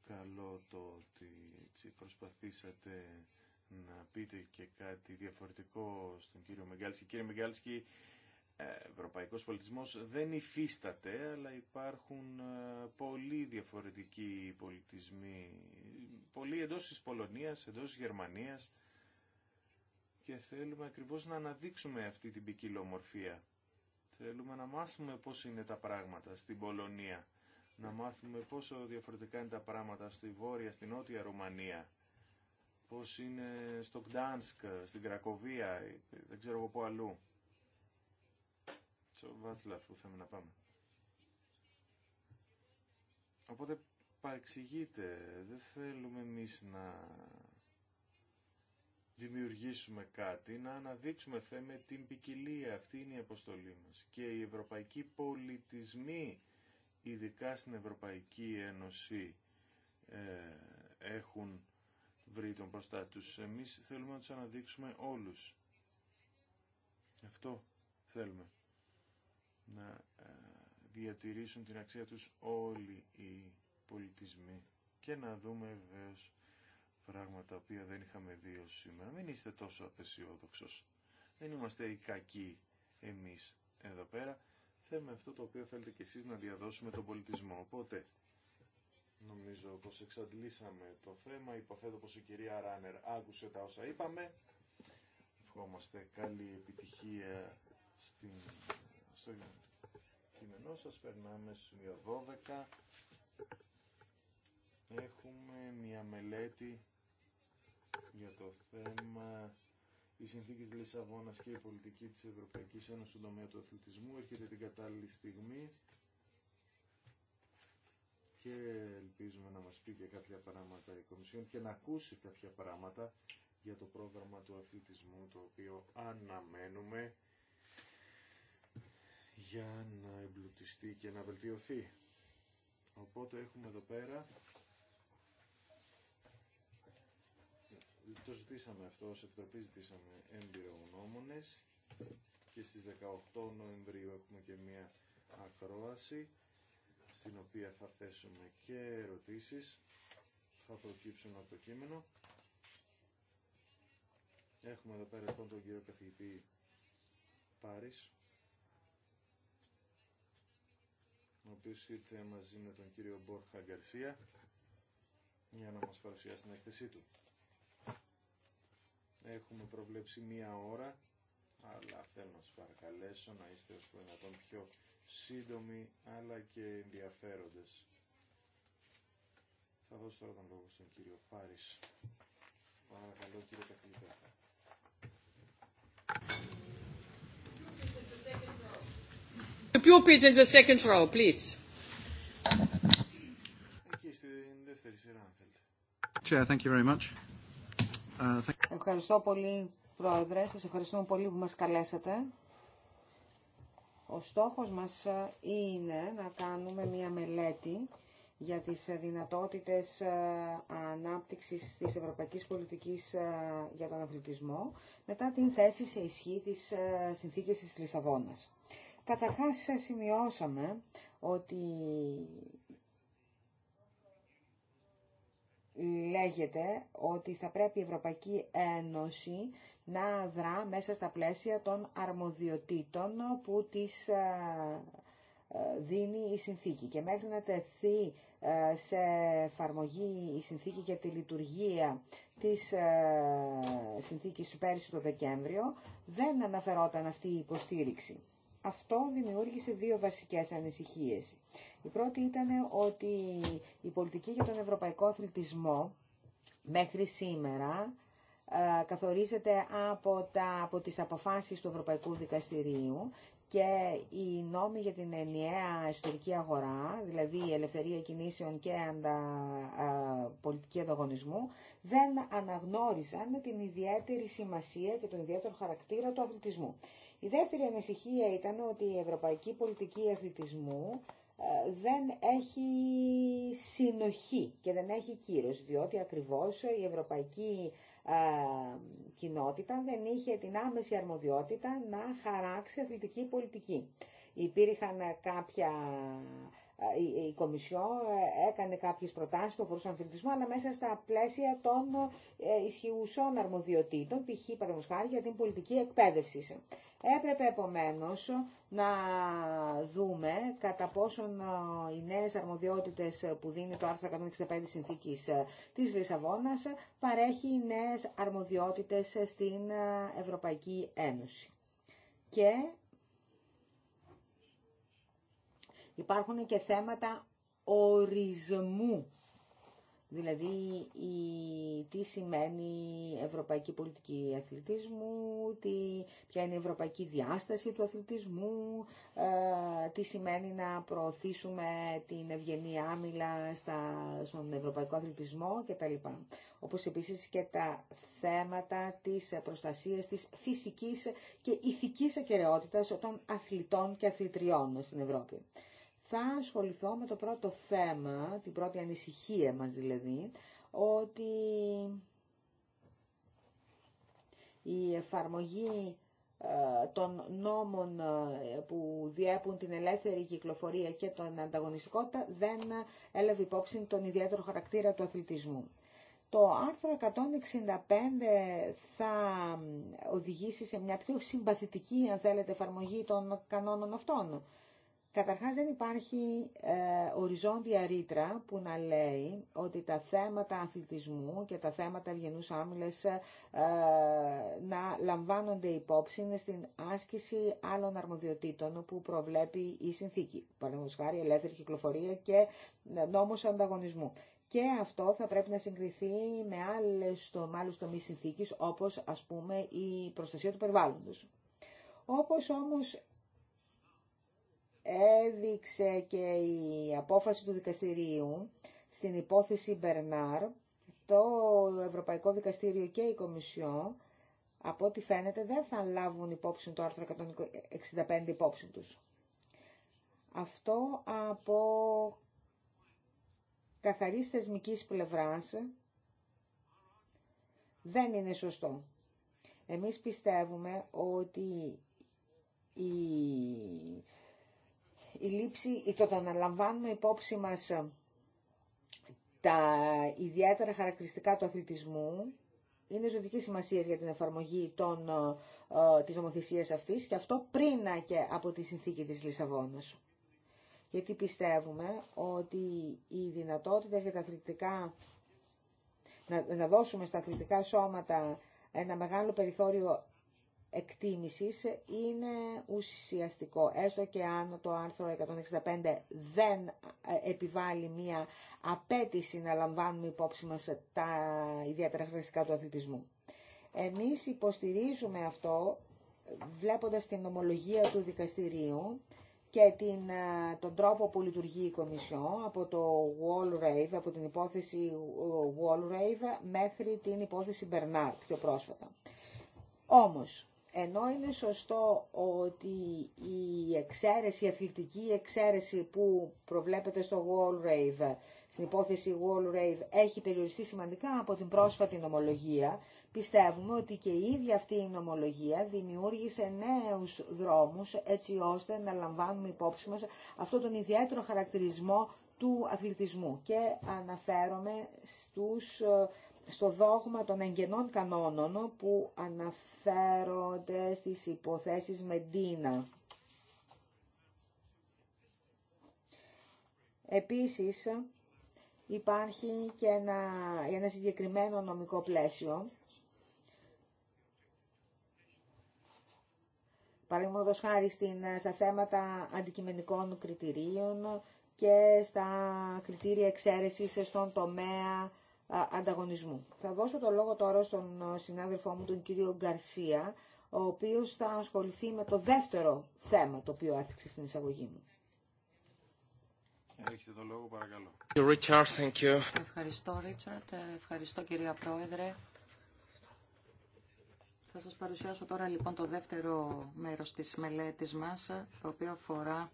καλό το ότι έτσι, προσπαθήσατε να πείτε και κάτι διαφορετικό στον κύριο Μεγκάλσκι. Κύριε Μεγκάλσκι, ε, ευρωπαϊκός πολιτισμός δεν υφίσταται, αλλά υπάρχουν ε, πολύ διαφορετικοί πολιτισμοί, πολλοί εντός της Πολωνίας, εντός της Γερμανίας και θέλουμε ακριβώς να αναδείξουμε αυτή την ποικιλομορφία. Θέλουμε να μάθουμε πώς είναι τα πράγματα στην Πολωνία, να μάθουμε πόσο διαφορετικά είναι τα πράγματα στη Βόρεια, στη Νότια Ρουμανία πώς είναι στο Κντάνσκ στην Κρακοβία, δεν ξέρω εγώ πού αλλού. Στο Βάτσλαφ που θέλουμε να πάμε. Οπότε παρεξηγειτε δεν θέλουμε εμείς να δημιουργήσουμε κάτι, να αναδείξουμε θέμε την ποικιλία, αυτή είναι η αποστολή μας. Και οι ευρωπαϊκοί πολιτισμοί, ειδικά στην Ευρωπαϊκή Ένωση, ε, έχουν βρει τον μπροστά του. Εμείς θέλουμε να τους αναδείξουμε όλους. Αυτό θέλουμε. Να ε, διατηρήσουν την αξία τους όλοι οι πολιτισμοί και να δούμε βεβαίω πράγματα που δεν είχαμε δει ως σήμερα. Μην είστε τόσο απεσιόδοξος. Δεν είμαστε οι κακοί εμείς εδώ πέρα. Θέλουμε αυτό το οποίο θέλετε κι εσείς να διαδώσουμε τον πολιτισμό. Οπότε Νομίζω πως εξαντλήσαμε το θέμα. Υποθέτω πως η κυρία Ράνερ άκουσε τα όσα είπαμε. Ευχόμαστε καλή επιτυχία στην... στο κείμενό σας. Περνάμε σημείο 12. Έχουμε μια μελέτη για το θέμα η συνθήκη τη Λισαβόνα και η πολιτική τη Ευρωπαϊκή Ένωση στον τομέα του αθλητισμού. Έρχεται την κατάλληλη στιγμή και ελπίζουμε να μας πει και κάποια πράγματα η Κομισιόν και να ακούσει κάποια πράγματα για το πρόγραμμα του αθλητισμού το οποίο αναμένουμε για να εμπλουτιστεί και να βελτιωθεί. Οπότε έχουμε εδώ πέρα το ζητήσαμε αυτό, σε επιτροπή ζητήσαμε γνώμονες και στις 18 Νοεμβρίου έχουμε και μία ακρόαση στην οποία θα θέσουμε και ερωτήσεις θα προκύψουν από το κείμενο. Έχουμε εδώ πέρα λοιπόν τον κύριο καθηγητή Πάρης ο οποίος ήρθε μαζί με τον κύριο Μπόρχα Γκαρσία για να μας παρουσιάσει την έκθεσή του. Έχουμε προβλέψει μία ώρα αλλά θέλω να σας παρακαλέσω να είστε ως δυνατόν πιο σύντομοι αλλά και ενδιαφέροντες. Θα δώσω τώρα τον λόγο στον κύριο Πάρης. Παρακαλώ κύριε καθηγητά. The pupils in the second row, please. Chair, thank you very much. Uh, thank... Ευχαριστώ πολύ, Πρόεδρε. Σας ευχαριστούμε πολύ που μας καλέσατε. Ο στόχος μας ε, είναι να κάνουμε μία μελέτη για τις ε, δυνατότητες ε, ανάπτυξης της ευρωπαϊκής πολιτικής για τον αθλητισμό μετά την θέση σε ισχύ της συνθήκης της Λισαβόνας. Καταρχάς σημειώσαμε ότι λέγεται ότι θα πρέπει η Ευρωπαϊκή Ένωση να δρά μέσα στα πλαίσια των αρμοδιοτήτων που της ε, ε, δίνει η συνθήκη. Και μέχρι να τεθεί ε, σε εφαρμογή η συνθήκη για τη λειτουργία της συνθήκης πέρυσι το Δεκέμβριο, δεν αναφερόταν αυτή η υποστήριξη. Αυτό δημιούργησε δύο βασικές ανησυχίες. Η πρώτη ήταν ότι η πολιτική για τον ευρωπαϊκό αθλητισμό μέχρι σήμερα ε, καθορίζεται από, τα, από τις αποφάσεις του Ευρωπαϊκού Δικαστηρίου και η νόμοι για την ενιαία ιστορική αγορά, δηλαδή η ελευθερία κινήσεων και αντα, ε, πολιτική ανταγωνισμού, δεν με την ιδιαίτερη σημασία και τον ιδιαίτερο χαρακτήρα του αθλητισμού. Η δεύτερη ανησυχία ήταν ότι η ευρωπαϊκή πολιτική αθλητισμού ε, δεν έχει συνοχή και δεν έχει κύρος, διότι ακριβώς η ευρωπαϊκή ε, κοινότητα δεν είχε την άμεση αρμοδιότητα να χαράξει αθλητική πολιτική. Υπήρχαν κάποια ε, η, Κομισιό ε, έκανε κάποιες προτάσεις που αφορούσαν αθλητισμό, αλλά μέσα στα πλαίσια των ισχυουσών αρμοδιοτήτων, π.χ. για την πολιτική εκπαίδευση. Έπρεπε επομένως να δούμε κατά πόσον ε, οι νέες αρμοδιότητες που δίνει το άρθρο 165 συνθήκης ε, της Λισαβόνας παρέχει νέες αρμοδιότητες στην ε, Ευρωπαϊκή Ένωση. Και υπάρχουν και θέματα ορισμού Δηλαδή, η, τι σημαίνει ευρωπαϊκή πολιτική αθλητισμού, τι, ποια είναι η ευρωπαϊκή διάσταση του αθλητισμού, ε, τι σημαίνει να προωθήσουμε την ευγενή άμυλα στον ευρωπαϊκό αθλητισμό κτλ. Όπως επίσης και τα θέματα της προστασίας της φυσικής και ηθικής ακαιρεότητας των αθλητών και αθλητριών στην Ευρώπη θα ασχοληθώ με το πρώτο θέμα, την πρώτη ανησυχία μας δηλαδή, ότι η εφαρμογή ε, των νόμων ε, που διέπουν την ελεύθερη κυκλοφορία και την ανταγωνιστικότητα δεν έλαβε υπόψη τον ιδιαίτερο χαρακτήρα του αθλητισμού. Το άρθρο 165 θα οδηγήσει σε μια πιο συμπαθητική, αν θέλετε, εφαρμογή των κανόνων αυτών. Καταρχάς δεν υπάρχει ε, οριζόντια ρήτρα που να λέει ότι τα θέματα αθλητισμού και τα θέματα ευγενούς άμυλες ε, να λαμβάνονται υπόψη στην άσκηση άλλων αρμοδιοτήτων που προβλέπει η συνθήκη. Παραδείγματος χάρη ελεύθερη κυκλοφορία και ε, νόμος ανταγωνισμού. Και αυτό θα πρέπει να συγκριθεί με άλλες το, άλλους τομείς συνθήκης όπως ας πούμε η προστασία του περιβάλλοντος. Όπως όμως έδειξε και η απόφαση του δικαστηρίου στην υπόθεση Μπερνάρ, το Ευρωπαϊκό Δικαστήριο και η Κομισιό, από ό,τι φαίνεται, δεν θα λάβουν υπόψη το άρθρο 165 υπόψη τους. Αυτό από καθαρής θεσμικής πλευράς δεν είναι σωστό. Εμείς πιστεύουμε ότι η η λήψη, το, το να λαμβάνουμε υπόψη μας ε, τα ιδιαίτερα χαρακτηριστικά του αθλητισμού είναι ζωτική σημασία για την εφαρμογή των, ε, ε της νομοθεσίας αυτής και αυτό πριν και από τη συνθήκη της Λισαβόνας. Γιατί πιστεύουμε ότι η δυνατότητα για τα αθλητικά, να, να δώσουμε στα αθλητικά σώματα ένα μεγάλο περιθώριο εκτίμησης είναι ουσιαστικό. Έστω και αν το άρθρο 165 δεν ε, επιβάλλει μία απέτηση να λαμβάνουμε υπόψη μας τα ιδιαίτερα χαρακτηριστικά του αθλητισμού. Εμείς υποστηρίζουμε αυτό βλέποντας την ομολογία του δικαστηρίου και την, ε, τον τρόπο που λειτουργεί η Κομισιό από το Rave, από την υπόθεση ε, Wallrave μέχρι την υπόθεση Bernard πιο πρόσφατα. Όμως, ενώ είναι σωστό ότι η εξαίρεση, η αθλητική εξαίρεση που προβλέπεται στο Wall Rave στην υπόθεση Wall Rave έχει περιοριστεί σημαντικά από την πρόσφατη νομολογία, πιστεύουμε ότι και η ίδια αυτή η νομολογία δημιούργησε νέους δρόμους έτσι ώστε να λαμβάνουμε υπόψη μας αυτό τον ιδιαίτερο χαρακτηρισμό του αθλητισμού και αναφέρομαι στους ε, στο δόγμα των εγγενών κανόνων που αναφέρονται στις υποθέσεις Μεντίνα. Επίσης, υπάρχει και ένα, ένα συγκεκριμένο νομικό πλαίσιο. Παραδείγματο χάρη στην, στα θέματα αντικειμενικών κριτηρίων και στα κριτήρια εξαίρεσης στον τομέα ανταγωνισμού. Θα δώσω το λόγο τώρα στον ε, συνάδελφό μου, τον κύριο Γκαρσία, ο οποίος θα ασχοληθεί με το δεύτερο θέμα το οποίο άφηξε στην εισαγωγή μου. το λόγο, παρακαλώ. Richard, thank you. Ευχαριστώ, Ρίτσαρτ. Ε, ευχαριστώ, κυρία Πρόεδρε. Θα σας παρουσιάσω τώρα λοιπόν το δεύτερο μέρος της μελέτης μας, το οποίο αφορά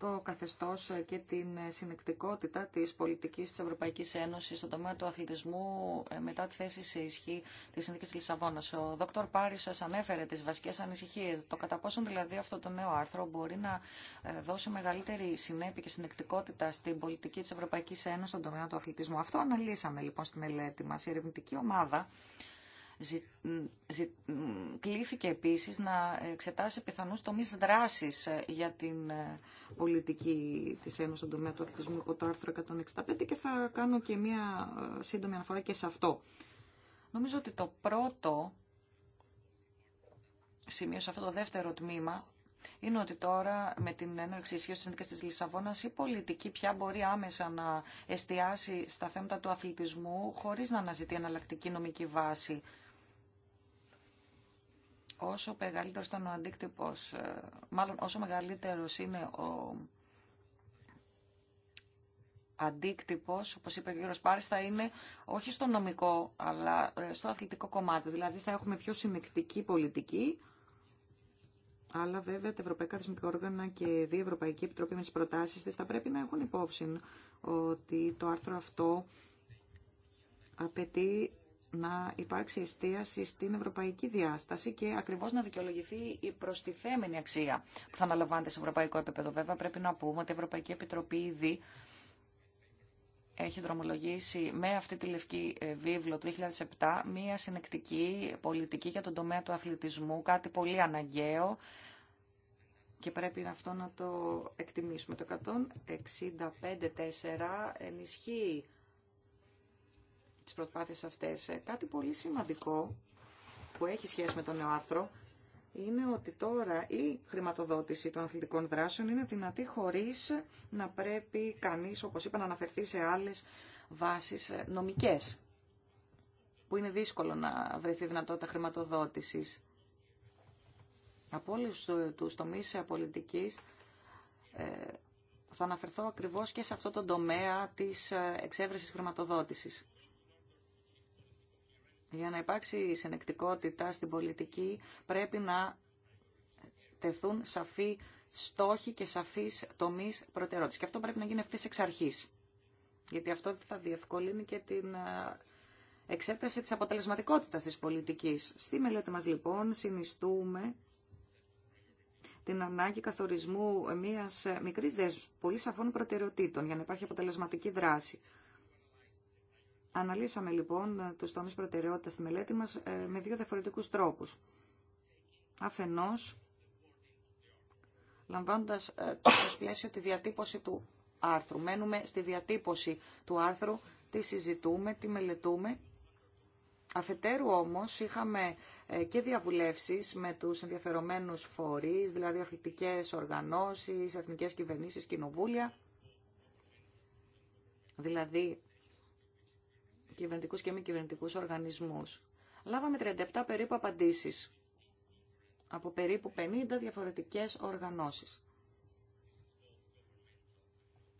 το καθεστώς και την συνεκτικότητα της πολιτικής της Ευρωπαϊκής Ένωσης στον τομέα του αθλητισμού ε, μετά τη θέση σε ισχύ της Συνθήκης της Λισαβόνας. Ο Δ. Πάρης σας ανέφερε τις βασικές ανησυχίες. Το κατά πόσον δηλαδή αυτό το νέο άρθρο μπορεί να ε, δώσει μεγαλύτερη συνέπεια και συνεκτικότητα στην πολιτική της Ευρωπαϊκής Ένωσης στον τομέα του αθλητισμού. Αυτό αναλύσαμε λοιπόν στη μελέτη μας. Η ερευνητική ομάδα Κλήθηκε επίσης να εξετάσει πιθανούς τομείς δράσης ε, για την ε, πολιτική της Ένωσης στον τομέα του αθλητισμού από το άρθρο 165 και θα κάνω και μία ε, σύντομη αναφορά και σε αυτό. Νομίζω ότι το πρώτο σημείο σε αυτό το δεύτερο τμήμα είναι ότι τώρα με την έναρξη ισχύω τη συνθήκη τη Λισαβόνα η πολιτική πια μπορεί άμεσα να εστιάσει στα θέματα του αθλητισμού χωρί να αναζητεί εναλλακτική νομική βάση όσο μεγαλύτερο ήταν ο αντίκτυπο, ε, μάλλον όσο μεγαλύτερος είναι ο αντίκτυπο. όπως είπε ο κύριος θα είναι όχι στο νομικό, αλλά ε, στο αθλητικό κομμάτι. Δηλαδή θα έχουμε πιο συνεκτική πολιτική, αλλά βέβαια τα ευρωπαϊκά θεσμικά όργανα και η Ευρωπαϊκή Επιτροπή με τι προτάσει τη θα πρέπει να έχουν υπόψη ότι το άρθρο αυτό απαιτεί να υπάρξει εστίαση στην ευρωπαϊκή διάσταση και ακριβώ να δικαιολογηθεί η προστιθέμενη αξία που θα αναλαμβάνεται σε ευρωπαϊκό επίπεδο. Βέβαια, πρέπει να πούμε ότι η Ευρωπαϊκή Επιτροπή ήδη έχει δρομολογήσει με αυτή τη λευκή ε, βίβλο του 2007 μία συνεκτική πολιτική για τον τομέα του αθλητισμού, κάτι πολύ αναγκαίο και πρέπει αυτό να το εκτιμήσουμε. Το 165-4 ενισχύει τις προσπάθειες αυτές. Ε, κάτι πολύ σημαντικό που έχει σχέση με το νέο άρθρο είναι ότι τώρα η χρηματοδότηση των αθλητικών δράσεων είναι δυνατή χωρίς να πρέπει κανείς, όπως είπα, να αναφερθεί σε άλλες βάσεις ε, νομικές, που είναι δύσκολο να βρεθεί δυνατότητα χρηματοδότησης. Από όλους τους τομείς ε, πολιτικής θα αναφερθώ ακριβώς και σε αυτό το τομέα της εξέβρεσης χρηματοδότησης. Για να υπάρξει συνεκτικότητα στην πολιτική πρέπει να τεθούν σαφή στόχοι και σαφείς τομείς προτεραιότητας. Και αυτό πρέπει να γίνει ευθύς εξ αρχής. Γιατί αυτό θα διευκολύνει και την ε, εξέταση της αποτελεσματικότητας της πολιτικής. Στη μελέτη μας λοιπόν συνιστούμε την ανάγκη καθορισμού μιας μικρής δέσου, πολύ σαφών προτεραιοτήτων για να υπάρχει αποτελεσματική δράση. Αναλύσαμε λοιπόν του τομεί προτεραιότητα στη μελέτη μας ε, με δύο διαφορετικούς τρόπους. Αφενό, λαμβάνοντα ε, το πλαίσιο τη διατύπωση του άρθρου. Μένουμε στη διατύπωση του άρθρου, τη συζητούμε, τη μελετούμε. Αφετέρου όμως είχαμε ε, και διαβουλεύσεις με τους ενδιαφερομένους φορείς, δηλαδή αθλητικές οργανώσεις, εθνικές κυβερνήσεις, κοινοβούλια, δηλαδή κυβερνητικού και μη κυβερνητικού οργανισμούς. Λάβαμε 37 περίπου απαντήσει από περίπου 50 διαφορετικές οργανώσεις.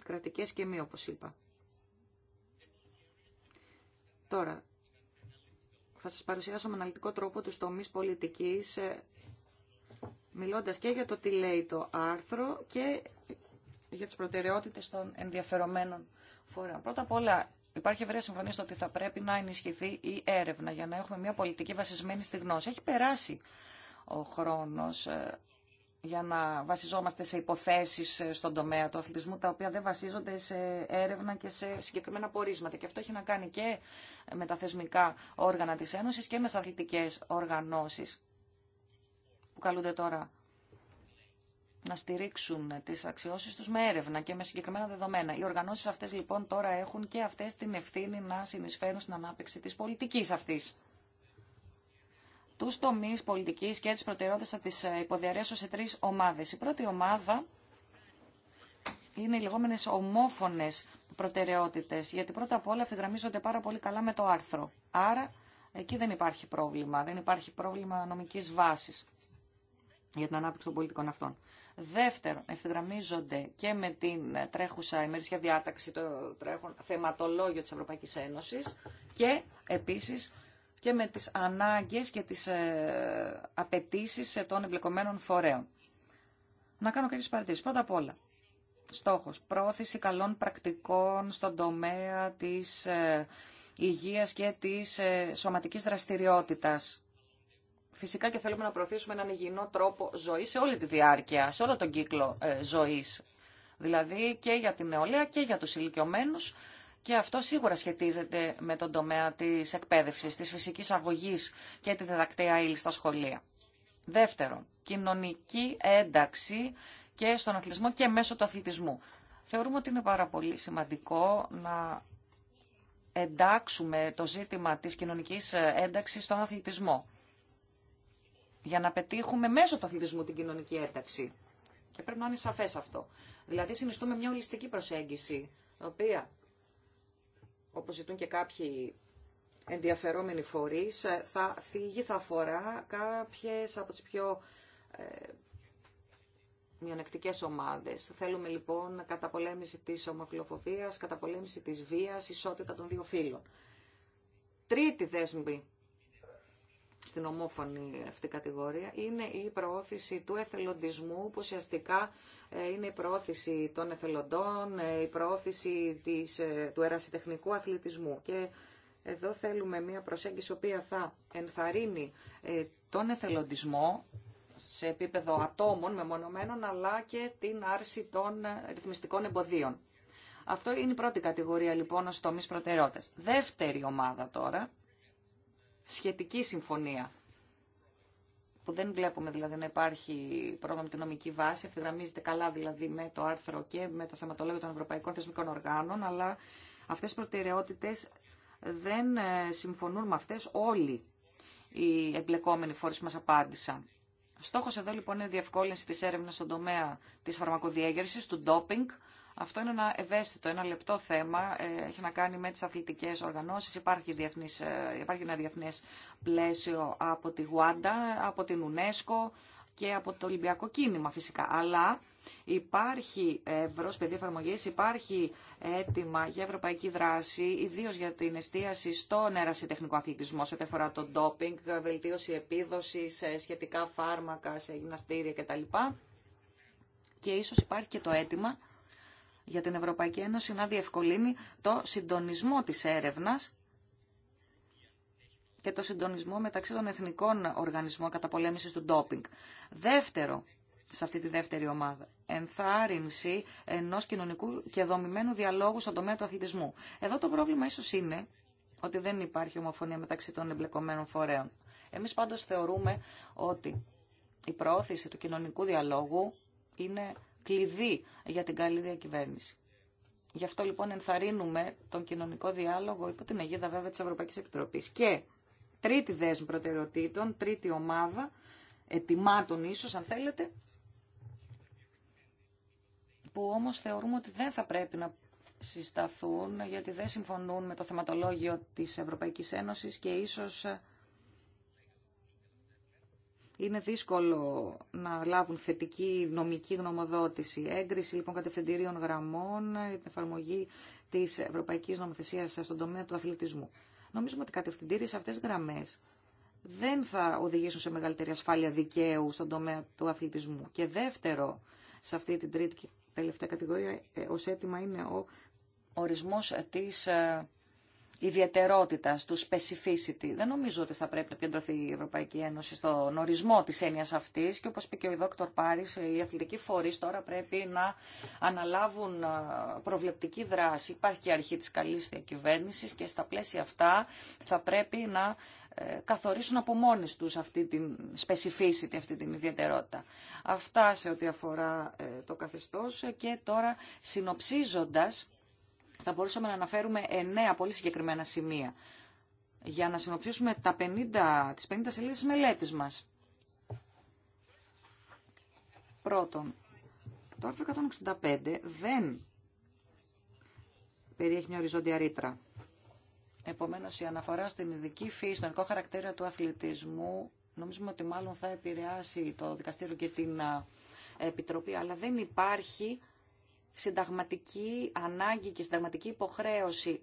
Κρατικέ και μη, όπω είπα. Τώρα, θα σας παρουσιάσω με αναλυτικό τρόπο τους τομείς πολιτικής, ε, μιλώντας και για το τι λέει το άρθρο και για τις προτεραιότητες των ενδιαφερομένων φορέων. Πρώτα απ' όλα, Υπάρχει ευρεία συμφωνία στο ότι θα πρέπει να ενισχυθεί η έρευνα για να έχουμε μια πολιτική βασισμένη στη γνώση. Έχει περάσει ο χρόνος ε, για να βασιζόμαστε σε υποθέσεις ε, στον τομέα του αθλητισμού, τα οποία δεν βασίζονται σε έρευνα και σε συγκεκριμένα πορίσματα. Και αυτό έχει να κάνει και με τα θεσμικά όργανα τη Ένωση και με τι αθλητικέ οργανώσεις που καλούνται τώρα να στηρίξουν τι αξιώσει του με έρευνα και με συγκεκριμένα δεδομένα. Οι οργανώσει αυτέ λοιπόν τώρα έχουν και αυτέ την ευθύνη να συνεισφέρουν στην ανάπτυξη τη πολιτική αυτή. Του τομεί πολιτική και τι προτεραιότητε θα τι ε, υποδιαρέσω σε τρει ομάδε. Η πρώτη ομάδα είναι οι λεγόμενες ομόφωνες προτεραιότητες, γιατί πρώτα απ' όλα ευθυγραμμίζονται πάρα πολύ καλά με το άρθρο. Άρα εκεί δεν υπάρχει πρόβλημα, δεν υπάρχει πρόβλημα νομική βάση για την ανάπτυξη των πολιτικών αυτών. Δεύτερον, ευθυγραμμίζονται και με την τρέχουσα ημερήσια διάταξη, το τρέχον θεματολόγιο της Ευρωπαϊκής Ένωσης και επίσης και με τις ανάγκες και τις ε, απαιτήσει ε, των εμπλεκομένων φορέων. Να κάνω κάποιες παρατηρήσεις. Πρώτα απ' όλα, στόχος, πρόθεση καλών πρακτικών στον τομέα της ε, υγείας και της ε, σωματικής δραστηριότητας Φυσικά και θέλουμε να προωθήσουμε έναν υγιεινό τρόπο ζωή σε όλη τη διάρκεια, σε όλο τον κύκλο ε, ζωή. Δηλαδή και για την νεολαία και για του ηλικιωμένους και αυτό σίγουρα σχετίζεται με τον τομέα τη εκπαίδευση, τη φυσική αγωγή και τη διδακτέα ύλη στα σχολεία. Δεύτερον, κοινωνική ένταξη και στον αθλητισμό και μέσω του αθλητισμού. Θεωρούμε ότι είναι πάρα πολύ σημαντικό να εντάξουμε το ζήτημα της κοινωνικής ένταξης στον αθλητισμό για να πετύχουμε μέσω του αθλητισμού την κοινωνική ένταξη. Και πρέπει να είναι σαφές αυτό. Δηλαδή συνιστούμε μια ολιστική προσέγγιση, η οποία, όπως ζητούν και κάποιοι ενδιαφερόμενοι φορεί, θα θίγει, θα αφορά κάποιες από τις πιο ε, μειονεκτικές ομάδες. Θέλουμε λοιπόν καταπολέμηση της ομοφυλοφοβία, καταπολέμηση της βίας, ισότητα των δύο φύλων. Τρίτη δέσμη στην ομόφωνη αυτή κατηγορία είναι η προώθηση του εθελοντισμού που ουσιαστικά ε, είναι η προώθηση των εθελοντών, ε, η προώθηση της, ε, του ερασιτεχνικού αθλητισμού και εδώ θέλουμε μια προσέγγιση η οποία θα ενθαρρύνει τον εθελοντισμό σε επίπεδο ατόμων μεμονωμένων αλλά και την άρση των ρυθμιστικών εμποδίων. Αυτό είναι η πρώτη κατηγορία λοιπόν ως τομείς προτεραιότητας. Δεύτερη ομάδα τώρα σχετική συμφωνία που δεν βλέπουμε δηλαδή να υπάρχει πρόβλημα με την νομική βάση, ευθυγραμμίζεται καλά δηλαδή με το άρθρο και με το θεματολόγιο των Ευρωπαϊκών Θεσμικών Οργάνων, αλλά αυτές οι προτεραιότητε δεν ε, συμφωνούν με αυτές όλοι οι εμπλεκόμενοι φορείς που μα απάντησαν. Στόχο εδώ λοιπόν είναι η διευκόλυνση τη έρευνα στον τομέα τη φαρμακοδιέγερση, του ντόπινγκ, αυτό είναι ένα ευαίσθητο, ένα λεπτό θέμα. Ε, έχει να κάνει με τις αθλητικές οργανώσεις. Υπάρχει, ε, υπάρχει ένα διεθνές πλαίσιο από τη Γουάντα, από την UNESCO και από το Ολυμπιακό κίνημα φυσικά. Αλλά υπάρχει ευρώ παιδί εφαρμογή, υπάρχει αίτημα για ευρωπαϊκή δράση, ιδίω για την εστίαση στον ερασιτεχνικό αθλητισμό, σε ό,τι αφορά το ντόπινγκ, βελτίωση επίδοση, σχετικά φάρμακα, σε γυμναστήρια κτλ. Και ίσω υπάρχει και το αίτημα για την Ευρωπαϊκή Ένωση να διευκολύνει το συντονισμό της έρευνας και το συντονισμό μεταξύ των εθνικών οργανισμών καταπολέμησης του ντόπινγκ. Δεύτερο, σε αυτή τη δεύτερη ομάδα, ενθάρρυνση ενός κοινωνικού και δομημένου διαλόγου στον τομέα του αθλητισμού. Εδώ το πρόβλημα ίσως είναι ότι δεν υπάρχει ομοφωνία μεταξύ των εμπλεκομένων φορέων. Εμείς πάντως θεωρούμε ότι η προώθηση του κοινωνικού διαλόγου είναι κλειδί για την καλή διακυβέρνηση. Γι' αυτό λοιπόν ενθαρρύνουμε τον κοινωνικό διάλογο υπό την αιγίδα βέβαια της Ευρωπαϊκής Επιτροπής. Και τρίτη δέσμη προτεραιοτήτων, τρίτη ομάδα ετοιμάτων ίσως αν θέλετε, που όμως θεωρούμε ότι δεν θα πρέπει να συσταθούν γιατί δεν συμφωνούν με το θεματολόγιο της Ευρωπαϊκής Ένωσης και ίσως είναι δύσκολο να λάβουν θετική νομική γνωμοδότηση. Έγκριση λοιπόν κατευθυντηρίων γραμμών, την εφαρμογή τη Ευρωπαϊκή Νομοθεσία στον τομέα του αθλητισμού. Νομίζουμε ότι οι κατευθυντήριε αυτέ γραμμέ δεν θα οδηγήσουν σε μεγαλύτερη ασφάλεια δικαίου στον τομέα του αθλητισμού. Και δεύτερο, σε αυτή την τρίτη και τελευταία κατηγορία, ε, ω αίτημα είναι ο ορισμό τη ε, ιδιαιτερότητα, του specificity. Δεν νομίζω ότι θα πρέπει να επικεντρωθεί η Ευρωπαϊκή Ένωση στον ορισμό τη έννοια αυτή και όπω είπε και ο Δόκτωρ Πάρη, οι αθλητικοί φορεί τώρα πρέπει να αναλάβουν προβλεπτική δράση. Υπάρχει η αρχή τη καλή διακυβέρνηση και στα πλαίσια αυτά θα πρέπει να ε, καθορίσουν από μόνοι τους αυτή την specificity, αυτή την ιδιαιτερότητα. Αυτά σε ό,τι αφορά ε, το καθεστώς και τώρα συνοψίζοντας θα μπορούσαμε να αναφέρουμε εννέα πολύ συγκεκριμένα σημεία για να συνοψίσουμε τα 50, τις 50 σελίδες της μελέτης μας. Πρώτον, το άρθρο 165 δεν περιέχει μια οριζόντια ρήτρα. Επομένως, η αναφορά στην ειδική φύση, στον ειδικό χαρακτήρα του αθλητισμού, νομίζουμε ότι μάλλον θα επηρεάσει το δικαστήριο και την Επιτροπή, αλλά δεν υπάρχει συνταγματική ανάγκη και συνταγματική υποχρέωση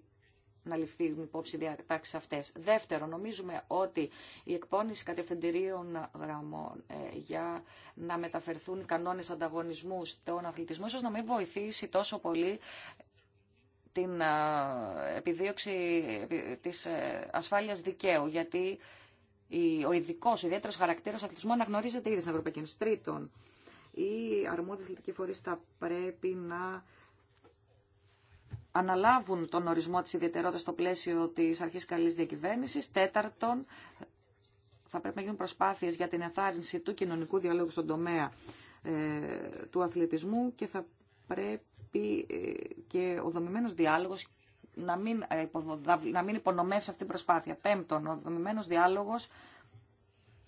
να ληφθούν υπόψη διατάξει αυτέ. Δεύτερο, νομίζουμε ότι η εκπώνηση κατευθυντηρίων γραμμών ε, για να μεταφερθούν κανόνε ανταγωνισμού στον αθλητισμό ίσω να μην βοηθήσει τόσο πολύ την ε, επιδίωξη ε, της ασφάλειας δικαίου, γιατί ο ειδικό, ιδιαίτερο χαρακτήρα του αθλητισμού αναγνωρίζεται ήδη στην Ευρωπαϊκή Ένωση. Τρίτον, οι αρμόδιοι αθλητικοί φορείς θα πρέπει να αναλάβουν τον ορισμό της ιδιαιτερότητας στο πλαίσιο της αρχής καλής διακυβέρνησης. Τέταρτον, θα πρέπει να γίνουν προσπάθειες για την εθάρρυνση του κοινωνικού διαλόγου στον τομέα ε, του αθλητισμού και θα πρέπει ε, και ο δομημένος διάλογος να μην, ε, να μην υπονομεύσει αυτή την προσπάθεια. Πέμπτον, ο δομημένος διάλογος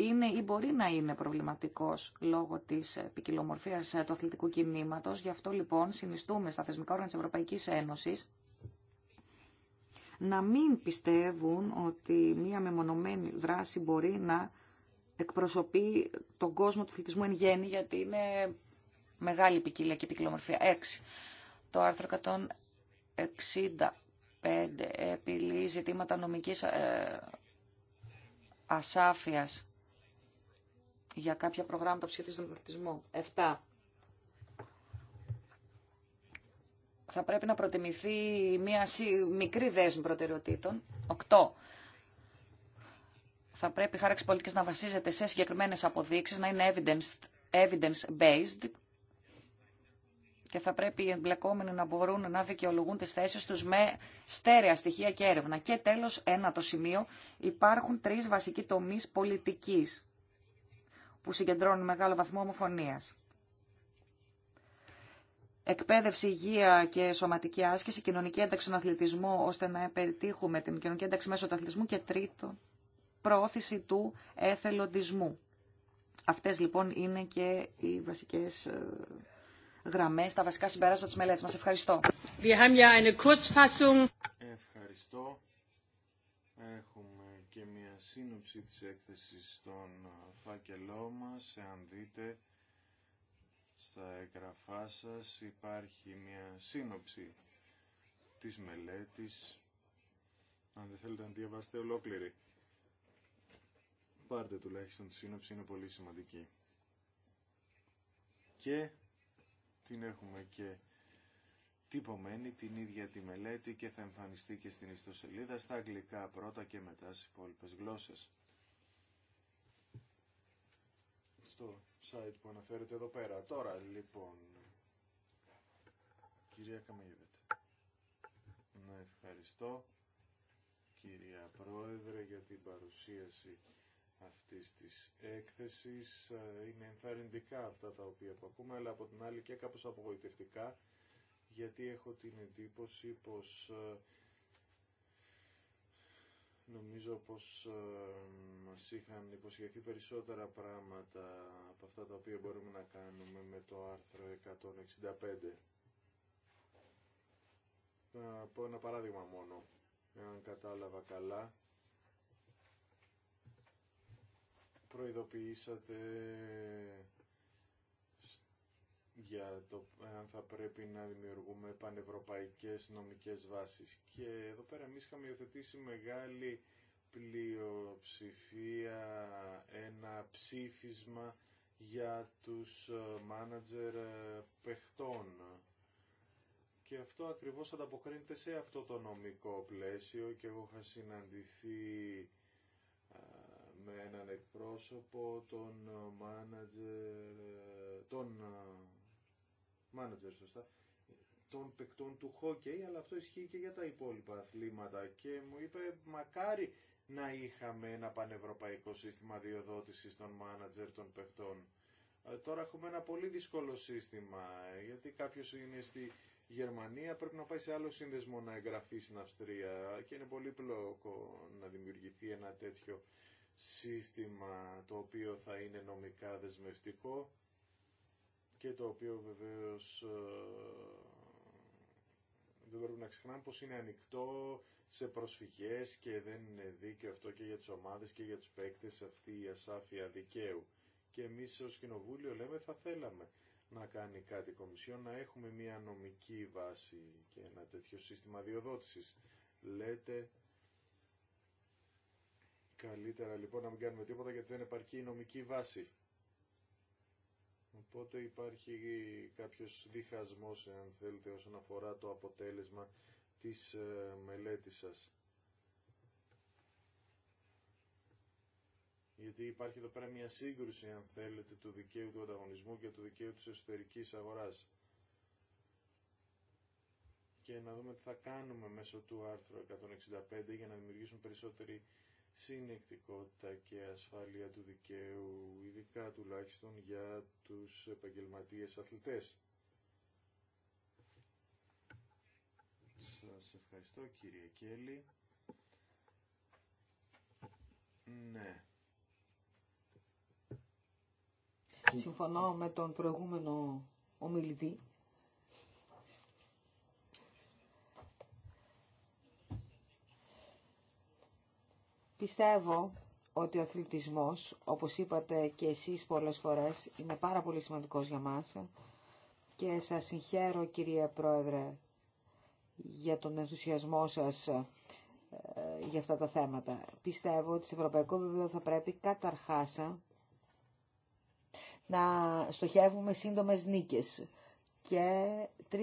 είναι ή μπορεί να είναι προβληματικός λόγω της ποικιλομορφία του αθλητικού κινήματος. Γι' αυτό λοιπόν συνιστούμε στα θεσμικά όργανα της Ευρωπαϊκής Ένωσης να μην πιστεύουν ότι μία μεμονωμένη δράση μπορεί να εκπροσωπεί τον κόσμο του αθλητισμού εν γέννη, γιατί είναι μεγάλη ποικιλία και ποικιλομορφία. 6. Το άρθρο 165 επιλύει ζητήματα νομικής ε, ασάφειας για κάποια προγράμματα που σχετίζονται με τον αθλητισμό. 7. Θα πρέπει να προτιμηθεί μια μικρή δέσμη προτεραιοτήτων. 8. Θα πρέπει η χάραξη πολιτικής να βασίζεται σε συγκεκριμένες αποδείξεις, να είναι evidence-based και θα πρέπει οι εμπλεκόμενοι να μπορούν να δικαιολογούν τις θέσεις τους με στέρεα στοιχεία και έρευνα. Και τέλος, ένα το σημείο, υπάρχουν τρεις βασικοί τομείς πολιτικής που συγκεντρώνουν μεγάλο βαθμό ομοφωνίας. Εκπαίδευση, υγεία και σωματική άσκηση, κοινωνική ένταξη στον αθλητισμό, ώστε να πετύχουμε την κοινωνική ένταξη μέσω του αθλητισμού και τρίτο, προώθηση του εθελοντισμού. Αυτές λοιπόν είναι και οι βασικές ε, γραμμές, τα βασικά συμπεράσματα της μελέτης μας. Ευχαριστώ. Ευχαριστώ. Έχουμε και μια σύνοψη της έκθεσης στον φάκελό μας. Εάν δείτε στα εγγραφά σας υπάρχει μια σύνοψη της μελέτης. Αν δεν θέλετε να διαβάσετε ολόκληρη, πάρτε τουλάχιστον τη σύνοψη, είναι πολύ σημαντική. Και την έχουμε και τυπωμένη την ίδια τη μελέτη και θα εμφανιστεί και στην ιστοσελίδα στα αγγλικά πρώτα και μετά στις υπόλοιπες γλώσσες. Στο site που αναφέρεται εδώ πέρα. Τώρα λοιπόν, κυρία Καμαγεβέτη, να ευχαριστώ κυρία Πρόεδρε για την παρουσίαση αυτής της έκθεσης. Ε, είναι ενθαρρυντικά αυτά τα οποία που ακούμε, αλλά από την άλλη και κάπως απογοητευτικά γιατί έχω την εντύπωση πως ε, νομίζω πως ε, μας είχαν υποσχεθεί περισσότερα πράγματα από αυτά τα οποία μπορούμε να κάνουμε με το άρθρο 165. Να πω ένα παράδειγμα μόνο, εάν κατάλαβα καλά. Προειδοποιήσατε για το αν θα πρέπει να δημιουργούμε πανευρωπαϊκές νομικές βάσεις. Και εδώ πέρα εμείς είχαμε υιοθετήσει μεγάλη πλειοψηφία, ένα ψήφισμα για τους ε, μάνατζερ ε, παιχτών. Και αυτό ακριβώς ανταποκρίνεται σε αυτό το νομικό πλαίσιο και εγώ είχα συναντηθεί ε, με έναν εκπρόσωπο, τον μάνατζερ, τον μάνατζερ σωστά, των παικτών του χόκεϊ, αλλά αυτό ισχύει και για τα υπόλοιπα αθλήματα. Και μου είπε, μακάρι να είχαμε ένα πανευρωπαϊκό σύστημα διοδότησης των μάνατζερ των παιχτών. Ε, τώρα έχουμε ένα πολύ δύσκολο σύστημα, γιατί κάποιο είναι στη Γερμανία, πρέπει να πάει σε άλλο σύνδεσμο να εγγραφεί στην Αυστρία και είναι πολύ πλοκο να δημιουργηθεί ένα τέτοιο σύστημα το οποίο θα είναι νομικά δεσμευτικό και το οποίο βεβαίως ε, δεν πρέπει να ξεχνάμε πως είναι ανοιχτό σε προσφυγές και δεν είναι δίκαιο αυτό και για τις ομάδες και για τους παίκτες αυτή η ασάφεια δικαίου. Και εμείς ως Κοινοβούλιο λέμε θα θέλαμε να κάνει κάτι η Κομισιόν, να έχουμε μια νομική βάση και ένα τέτοιο σύστημα διοδότησης. Λέτε καλύτερα λοιπόν να μην κάνουμε τίποτα γιατί δεν υπάρχει η νομική βάση. Οπότε υπάρχει κάποιος διχασμός, αν θέλετε, όσον αφορά το αποτέλεσμα της ε, μελέτης σας. Γιατί υπάρχει εδώ πέρα μια σύγκρουση, αν θέλετε, του δικαίου του ανταγωνισμού και του δικαίου της εσωτερικής αγοράς. Και να δούμε τι θα κάνουμε μέσω του άρθρου 165 για να δημιουργήσουμε περισσότερη συνεκτικότητα και ασφάλεια του δικαίου, ειδικά τουλάχιστον για τους επαγγελματίες αθλητές. Σας ευχαριστώ κύριε Κέλλη. Ναι. Συμφωνώ με τον προηγούμενο ομιλητή Πιστεύω ότι ο αθλητισμός, όπως είπατε και εσείς πολλές φορές, είναι πάρα πολύ σημαντικός για μας και σας συγχαίρω κυρία Πρόεδρε για τον ενθουσιασμό σας ε, για αυτά τα θέματα. Πιστεύω ότι σε ευρωπαϊκό επίπεδο θα πρέπει καταρχάς να στοχεύουμε σύντομες νίκες και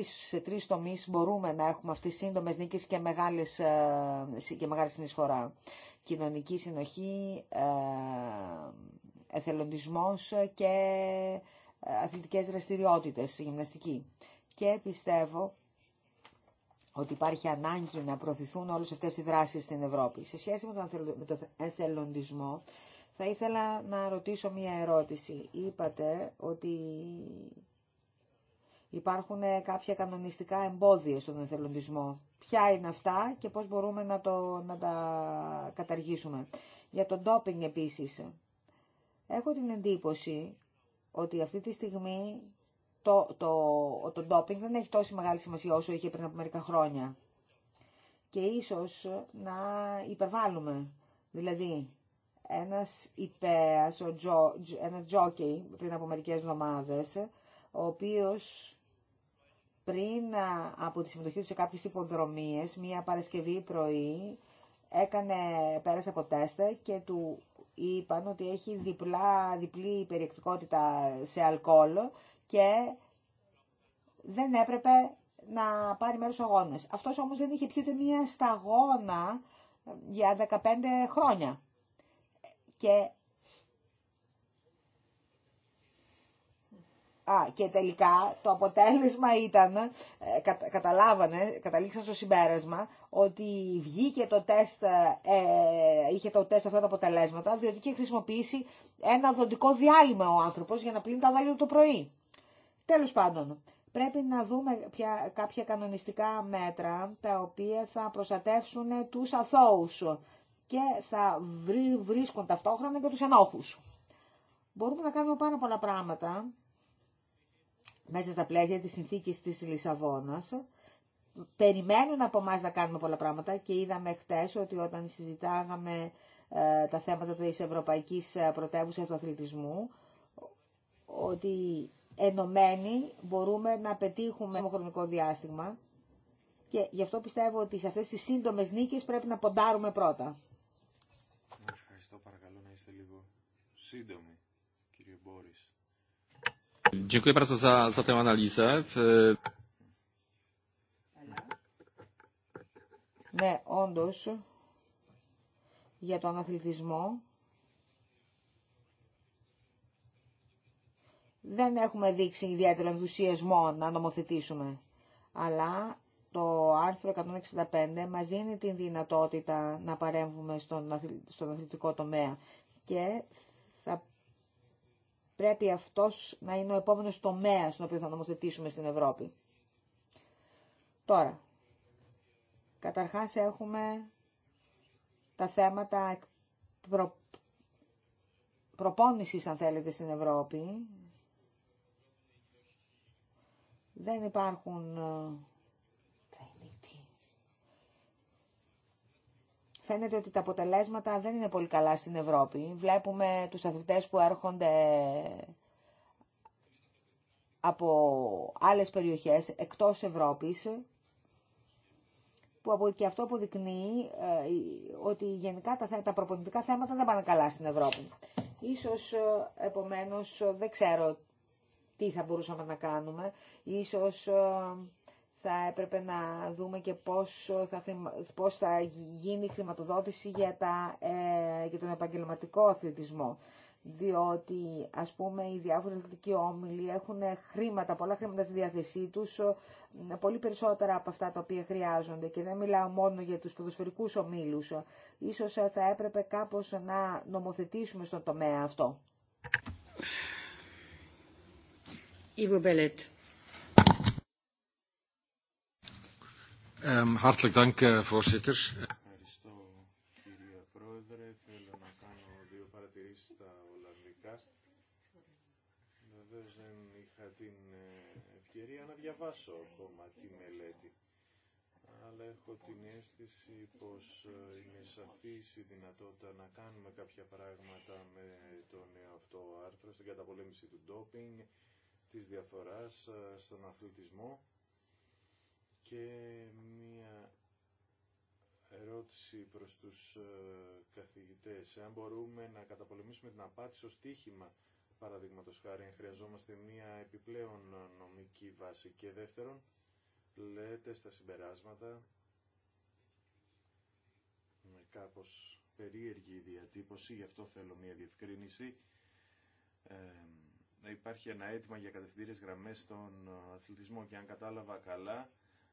σε τρεις τομείς μπορούμε να έχουμε αυτές τις σύντομες νίκες και, μεγάλες, ε, και μεγάλη συνεισφορά. Κοινωνική συνοχή, ε, εθελοντισμός και ε, αθλητικές δραστηριότητες, γυμναστική. Και πιστεύω ότι υπάρχει ανάγκη να προωθηθούν όλες αυτές οι δράσεις στην Ευρώπη. Σε σχέση με τον εθελοντισμό, θα ήθελα να ρωτήσω μία ερώτηση. Είπατε ότι Υπάρχουν ε, κάποια κανονιστικά εμπόδια στον εθελοντισμό. Ποια είναι αυτά και πώς μπορούμε να, το, να τα καταργήσουμε. Για τον ντόπινγκ επίσης. Έχω την εντύπωση ότι αυτή τη στιγμή το, το, το ντόπινγκ δεν έχει τόση μεγάλη σημασία όσο είχε πριν από μερικά χρόνια. Και ίσως να υπερβάλλουμε. Δηλαδή, ένας υπέας, ο ένας τζόκι πριν από μερικές εβδομάδε, ο οποίος πριν από τη συμμετοχή του σε κάποιες υποδρομίες, μία Παρασκευή πρωί, έκανε, πέρασε από τέστε και του είπαν ότι έχει διπλά, διπλή περιεκτικότητα σε αλκοόλ και δεν έπρεπε να πάρει μέρος αγώνες. Αυτός όμως δεν είχε πιει ούτε μία σταγόνα για 15 χρόνια. Και Α, και τελικά το αποτέλεσμα ήταν, ε, καταλάβανε, καταλήξαν στο συμπέρασμα, ότι βγήκε το τεστ, ε, είχε το τεστ αυτά τα αποτελέσματα, διότι είχε χρησιμοποιήσει ένα δοντικό διάλειμμα ο άνθρωπος για να πλύνει τα δάλια του το πρωί. Τέλος πάντων, πρέπει να δούμε πια, κάποια κανονιστικά μέτρα, τα οποία θα προστατεύσουν τους αθώους και θα βρίσκουν ταυτόχρονα και τους ενόχους. Μπορούμε να κάνουμε πάρα πολλά πράγματα μέσα στα πλαίσια της συνθήκης της Λισαβόνας, περιμένουν από εμά να κάνουμε πολλά πράγματα και είδαμε χτες ότι όταν συζητάγαμε ε, τα θέματα της Ευρωπαϊκής Πρωτεύουσα του Αθλητισμού, ότι ενωμένοι μπορούμε να πετύχουμε ένα χρονικό διάστημα και γι' αυτό πιστεύω ότι σε αυτές τις σύντομες νίκες πρέπει να ποντάρουμε πρώτα. Ευχαριστώ παρακαλώ να είστε λίγο σύντομοι, κύριε Μπόρις. Dziękuję bardzo za, za tę analizę. Ναι, όντω. για τον αθλητισμό δεν έχουμε δείξει ιδιαίτερο ενθουσιασμό να νομοθετήσουμε. Αλλά το άρθρο 165 μας δίνει την δυνατότητα να παρέμβουμε στον, αθλητικό τομέα και πρέπει αυτός να είναι ο επόμενος τομέας στον οποίο θα νομοθετήσουμε στην Ευρώπη. Τώρα, καταρχάς έχουμε τα θέματα προ... προπόνησης, αν θέλετε, στην Ευρώπη. Δεν υπάρχουν ε, φαίνεται ότι τα αποτελέσματα δεν είναι πολύ καλά στην Ευρώπη. Βλέπουμε τους αθλητές που έρχονται από άλλες περιοχές εκτός Ευρώπης, που και αυτό αποδεικνύει ε, ότι γενικά τα προπονητικά θέματα δεν πάνε καλά στην Ευρώπη. Ίσως, ε, επομένως, ε, δεν ξέρω τι θα μπορούσαμε να κάνουμε. Ίσως θα έπρεπε να δούμε και πόσο θα, πώς θα γίνει η χρηματοδότηση για, τα, ε, για τον επαγγελματικό αθλητισμό. Διότι, ας πούμε, οι διάφοροι αθλητικοί όμιλοι έχουν χρήματα, πολλά χρήματα στη διάθεσή τους, πολύ περισσότερα από αυτά τα οποία χρειάζονται. Και δεν μιλάω μόνο για τους ποδοσφαιρικούς ομίλους. Ίσως θα έπρεπε κάπως να νομοθετήσουμε στον τομέα αυτό. Ivo Ehm, eh, Ευχαριστώ, κύριε Πρόεδρε. Θέλω να κάνω δύο παρατηρήσεις στα Ολλανδικά. Βεβαίως δεν είχα την ε, ευκαιρία να διαβάσω ακόμα τη μελέτη. Αλλά έχω την αίσθηση πως ε, είναι σαφής η δυνατότητα να κάνουμε κάποια πράγματα με το νέο αυτό άρθρο στην καταπολέμηση του ντόπινγκ, της διαφοράς ε, στον αθλητισμό και μία ερώτηση προς τους ε, καθηγητές. Αν μπορούμε να καταπολεμήσουμε την απάτη στο τύχημα, παραδείγματο χάρη, χρειαζόμαστε μία επιπλέον νομική βάση. Και δεύτερον, λέτε στα συμπεράσματα, με κάπως περίεργη διατύπωση, γι' αυτό θέλω μία διευκρίνηση, ε, υπάρχει ένα αίτημα για κατευθυντήριες γραμμές στον αθλητισμό και αν κατάλαβα καλά,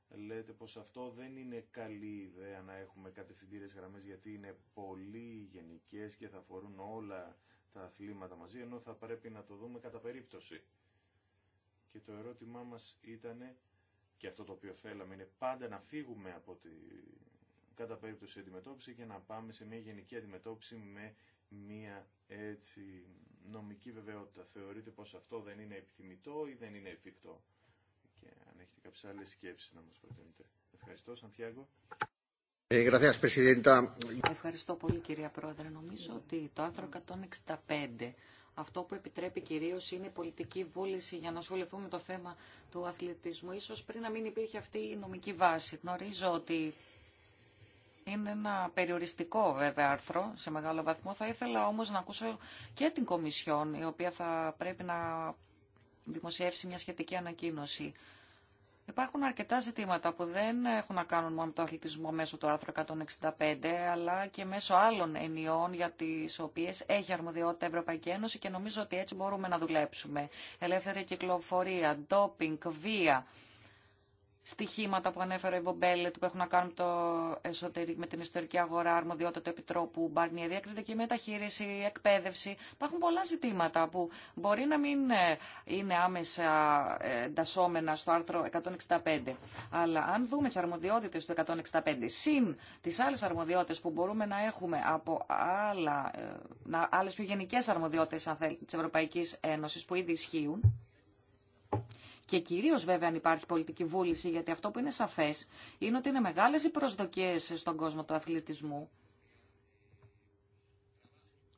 λέτε πως αυτό δεν είναι καλή ιδέα να έχουμε κατευθυντήρες γραμμές γιατί είναι πολύ γενικές και θα αφορούν όλα τα αθλήματα μαζί, ενώ θα πρέπει να το δούμε κατά περίπτωση. Και το ερώτημά μας ήταν, και αυτό το οποίο θέλαμε, είναι πάντα να φύγουμε από τη κατά περίπτωση αντιμετώπιση και να πάμε σε μια γενική αντιμετώπιση με μια έτσι νομική βεβαιότητα. Θεωρείτε πως αυτό δεν είναι επιθυμητό ή δεν είναι εφικτό έχετε κάποιε άλλε σκέψεις να μα προτείνετε. Ευχαριστώ, Σαντιάγκο. Ε, Ευχαριστώ πολύ κυρία Πρόεδρε. Νομίζω ότι το άρθρο 165 αυτό που επιτρέπει κυρίως είναι η πολιτική βούληση για να ασχοληθούμε με το θέμα του αθλητισμού. Ίσως πριν να μην υπήρχε αυτή η νομική βάση. Γνωρίζω ότι είναι ένα περιοριστικό βέβαια άρθρο σε μεγάλο βαθμό. Θα ήθελα όμως να ακούσω και την Κομισιόν η οποία θα πρέπει να δημοσιεύσει μια σχετική ανακοίνωση. Υπάρχουν αρκετά ζητήματα που δεν έχουν να κάνουν μόνο με το αθλητισμό μέσω του άρθρου 165, αλλά και μέσω άλλων ενιών για τις οποίες έχει αρμοδιότητα η Ευρωπαϊκή Ένωση και νομίζω ότι έτσι μπορούμε να δουλέψουμε. Ελεύθερη κυκλοφορία, ντόπινγκ, βία, στοιχήματα που ανέφερε η Βομπέλετ που έχουν να κάνουν το εσωτερικό, με την ιστορική αγορά, αρμοδιότητα του Επιτρόπου, Μπαρνιέ, διακριτική μεταχείριση, εκπαίδευση. Υπάρχουν πολλά ζητήματα που μπορεί να μην ε, είναι άμεσα ε, εντασσόμενα στο άρθρο 165. Αλλά αν δούμε τι αρμοδιότητε του 165 συν τι άλλε αρμοδιότητε που μπορούμε να έχουμε από ε, άλλε πιο γενικέ αρμοδιότητε τη Ευρωπαϊκή Ένωση που ήδη ισχύουν, και κυρίως βέβαια αν υπάρχει πολιτική βούληση, γιατί αυτό που είναι σαφές είναι ότι είναι μεγάλες οι προσδοκίες στον κόσμο του αθλητισμού.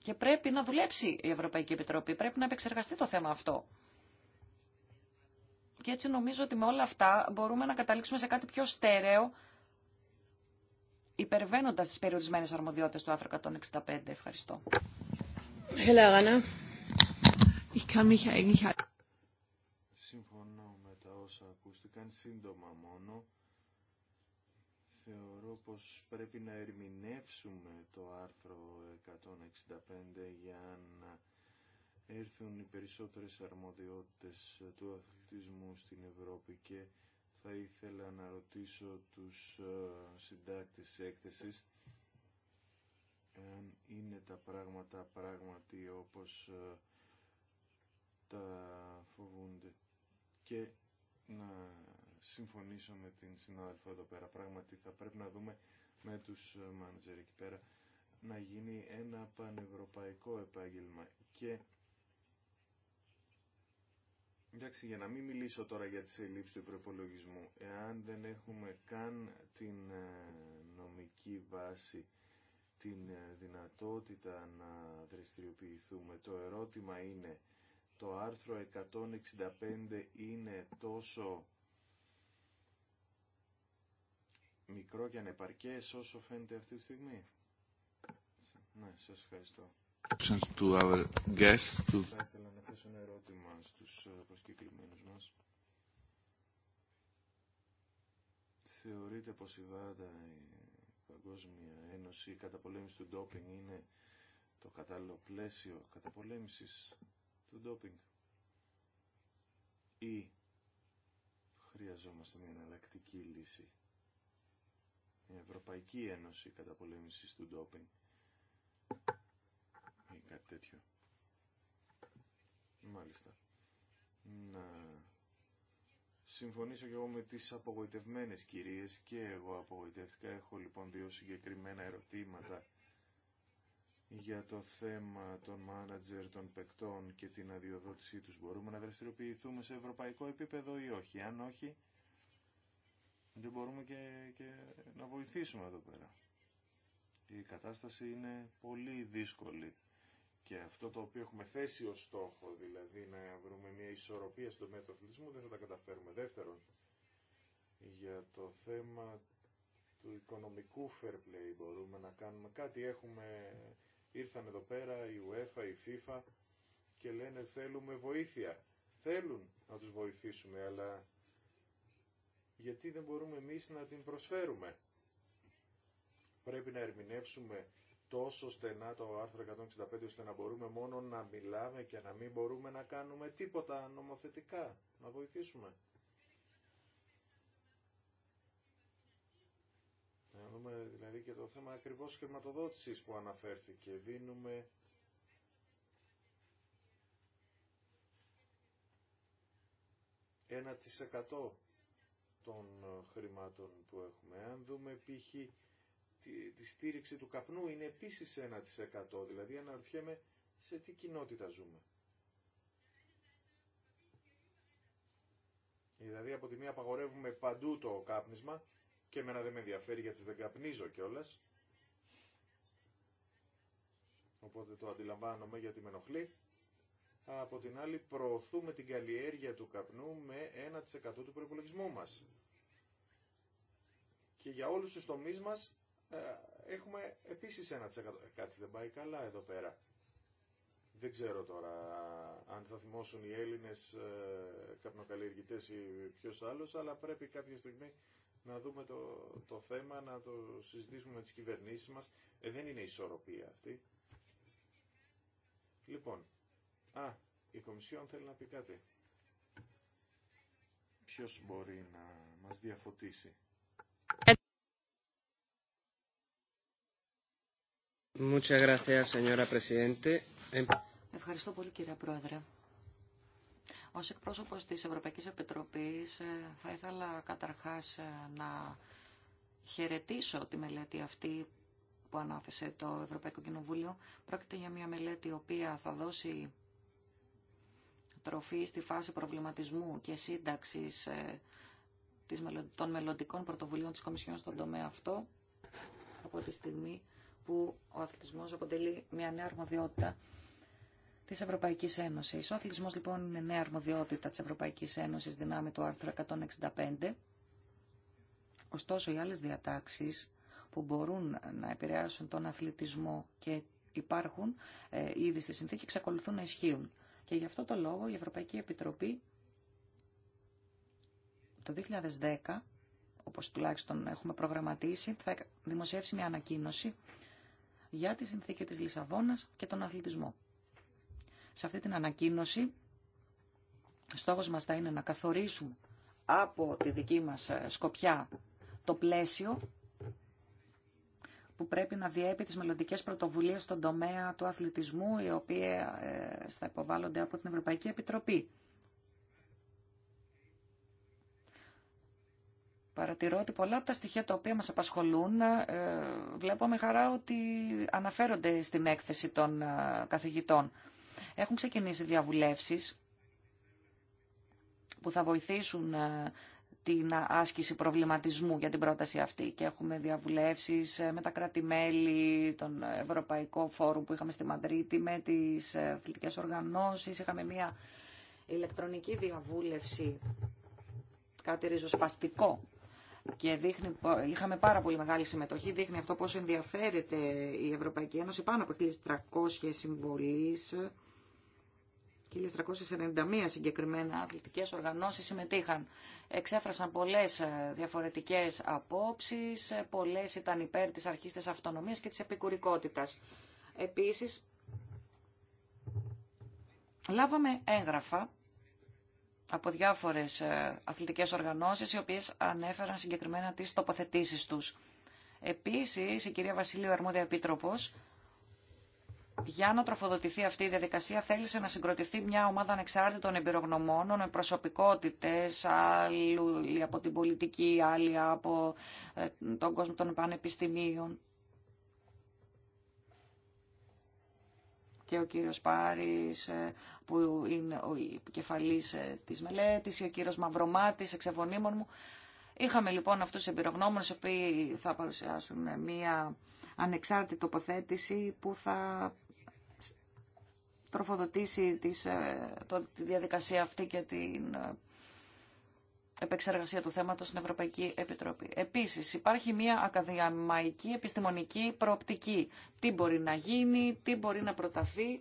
Και πρέπει να δουλέψει η Ευρωπαϊκή Επιτροπή, πρέπει να επεξεργαστεί το θέμα αυτό. Και έτσι νομίζω ότι με όλα αυτά μπορούμε να καταλήξουμε σε κάτι πιο στέρεο, υπερβαίνοντα τι περιορισμένε αρμοδιότητε του άρθρου 165. Ευχαριστώ όσα ακούστηκαν, σύντομα μόνο. Θεωρώ πως πρέπει να ερμηνεύσουμε το άρθρο 165 για να έρθουν οι περισσότερες αρμοδιότητες του αθλητισμού στην Ευρώπη και θα ήθελα να ρωτήσω τους ε, συντάκτες της έκθεσης αν είναι τα πράγματα πράγματι όπως ε, τα φοβούνται και να συμφωνήσω με την συνάδελφο εδώ πέρα. Πράγματι θα πρέπει να δούμε με τους ε, μάνατζερ εκεί πέρα να γίνει ένα πανευρωπαϊκό επάγγελμα και εντάξει για να μην μιλήσω τώρα για τις ελλείψεις του προπολογισμού εάν δεν έχουμε καν την ε, νομική βάση την ε, δυνατότητα να δραστηριοποιηθούμε το ερώτημα είναι το άρθρο 165 είναι τόσο μικρό και ανεπαρκές όσο φαίνεται αυτή τη στιγμή. Ναι, σας ευχαριστώ. To our Θα ήθελα να θέσω ένα ερώτημα στους ε, προσκεκλημένους μας. Θεωρείτε πως η ΒΑΔΑ, η Παγκόσμια Ένωση, η καταπολέμηση του ντόπινγκ είναι το κατάλληλο πλαίσιο καταπολέμησης του ντόπινγκ. Ή χρειαζόμαστε μια εναλλακτική λύση. Η Ευρωπαϊκή λυση μια ευρωπαικη ενωση πολέμησης του ντόπινγκ. Ή κάτι τέτοιο. Μάλιστα. Να συμφωνήσω και εγώ με τις απογοητευμένες κυρίες και εγώ απογοητεύτηκα. Έχω λοιπόν δύο συγκεκριμένα ερωτήματα για το θέμα των μάνατζερ των παικτών και την αδειοδότησή τους. Μπορούμε να δραστηριοποιηθούμε σε ευρωπαϊκό επίπεδο ή όχι. Αν όχι, δεν μπορούμε και, και να βοηθήσουμε εδώ πέρα. Η κατάσταση είναι πολύ δύσκολη και αυτό το οποίο έχουμε θέσει ως στόχο, δηλαδή να βρούμε μια ισορροπία στον μέτρο δεν θα τα καταφέρουμε. Δεύτερον, για το θέμα του οικονομικού fair play μπορούμε να κάνουμε κάτι. Έχουμε Ήρθαν εδώ πέρα η UEFA, η FIFA και λένε θέλουμε βοήθεια. Θέλουν να τους βοηθήσουμε, αλλά γιατί δεν μπορούμε εμείς να την προσφέρουμε. Πρέπει να ερμηνεύσουμε τόσο στενά το άρθρο 165 ώστε να μπορούμε μόνο να μιλάμε και να μην μπορούμε να κάνουμε τίποτα νομοθετικά, να βοηθήσουμε. δηλαδή και το θέμα ακριβώς χρηματοδότησης που αναφέρθηκε. Δίνουμε ένα των ε, χρημάτων που έχουμε. Αν δούμε π.χ. Τη, στήριξη του καπνού είναι επίσης 1%. Δηλαδή αναρωτιέμαι σε τι κοινότητα ζούμε. Δηλαδή από τη μία απαγορεύουμε παντού το κάπνισμα και εμένα δεν με ενδιαφέρει γιατί δεν καπνίζω κιόλα. Οπότε το αντιλαμβάνομαι γιατί με ενοχλεί. Από την άλλη προωθούμε την καλλιέργεια του καπνού με 1% του προπολογισμού μας. Και για όλους τους τομείς μας ε, έχουμε επίσης 1%. Ε, κάτι δεν πάει καλά εδώ πέρα. Δεν ξέρω τώρα αν θα θυμώσουν οι Έλληνες ε, ή ποιος άλλο, αλλά πρέπει κάποια στιγμή να δούμε το, το θέμα, να το συζητήσουμε με τις κυβερνήσεις μας. Ε, δεν είναι ισορροπία αυτή. Λοιπόν, α, η Κομισιόν θέλει να πει κάτι. Ποιος μπορεί να μας διαφωτίσει. Ευχαριστώ πολύ, κύριε Πρόεδρε. Ως εκπρόσωπος της Ευρωπαϊκής Επιτροπής ε, θα ήθελα καταρχάς ε, να χαιρετήσω τη μελέτη αυτή που ανάθεσε το Ευρωπαϊκό Κοινοβούλιο. Πρόκειται για μια μελέτη η οποία θα δώσει τροφή στη φάση προβληματισμού και σύνταξης ε, των μελλοντικών πρωτοβουλίων της Κομισιόν στον τομέα αυτό από τη στιγμή που ο αθλητισμός αποτελεί μια νέα αρμοδιότητα της Ευρωπαϊκής Ένωσης. Ο αθλητισμός λοιπόν είναι νέα αρμοδιότητα της Ευρωπαϊκής Ένωσης δυνάμει του άρθρου 165. Ωστόσο οι άλλε διατάξεις που μπορούν να επηρεάσουν τον αθλητισμό και υπάρχουν ε, ήδη στη συνθήκη εξακολουθούν να ισχύουν. Και γι' αυτό το λόγο η Ευρωπαϊκή Επιτροπή το 2010, όπως τουλάχιστον έχουμε προγραμματίσει, θα δημοσιεύσει μια ανακοίνωση για τη συνθήκη της Λισαβόνας και τον αθλητισμό. Σε αυτή την ανακοίνωση στόχος μας θα είναι να καθορίσουμε από τη δική μας ε, σκοπιά το πλαίσιο που πρέπει να διέπει τις μελλοντικές πρωτοβουλίες στον τομέα του αθλητισμού, οι οποίες θα υποβάλλονται από την Ευρωπαϊκή Επιτροπή. Παρατηρώ ότι πολλά από τα στοιχεία τα οποία μας απασχολούν ε, βλέπω με χαρά ότι αναφέρονται στην έκθεση των ε, καθηγητών. Έχουν ξεκινήσει διαβουλεύσεις που θα βοηθήσουν ε, την άσκηση προβληματισμού για την πρόταση αυτή και έχουμε διαβουλεύσεις ε, με τα κράτη-μέλη, τον Ευρωπαϊκό Φόρουμ που είχαμε στη Μαδρίτη, με τις ε, αθλητικές οργανώσεις, είχαμε μια ηλεκτρονική διαβούλευση, κάτι ριζοσπαστικό και δείχνει, είχαμε πάρα πολύ μεγάλη συμμετοχή, δείχνει αυτό πόσο ενδιαφέρεται η Ευρωπαϊκή Ένωση, πάνω από 1.300 συμβολείς, 1391 συγκεκριμένα αθλητικές οργανώσεις συμμετείχαν. Εξέφρασαν πολλές ε, διαφορετικές απόψεις, ε, πολλές ήταν υπέρ της αρχής της αυτονομίας και της επικουρικότητας. Επίσης, λάβαμε έγγραφα από διάφορες ε, αθλητικές οργανώσεις οι οποίες ανέφεραν συγκεκριμένα τις τοποθετήσεις τους. Επίσης, η κυρία Βασίλειο Αρμόδια Επίτροπος για να τροφοδοτηθεί αυτή η διαδικασία θέλησε να συγκροτηθεί μια ομάδα ανεξάρτητων εμπειρογνωμόνων με προσωπικότητες, άλλοι από την πολιτική, άλλοι από ε, τον κόσμο των πανεπιστημίων. Και ο κύριος Πάρης ε, που είναι ο επικεφαλής ε, της μελέτης, ο κύριος Μαυρομάτης, εξευωνίμων μου. Είχαμε λοιπόν αυτούς τους εμπειρογνώμονες, οι οποίοι θα παρουσιάσουν μια ανεξάρτητη τοποθέτηση που θα τροφοδοτήσει της, ε, το, τη διαδικασία αυτή και την ε, επεξεργασία του θέματος στην Ευρωπαϊκή Επιτροπή. Επίσης, υπάρχει μια ακαδημαϊκή επιστημονική προοπτική. Τι μπορεί να γίνει, τι μπορεί να προταθεί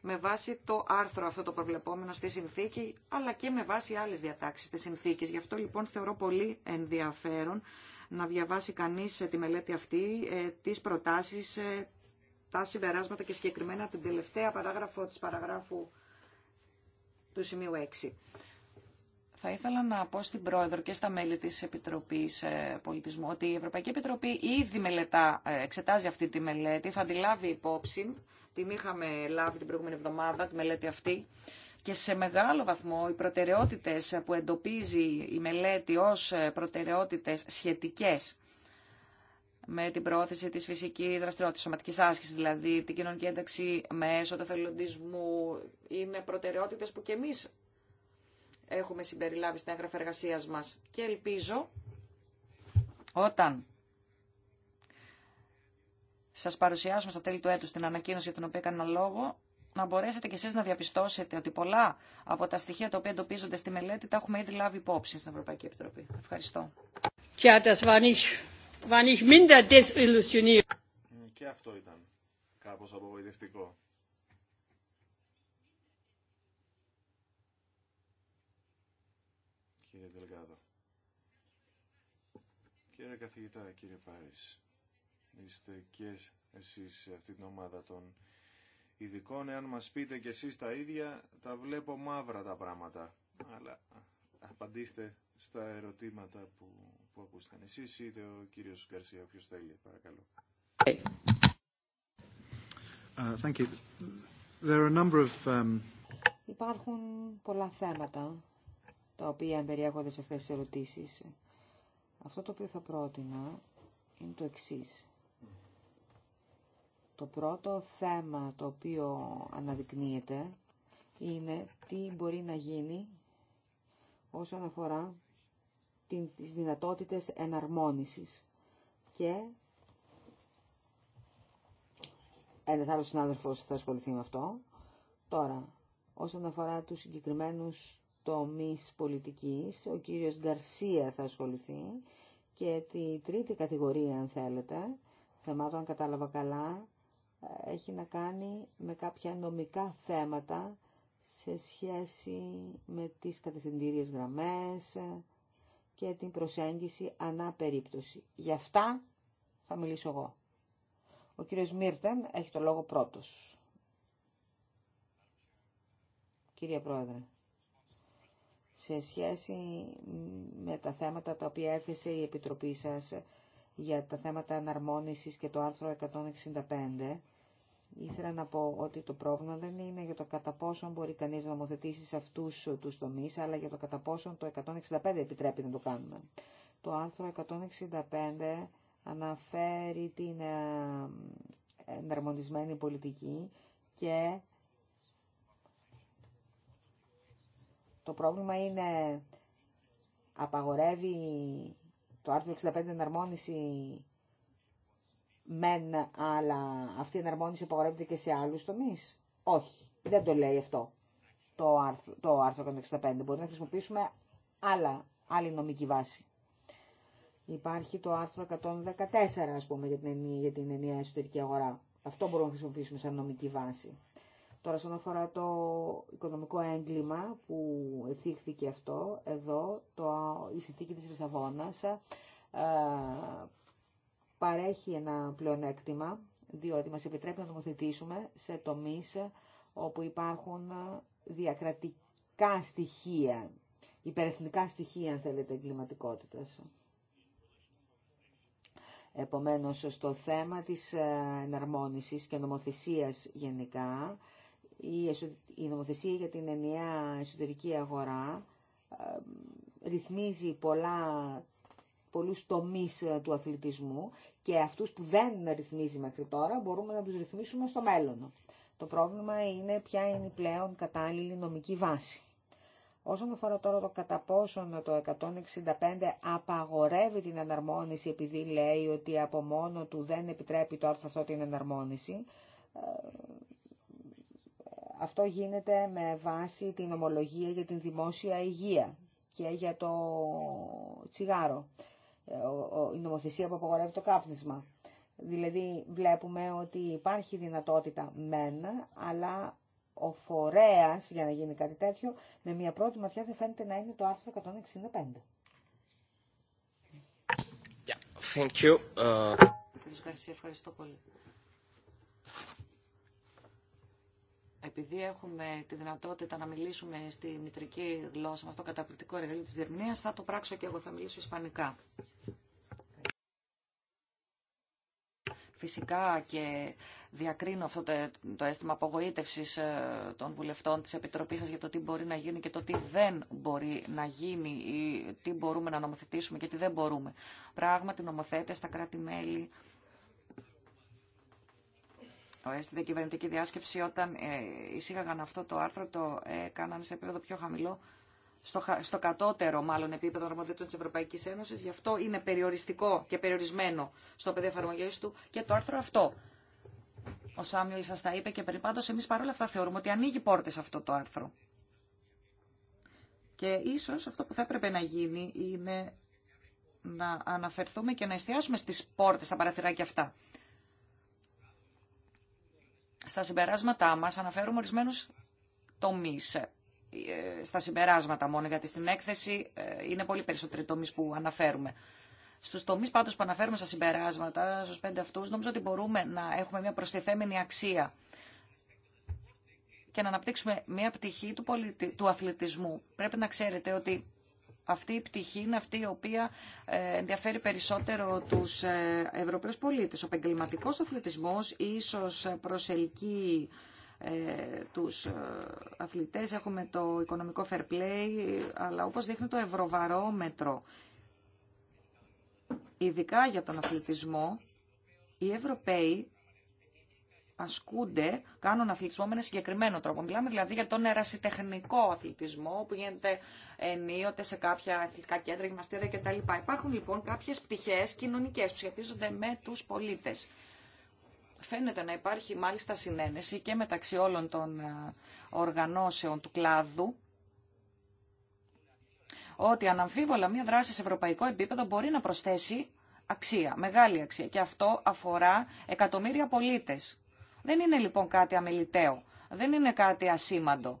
με βάση το άρθρο αυτό το προβλεπόμενο στη συνθήκη, αλλά και με βάση άλλες διατάξεις της συνθήκης. Γι' αυτό λοιπόν θεωρώ πολύ ενδιαφέρον να διαβάσει κανείς ε, τη μελέτη αυτή, τις προτάσεις τα συμπεράσματα και συγκεκριμένα την τελευταία παράγραφο της παραγράφου του σημείου 6. Θα ήθελα να πω στην Πρόεδρο και στα μέλη της Επιτροπής ε, Πολιτισμού ότι η Ευρωπαϊκή Επιτροπή ήδη μελετά, ε, εξετάζει αυτή τη μελέτη, θα τη λάβει υπόψη, την είχαμε λάβει την προηγούμενη εβδομάδα, τη μελέτη αυτή, και σε μεγάλο βαθμό οι προτεραιότητες που εντοπίζει η μελέτη ως ε, προτεραιότητες σχετικές με την πρόθεση της φυσικής δραστηριότητας, σωματικής άσκησης δηλαδή, την κοινωνική ένταξη μέσω του θελοντισμού, είναι προτεραιότητες που και εμείς έχουμε συμπεριλάβει στην έγγραφα εργασία μας. Και ελπίζω όταν σας παρουσιάσουμε στα τέλη του έτους την ανακοίνωση για την οποία έκανα λόγο, να μπορέσετε κι εσείς να διαπιστώσετε ότι πολλά από τα στοιχεία τα οποία εντοπίζονται στη μελέτη τα έχουμε ήδη λάβει υπόψη στην Ευρωπαϊκή Επιτροπή. Ευχαριστώ war nicht minder desillusioniert. Και αυτό ήταν κάπως απογοητευτικό. Κύριε Δελγάδο. Κύριε καθηγητά, κύριε Πάρης, είστε και εσείς σε αυτή την ομάδα των ειδικών. Εάν μας πείτε και εσείς τα ίδια, τα βλέπω μαύρα τα πράγματα. Αλλά απαντήστε στα ερωτήματα που ο Γκαρσία, παρακαλώ. Υπάρχουν πολλά θέματα τα οποία εμπεριέχονται σε αυτές τις ερωτήσεις. Αυτό το οποίο θα πρότεινα είναι το εξής. Το πρώτο θέμα το οποίο αναδεικνύεται είναι τι μπορεί να γίνει όσον αφορά τις δυνατότητες εναρμόνισης. Και ένα άλλος συνάδελφος θα ασχοληθεί με αυτό. Τώρα, όσον αφορά τους συγκεκριμένους τομείς πολιτικής, ο κύριος Γκαρσία θα ασχοληθεί και τη τρίτη κατηγορία, αν θέλετε, θεμάτων, αν κατάλαβα καλά, έχει να κάνει με κάποια νομικά θέματα σε σχέση με τις κατευθυντήριες γραμμές, και την προσέγγιση ανά περίπτωση. Γι' αυτά θα μιλήσω εγώ. Ο κύριος Μίρτεν έχει το λόγο πρώτος. Κύριε Πρόεδρε, σε σχέση με τα θέματα τα οποία έθεσε η Επιτροπή σας για τα θέματα αναρμόνισης και το άρθρο 165, Ήθελα να πω ότι το πρόβλημα δεν είναι για το κατά πόσο μπορεί κανείς να νομοθετήσει σε αυτούς τους τομείς, αλλά για το κατά πόσο το 165 επιτρέπει να το κάνουμε. Το άρθρο 165 αναφέρει την ε, εναρμονισμένη πολιτική και το πρόβλημα είναι απαγορεύει το άρθρο 65 εναρμόνιση μεν, αλλά αυτή η εναρμόνιση απαγορεύεται και σε άλλους τομείς. Όχι, δεν το λέει αυτό το άρθρο, το άρθρο 165. Μπορεί να χρησιμοποιήσουμε άλλα, άλλη νομική βάση. Υπάρχει το άρθρο 114, α πούμε, για την, για την ενιαία εσωτερική αγορά. Αυτό μπορούμε να χρησιμοποιήσουμε σαν νομική βάση. Τώρα, σαν αφορά το οικονομικό έγκλημα που θύχθηκε αυτό, εδώ το, η συνθήκη της Λισαβόνας ε, παρέχει ένα πλεονέκτημα, διότι μας επιτρέπει να νομοθετήσουμε σε τομείς όπου υπάρχουν διακρατικά στοιχεία, υπερεθνικά στοιχεία, αν θέλετε, εγκληματικότητας. Επομένως, στο θέμα της ε, εναρμόνισης και νομοθεσίας γενικά, η νομοθεσία για την ενιαία εσωτερική αγορά ε, ρυθμίζει πολλά πολλούς τομείς ε, του αθλητισμού και αυτούς που δεν ρυθμίζει μέχρι τώρα μπορούμε να τους ρυθμίσουμε στο μέλλον. Το πρόβλημα είναι ποια είναι η πλέον κατάλληλη νομική βάση. Όσον αφορά τώρα το κατά πόσον το 165 απαγορεύει την αναρμόνιση επειδή λέει ότι από μόνο του δεν επιτρέπει το άρθρο αυτό την αναρμόνιση ε, αυτό γίνεται με βάση την ομολογία για την δημόσια υγεία και για το τσιγάρο η νομοθεσία που απαγορεύει το κάπνισμα. Δηλαδή βλέπουμε ότι υπάρχει δυνατότητα μεν, αλλά ο φορέας για να γίνει κάτι τέτοιο, με μια πρώτη ματιά δεν φαίνεται να είναι το άρθρο 165. thank you. Ευχαριστώ, πολύ. Επειδή έχουμε τη δυνατότητα να μιλήσουμε στη μητρική γλώσσα αυτό το καταπληκτικό εργαλείο της Διερμηνίας, θα το πράξω και εγώ, θα μιλήσω ισπανικά. Φυσικά και διακρίνω αυτό το αίσθημα απογοήτευσης ε, των βουλευτών της Επιτροπής σας για το τι μπορεί να γίνει και το τι δεν μπορεί να γίνει ή τι μπορούμε να νομοθετήσουμε και τι δεν μπορούμε. Πράγματι, νομοθέτες, τα κράτη-μέλη, στην κυβερνητική διάσκεψη όταν ε, εισήγαγαν αυτό το άρθρο το έκαναν σε επίπεδο πιο χαμηλό στο, στο κατώτερο μάλλον επίπεδο αρμοδιότητων της Ευρωπαϊκής Ένωσης, γι' αυτό είναι περιοριστικό και περιορισμένο στο πεδίο εφαρμογή του και το άρθρο αυτό. Ο Σάμιλ σας τα είπε και πριν πάντως εμείς παρόλα αυτά θεωρούμε ότι ανοίγει πόρτες αυτό το άρθρο. Και ίσως αυτό που θα έπρεπε να γίνει είναι να αναφερθούμε και να εστιάσουμε στις πόρτες, στα παραθυράκια αυτά. Στα συμπεράσματά μας αναφέρουμε ορισμένους τομείς ε, στα συμπεράσματα μόνο, γιατί στην έκθεση ε, είναι πολύ περισσότεροι τομεί που αναφέρουμε. Στους τομείς πάντως που αναφέρουμε στα συμπεράσματα, στους πέντε αυτούς, νομίζω ότι μπορούμε να έχουμε μια προστιθέμενη αξία και να αναπτύξουμε μια πτυχή του, του αθλητισμού. Πρέπει να ξέρετε ότι αυτή η πτυχή είναι αυτή η οποία ε, ενδιαφέρει περισσότερο τους Ευρωπαίους πολίτες. Ο επαγγελματικό αθλητισμός ίσως προσελκύει ε, τους ε, αθλητές, έχουμε το οικονομικό fair play, αλλά όπως δείχνει το ευρωβαρόμετρο, ειδικά για τον αθλητισμό, οι Ευρωπαίοι ασκούνται, κάνουν αθλητισμό με ένα συγκεκριμένο τρόπο. Μιλάμε δηλαδή για τον ερασιτεχνικό αθλητισμό που γίνεται ενίοτε σε κάποια αθλητικά κέντρα, γυμναστήρια κτλ. Υπάρχουν λοιπόν κάποιες πτυχές κοινωνικές που σχετίζονται με τους πολίτες φαίνεται να υπάρχει μάλιστα συνένεση και μεταξύ όλων των ε, οργανώσεων του κλάδου ότι αναμφίβολα μια δράση σε ευρωπαϊκό επίπεδο μπορεί να προσθέσει αξία, μεγάλη αξία και αυτό αφορά εκατομμύρια πολίτες. Δεν είναι λοιπόν κάτι αμεληταίο, δεν είναι κάτι ασήμαντο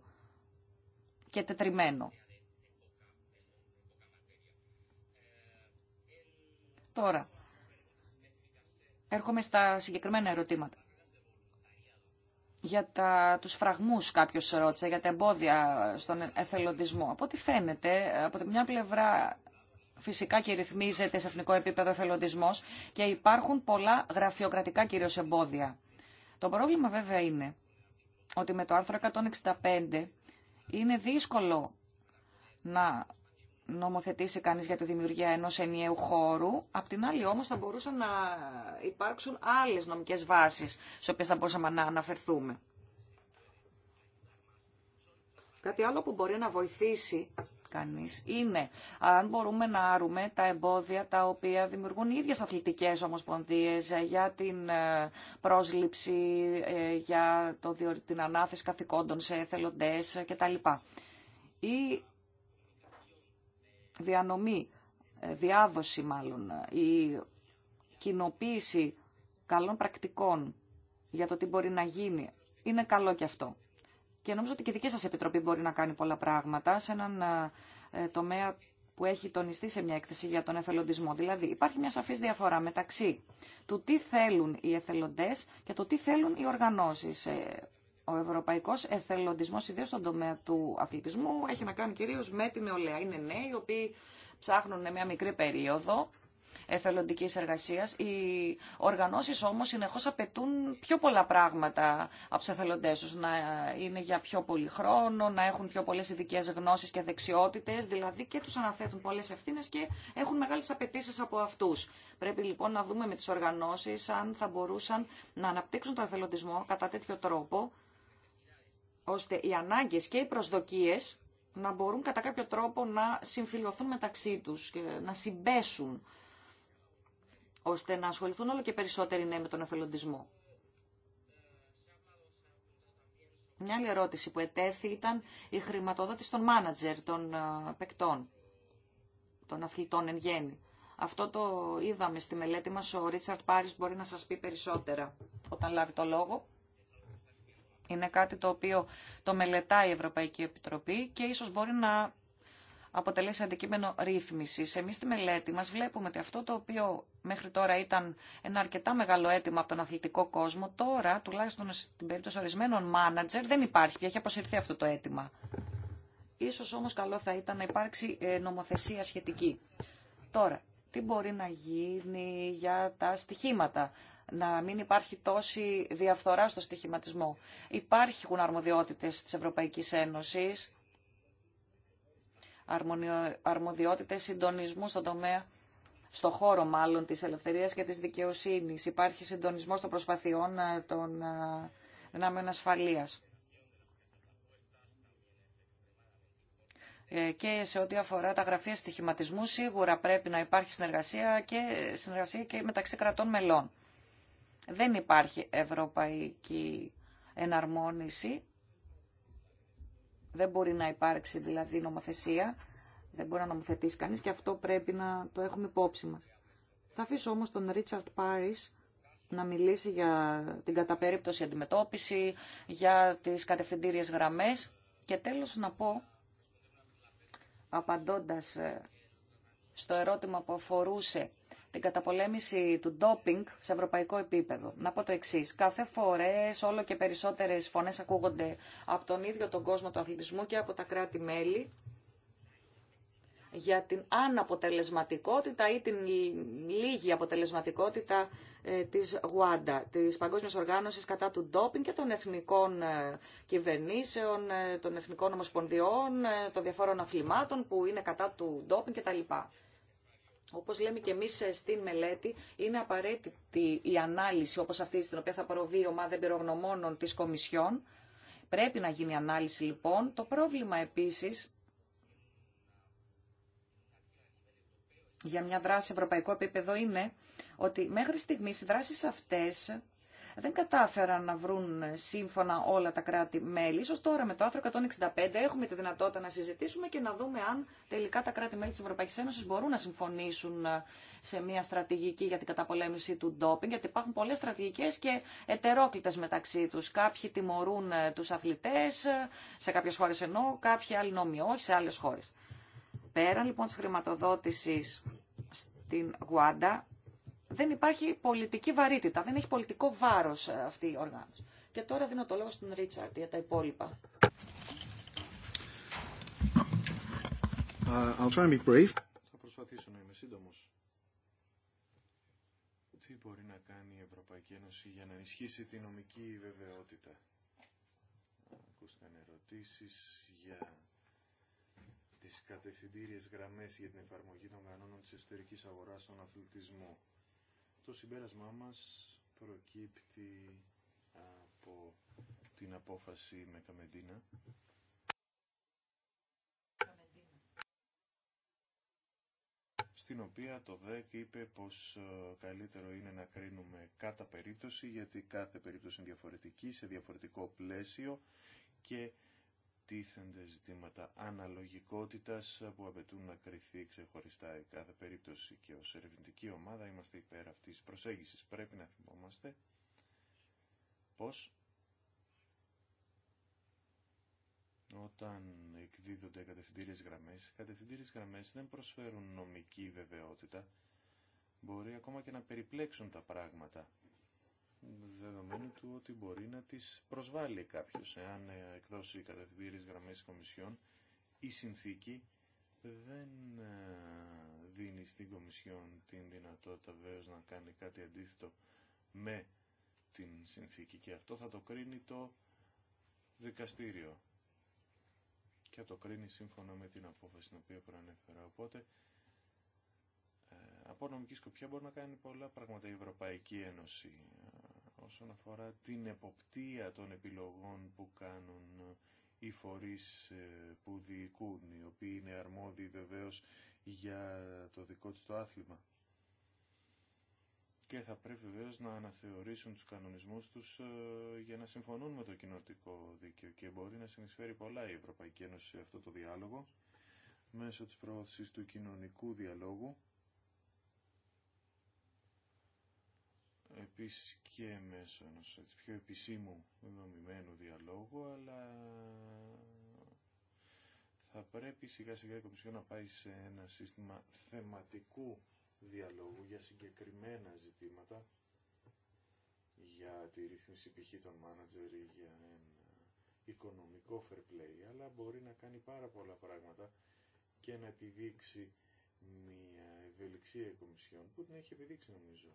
και τετριμένο. Τώρα, έρχομαι στα συγκεκριμένα ερωτήματα. Για τα, τους φραγμούς κάποιος ρώτησε, για τα εμπόδια στον εθελοντισμό. Από ό,τι φαίνεται, από τη μια πλευρά φυσικά και ρυθμίζεται σε εθνικό επίπεδο εθελοντισμός και υπάρχουν πολλά γραφειοκρατικά κυρίως εμπόδια. Το πρόβλημα βέβαια είναι ότι με το άρθρο 165 είναι δύσκολο να νομοθετήσει κανείς για τη δημιουργία ενός ενιαίου χώρου. Απ' την άλλη όμως θα μπορούσαν να υπάρξουν άλλες νομικές βάσεις στις οποίες θα μπορούσαμε να αναφερθούμε. Κάτι άλλο που μπορεί να βοηθήσει κανείς είναι αν μπορούμε να άρουμε τα εμπόδια τα οποία δημιουργούν οι ίδιες αθλητικές ομοσπονδίες για την ε, πρόσληψη, ε, για το, την ανάθεση καθηκόντων σε εθελοντές ε, κτλ. Ή διανομή, ε, διάδοση μάλλον, ε, η κοινοποίηση καλών πρακτικών για το τι μπορεί να γίνει, είναι καλό και αυτό. Και νομίζω ότι και η δική σας επιτροπή μπορεί να κάνει πολλά πράγματα σε έναν ε, τομέα που έχει τονιστεί σε μια έκθεση για τον εθελοντισμό. Δηλαδή υπάρχει μια σαφής διαφορά μεταξύ του τι θέλουν οι εθελοντές και το τι θέλουν οι οργανώσεις. Ο Ευρωπαϊκό Εθελοντισμό ιδίως στον τομέα του αθλητισμού, έχει να κάνει κυρίω με τη νεολαία. Είναι νέοι οι οποίοι ψάχνουν μια μικρή περίοδο εθελοντική εργασία. Οι οργανώσει όμω συνεχώ απαιτούν πιο πολλά πράγματα από του εθελοντέ του. Να είναι για πιο πολύ χρόνο, να έχουν πιο πολλέ ειδικέ γνώσει και δεξιότητε, δηλαδή και του αναθέτουν πολλέ ευθύνε και έχουν μεγάλε απαιτήσει από αυτού. Πρέπει λοιπόν να δούμε με τι οργανώσει αν θα μπορούσαν να αναπτύξουν τον εθελοντισμό κατά τέτοιο τρόπο, ώστε οι ανάγκες και οι προσδοκίες να μπορούν κατά κάποιο τρόπο να συμφιλωθούν μεταξύ τους και να συμπέσουν ώστε να ασχοληθούν όλο και περισσότεροι νέοι με τον εθελοντισμό. Μια άλλη ερώτηση που ετέθη ήταν η χρηματοδότηση των μάνατζερ, των ε, παικτών, των αθλητών εν γέννη. Αυτό το είδαμε στη μελέτη μας, ο Ρίτσαρτ Πάρις μπορεί να σας πει περισσότερα όταν λάβει το λόγο. Είναι κάτι το οποίο το μελετάει η Ευρωπαϊκή Επιτροπή και ίσως μπορεί να αποτελέσει αντικείμενο ρύθμιση. Εμεί στη μελέτη μας βλέπουμε ότι αυτό το οποίο μέχρι τώρα ήταν ένα αρκετά μεγάλο αίτημα από τον αθλητικό κόσμο, τώρα, τουλάχιστον στην περίπτωση ορισμένων μάνατζερ, δεν υπάρχει πια, έχει αποσυρθεί αυτό το αίτημα. Ίσως όμως καλό θα ήταν να υπάρξει ε, νομοθεσία σχετική. Τώρα, τι μπορεί να γίνει για τα στοιχήματα να μην υπάρχει τόση διαφθορά στο στοιχηματισμό. Υπάρχουν αρμοδιότητες της Ευρωπαϊκής Ένωσης, αρμοδιότητες συντονισμού στον τομέα στο χώρο μάλλον της ελευθερίας και της δικαιοσύνης. Υπάρχει συντονισμός των προσπαθειών ε, των ε, δυνάμεων ασφαλείας. Ε, και σε ό,τι αφορά τα γραφεία στοιχηματισμού σίγουρα πρέπει να υπάρχει συνεργασία και συνεργασία και μεταξύ κρατών μελών δεν υπάρχει ευρωπαϊκή εναρμόνιση, δεν μπορεί να υπάρξει δηλαδή νομοθεσία, δεν μπορεί να νομοθετήσει κανείς και αυτό πρέπει να το έχουμε υπόψη μας. Θα αφήσω όμως τον Ρίτσαρτ Πάρις να μιλήσει για την καταπερίπτωση αντιμετώπιση, για τις κατευθυντήριες γραμμές και τέλος να πω, απαντώντας ε, στο ερώτημα που αφορούσε την καταπολέμηση του ντόπινγκ σε ευρωπαϊκό επίπεδο. Να πω το εξή. Κάθε φορέ όλο και περισσότερε φωνέ ακούγονται από τον ίδιο τον κόσμο του αθλητισμού και από τα κράτη-μέλη για την αναποτελεσματικότητα ή την λίγη αποτελεσματικότητα ε, της Γουάντα, της Παγκόσμιας Οργάνωσης κατά του ντόπινγκ και των εθνικών ε, κυβερνήσεων, ε, των εθνικών ομοσπονδιών, των διαφόρων αθλημάτων που είναι κατά του ντόπινγκ κτλ. Όπως λέμε και εμείς ε, στην μελέτη, είναι απαραίτητη η ανάλυση, όπως αυτή στην οποία θα προβεί η ομάδα εμπειρογνωμόνων της Κομισιόν. Πρέπει να γίνει ανάλυση λοιπόν. Το πρόβλημα επίσης για μια δράση ευρωπαϊκό επίπεδο είναι ότι μέχρι στιγμής οι δράσεις αυτές δεν κατάφεραν να βρουν σύμφωνα όλα τα κράτη-μέλη. Ίσως τώρα με το άρθρο 165 έχουμε τη δυνατότητα να συζητήσουμε και να δούμε αν τελικά τα κράτη-μέλη της Ευρωπαϊκής Ένωσης μπορούν να συμφωνήσουν ε, σε μια στρατηγική για την καταπολέμηση του ντόπινγκ, γιατί υπάρχουν πολλές στρατηγικές και ετερόκλητες μεταξύ τους. Κάποιοι τιμωρούν ε, τους αθλητές, ε, σε κάποιες χώρες ενώ, κάποιοι άλλοι νόμοι όχι, σε άλλες χώρες. Πέραν λοιπόν της χρηματοδότησης στην Γουάντα, δεν υπάρχει πολιτική βαρύτητα, δεν έχει πολιτικό βάρος ε, αυτή η οργάνωση. Και τώρα δίνω το λόγο στον Ρίτσαρτ για τα υπόλοιπα. Ε, I'll try be brief. Θα προσπαθήσω να είμαι σύντομος. Τι μπορεί να κάνει η Ευρωπαϊκή Ένωση για να ενισχύσει τη νομική βεβαιότητα. Ακούστηκαν ερωτήσεις για τις κατευθυντήριες γραμμές για την εφαρμογή των κανόνων της εσωτερικής αγοράς στον αθλητισμό. Το συμπέρασμά μας προκύπτει από την απόφαση με Καμεντίνα. στην οποία το ΔΕΚ είπε πως ε, καλύτερο είναι να κρίνουμε κατά περίπτωση, γιατί κάθε περίπτωση είναι διαφορετική, σε διαφορετικό πλαίσιο και τίθενται ζητήματα αναλογικότητας που απαιτούν να κρυθεί ξεχωριστά η κάθε περίπτωση και ως ερευνητική ομάδα είμαστε υπέρ αυτής της προσέγγισης. Πρέπει να θυμόμαστε πως όταν εκδίδονται κατευθυντήριες γραμμές, οι κατευθυντήριες γραμμές δεν προσφέρουν νομική βεβαιότητα, μπορεί ακόμα και να περιπλέξουν τα πράγματα δεδομένου του ότι μπορεί να τις προσβάλλει κάποιος εάν ε, εκδώσει κατευθυντήρης γραμμές Κομισιόν η συνθήκη δεν ε, δίνει στην Κομισιόν την δυνατότητα βέβαίω να κάνει κάτι αντίθετο με την συνθήκη και αυτό θα το κρίνει το δικαστήριο και το κρίνει σύμφωνα με την απόφαση την οποία προανέφερα. Οπότε ε, από νομική σκοπιά μπορεί να κάνει πολλά πράγματα η Ευρωπαϊκή Ένωση όσον αφορά την εποπτεία των επιλογών που κάνουν ε, οι φορείς ε, που διοικούν, οι οποίοι είναι αρμόδιοι βεβαίως για το δικό τους το άθλημα. Και θα πρέπει βεβαίως να αναθεωρήσουν τους κανονισμούς τους ε, για να συμφωνούν με το κοινοτικό δίκαιο και μπορεί να συνεισφέρει πολλά η Ευρωπαϊκή Ένωση σε αυτό το διάλογο μέσω της προώθησης του κοινωνικού διαλόγου επίσης και μέσω ενός πιο επισήμου δομημένου διαλόγου, αλλά θα πρέπει σιγά σιγά η Κομισιόν να πάει σε ένα σύστημα θεματικού διαλόγου για συγκεκριμένα ζητήματα, για τη ρύθμιση π.χ. των μάνατζερ ή για ένα οικονομικό fair play, αλλά μπορεί να κάνει πάρα πολλά πράγματα και να επιδείξει μια ευελιξία η Κομισιόν που την έχει επιδείξει νομίζω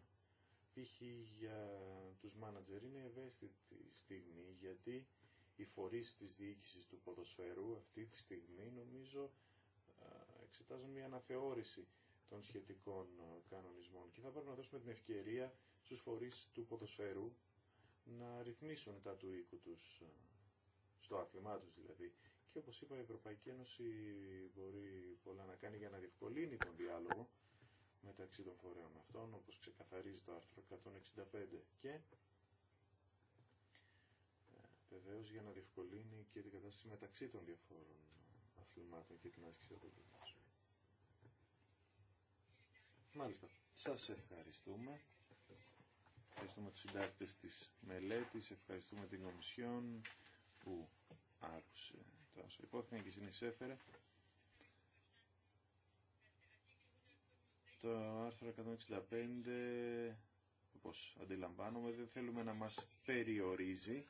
π.χ. για τους μάνατζερ είναι ευαίσθητη στιγμή γιατί οι φορείς της διοίκησης του ποδοσφαίρου αυτή τη στιγμή νομίζω εξετάζουν μια αναθεώρηση των σχετικών κανονισμών και θα πρέπει να δώσουμε την ευκαιρία στους φορείς του ποδοσφαίρου να ρυθμίσουν τα του οίκου τους, στο άθλημά τους δηλαδή. Και όπως είπα η Ευρωπαϊκή Ένωση μπορεί πολλά να κάνει για να διευκολύνει τον διάλογο μεταξύ των φορέων αυτών, όπως ξεκαθαρίζει το άρθρο 165 και ε, βεβαίως για να διευκολύνει και την κατάσταση μεταξύ των διαφόρων ε, αθλημάτων και την άσκηση του Μάλιστα. Σας ευχαριστούμε. Ευχαριστούμε τους συντάκτες της μελέτης, ευχαριστούμε την Κομισιόν που άκουσε τα όσα υπόθηκαν και συνεισέφερε. το άρθρο 165, όπως αντιλαμβάνομαι, δεν θέλουμε να μας περιορίζει,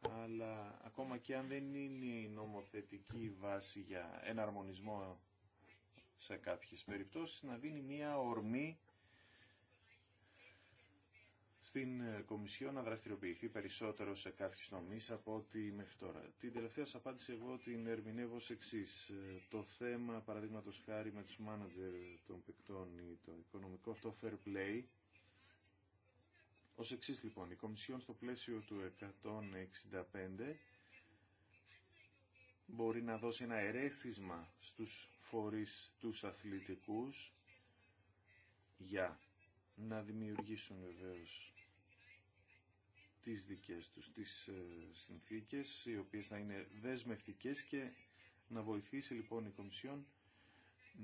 αλλά ακόμα και αν δεν είναι η νομοθετική βάση για εναρμονισμό σε κάποιες περιπτώσεις, να δίνει μία ορμή στην ε, Κομισιό να δραστηριοποιηθεί περισσότερο σε κάποιους τομείς από ό,τι μέχρι τώρα. Την τελευταία σας απάντηση εγώ την ερμηνεύω ως εξή. Ε, το θέμα, παραδείγματο χάρη με τους μάνατζερ των παικτών ή το οικονομικό αυτό fair play, ως εξή λοιπόν, η Κομισιόν στο πλαίσιο του 165 μπορεί να δώσει ένα ερέθισμα στους φορείς τους αθλητικούς για να δημιουργήσουν βεβαίω τις δικές τους, τις ε, συνθήκες, οι οποίες θα είναι δεσμευτικές και να βοηθήσει λοιπόν η Κομισιόν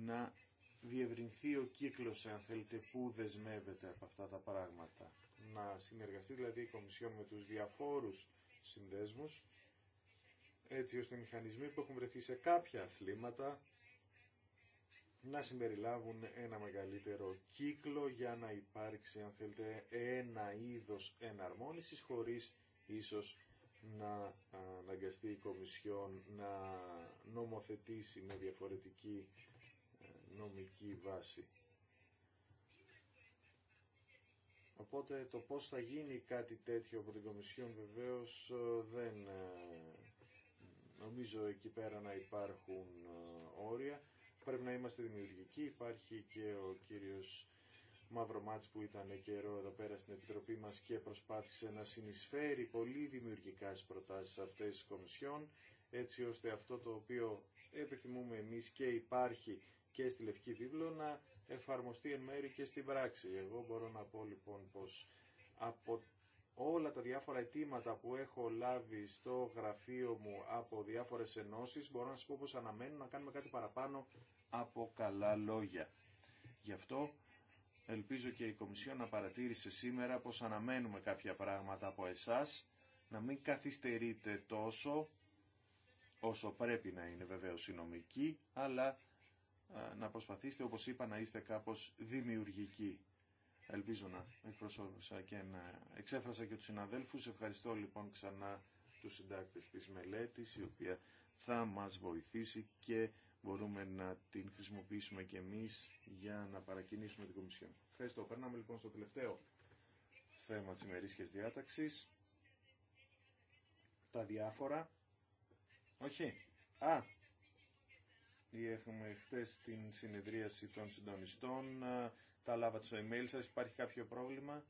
να διευρυνθεί ο κύκλος, αν θέλετε, που δεσμεύεται από αυτά τα πράγματα. Να συνεργαστεί δηλαδή η Κομισιόν με τους διαφόρους συνδέσμους, έτσι ώστε οι μηχανισμοί που έχουν βρεθεί σε κάποια αθλήματα να συμπεριλάβουν ένα μεγαλύτερο κύκλο για να υπάρξει, αν θέλετε, ένα είδος εναρμόνισης χωρίς ίσως να αναγκαστεί η Κομισιόν να νομοθετήσει με διαφορετική ε, νομική βάση. Οπότε το πώς θα γίνει κάτι τέτοιο από την Κομισιόν βεβαίως ε, δεν ε, νομίζω εκεί πέρα να υπάρχουν όρια πρέπει να είμαστε δημιουργικοί. Υπάρχει και ο κύριος Μαυρομάτς που ήταν καιρό εδώ πέρα στην Επιτροπή μας και προσπάθησε να συνεισφέρει πολύ δημιουργικά στις προτάσεις αυτές της Κομισιόν, έτσι ώστε αυτό το οποίο επιθυμούμε εμείς και υπάρχει και στη Λευκή Βίβλο να εφαρμοστεί εν μέρη και στην πράξη. Εγώ μπορώ να πω λοιπόν πως από όλα τα διάφορα αιτήματα που έχω λάβει στο γραφείο μου από διάφορες ενώσεις, μπορώ να σας πω πως αναμένουν να κάνουμε κάτι παραπάνω από καλά λόγια. Γι' αυτό ελπίζω και η Κομισιόν να παρατήρησε σήμερα πως αναμένουμε κάποια πράγματα από εσάς, να μην καθυστερείτε τόσο όσο πρέπει να είναι βεβαίω η νομική, αλλά να προσπαθήσετε, όπως είπα, να είστε κάπως δημιουργικοί Ελπίζω να εκπροσώπησα και να εξέφρασα και τους συναδέλφους. Ευχαριστώ λοιπόν ξανά τους συντάκτες της μελέτης, η οποία θα μας βοηθήσει και μπορούμε να την χρησιμοποιήσουμε και εμείς για να παρακινήσουμε την Κομισιόν. Ευχαριστώ. Περνάμε λοιπόν στο τελευταίο θέμα της ημερήσιας διάταξης. Τα διάφορα. Όχι. Α, έχουμε χτες την συνεδρίαση των συντονιστών τα λάβατε στο email σας, υπάρχει κάποιο πρόβλημα.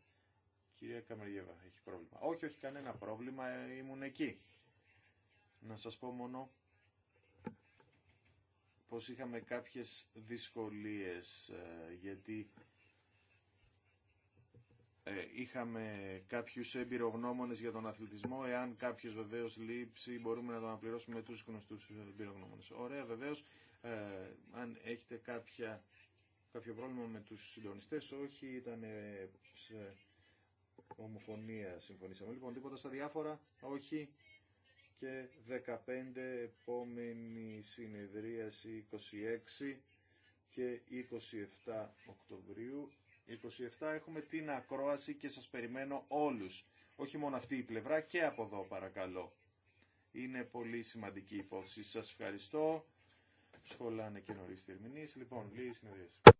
Κυρία Καμεριέβα, έχει πρόβλημα. Όχι, όχι κανένα πρόβλημα, ε, ήμουν εκεί. Να σας πω μόνο πως είχαμε κάποιες δυσκολίες, ε, γιατί ε, είχαμε κάποιους εμπειρογνώμονες για τον αθλητισμό, εάν κάποιος βεβαίως λείψει μπορούμε να τον απληρώσουμε με τους γνωστούς εμπειρογνώμονες. Ωραία, βεβαίως, αν έχετε κάποια κάποιο πρόβλημα με τους συντονιστές, όχι, ήταν σε ομοφωνία συμφωνήσαμε. Λοιπόν, τίποτα στα διάφορα, όχι. Και 15, επόμενη συνεδρίαση 26 και 27 Οκτωβρίου. 27 έχουμε την ακρόαση και σας περιμένω όλους. Όχι μόνο αυτή η πλευρά και από εδώ παρακαλώ. Είναι πολύ σημαντική υπόθεση. Σας ευχαριστώ. Σχολάνε και νωρίς ερμηνεία. Λοιπόν, λίγη συνεδρίαση.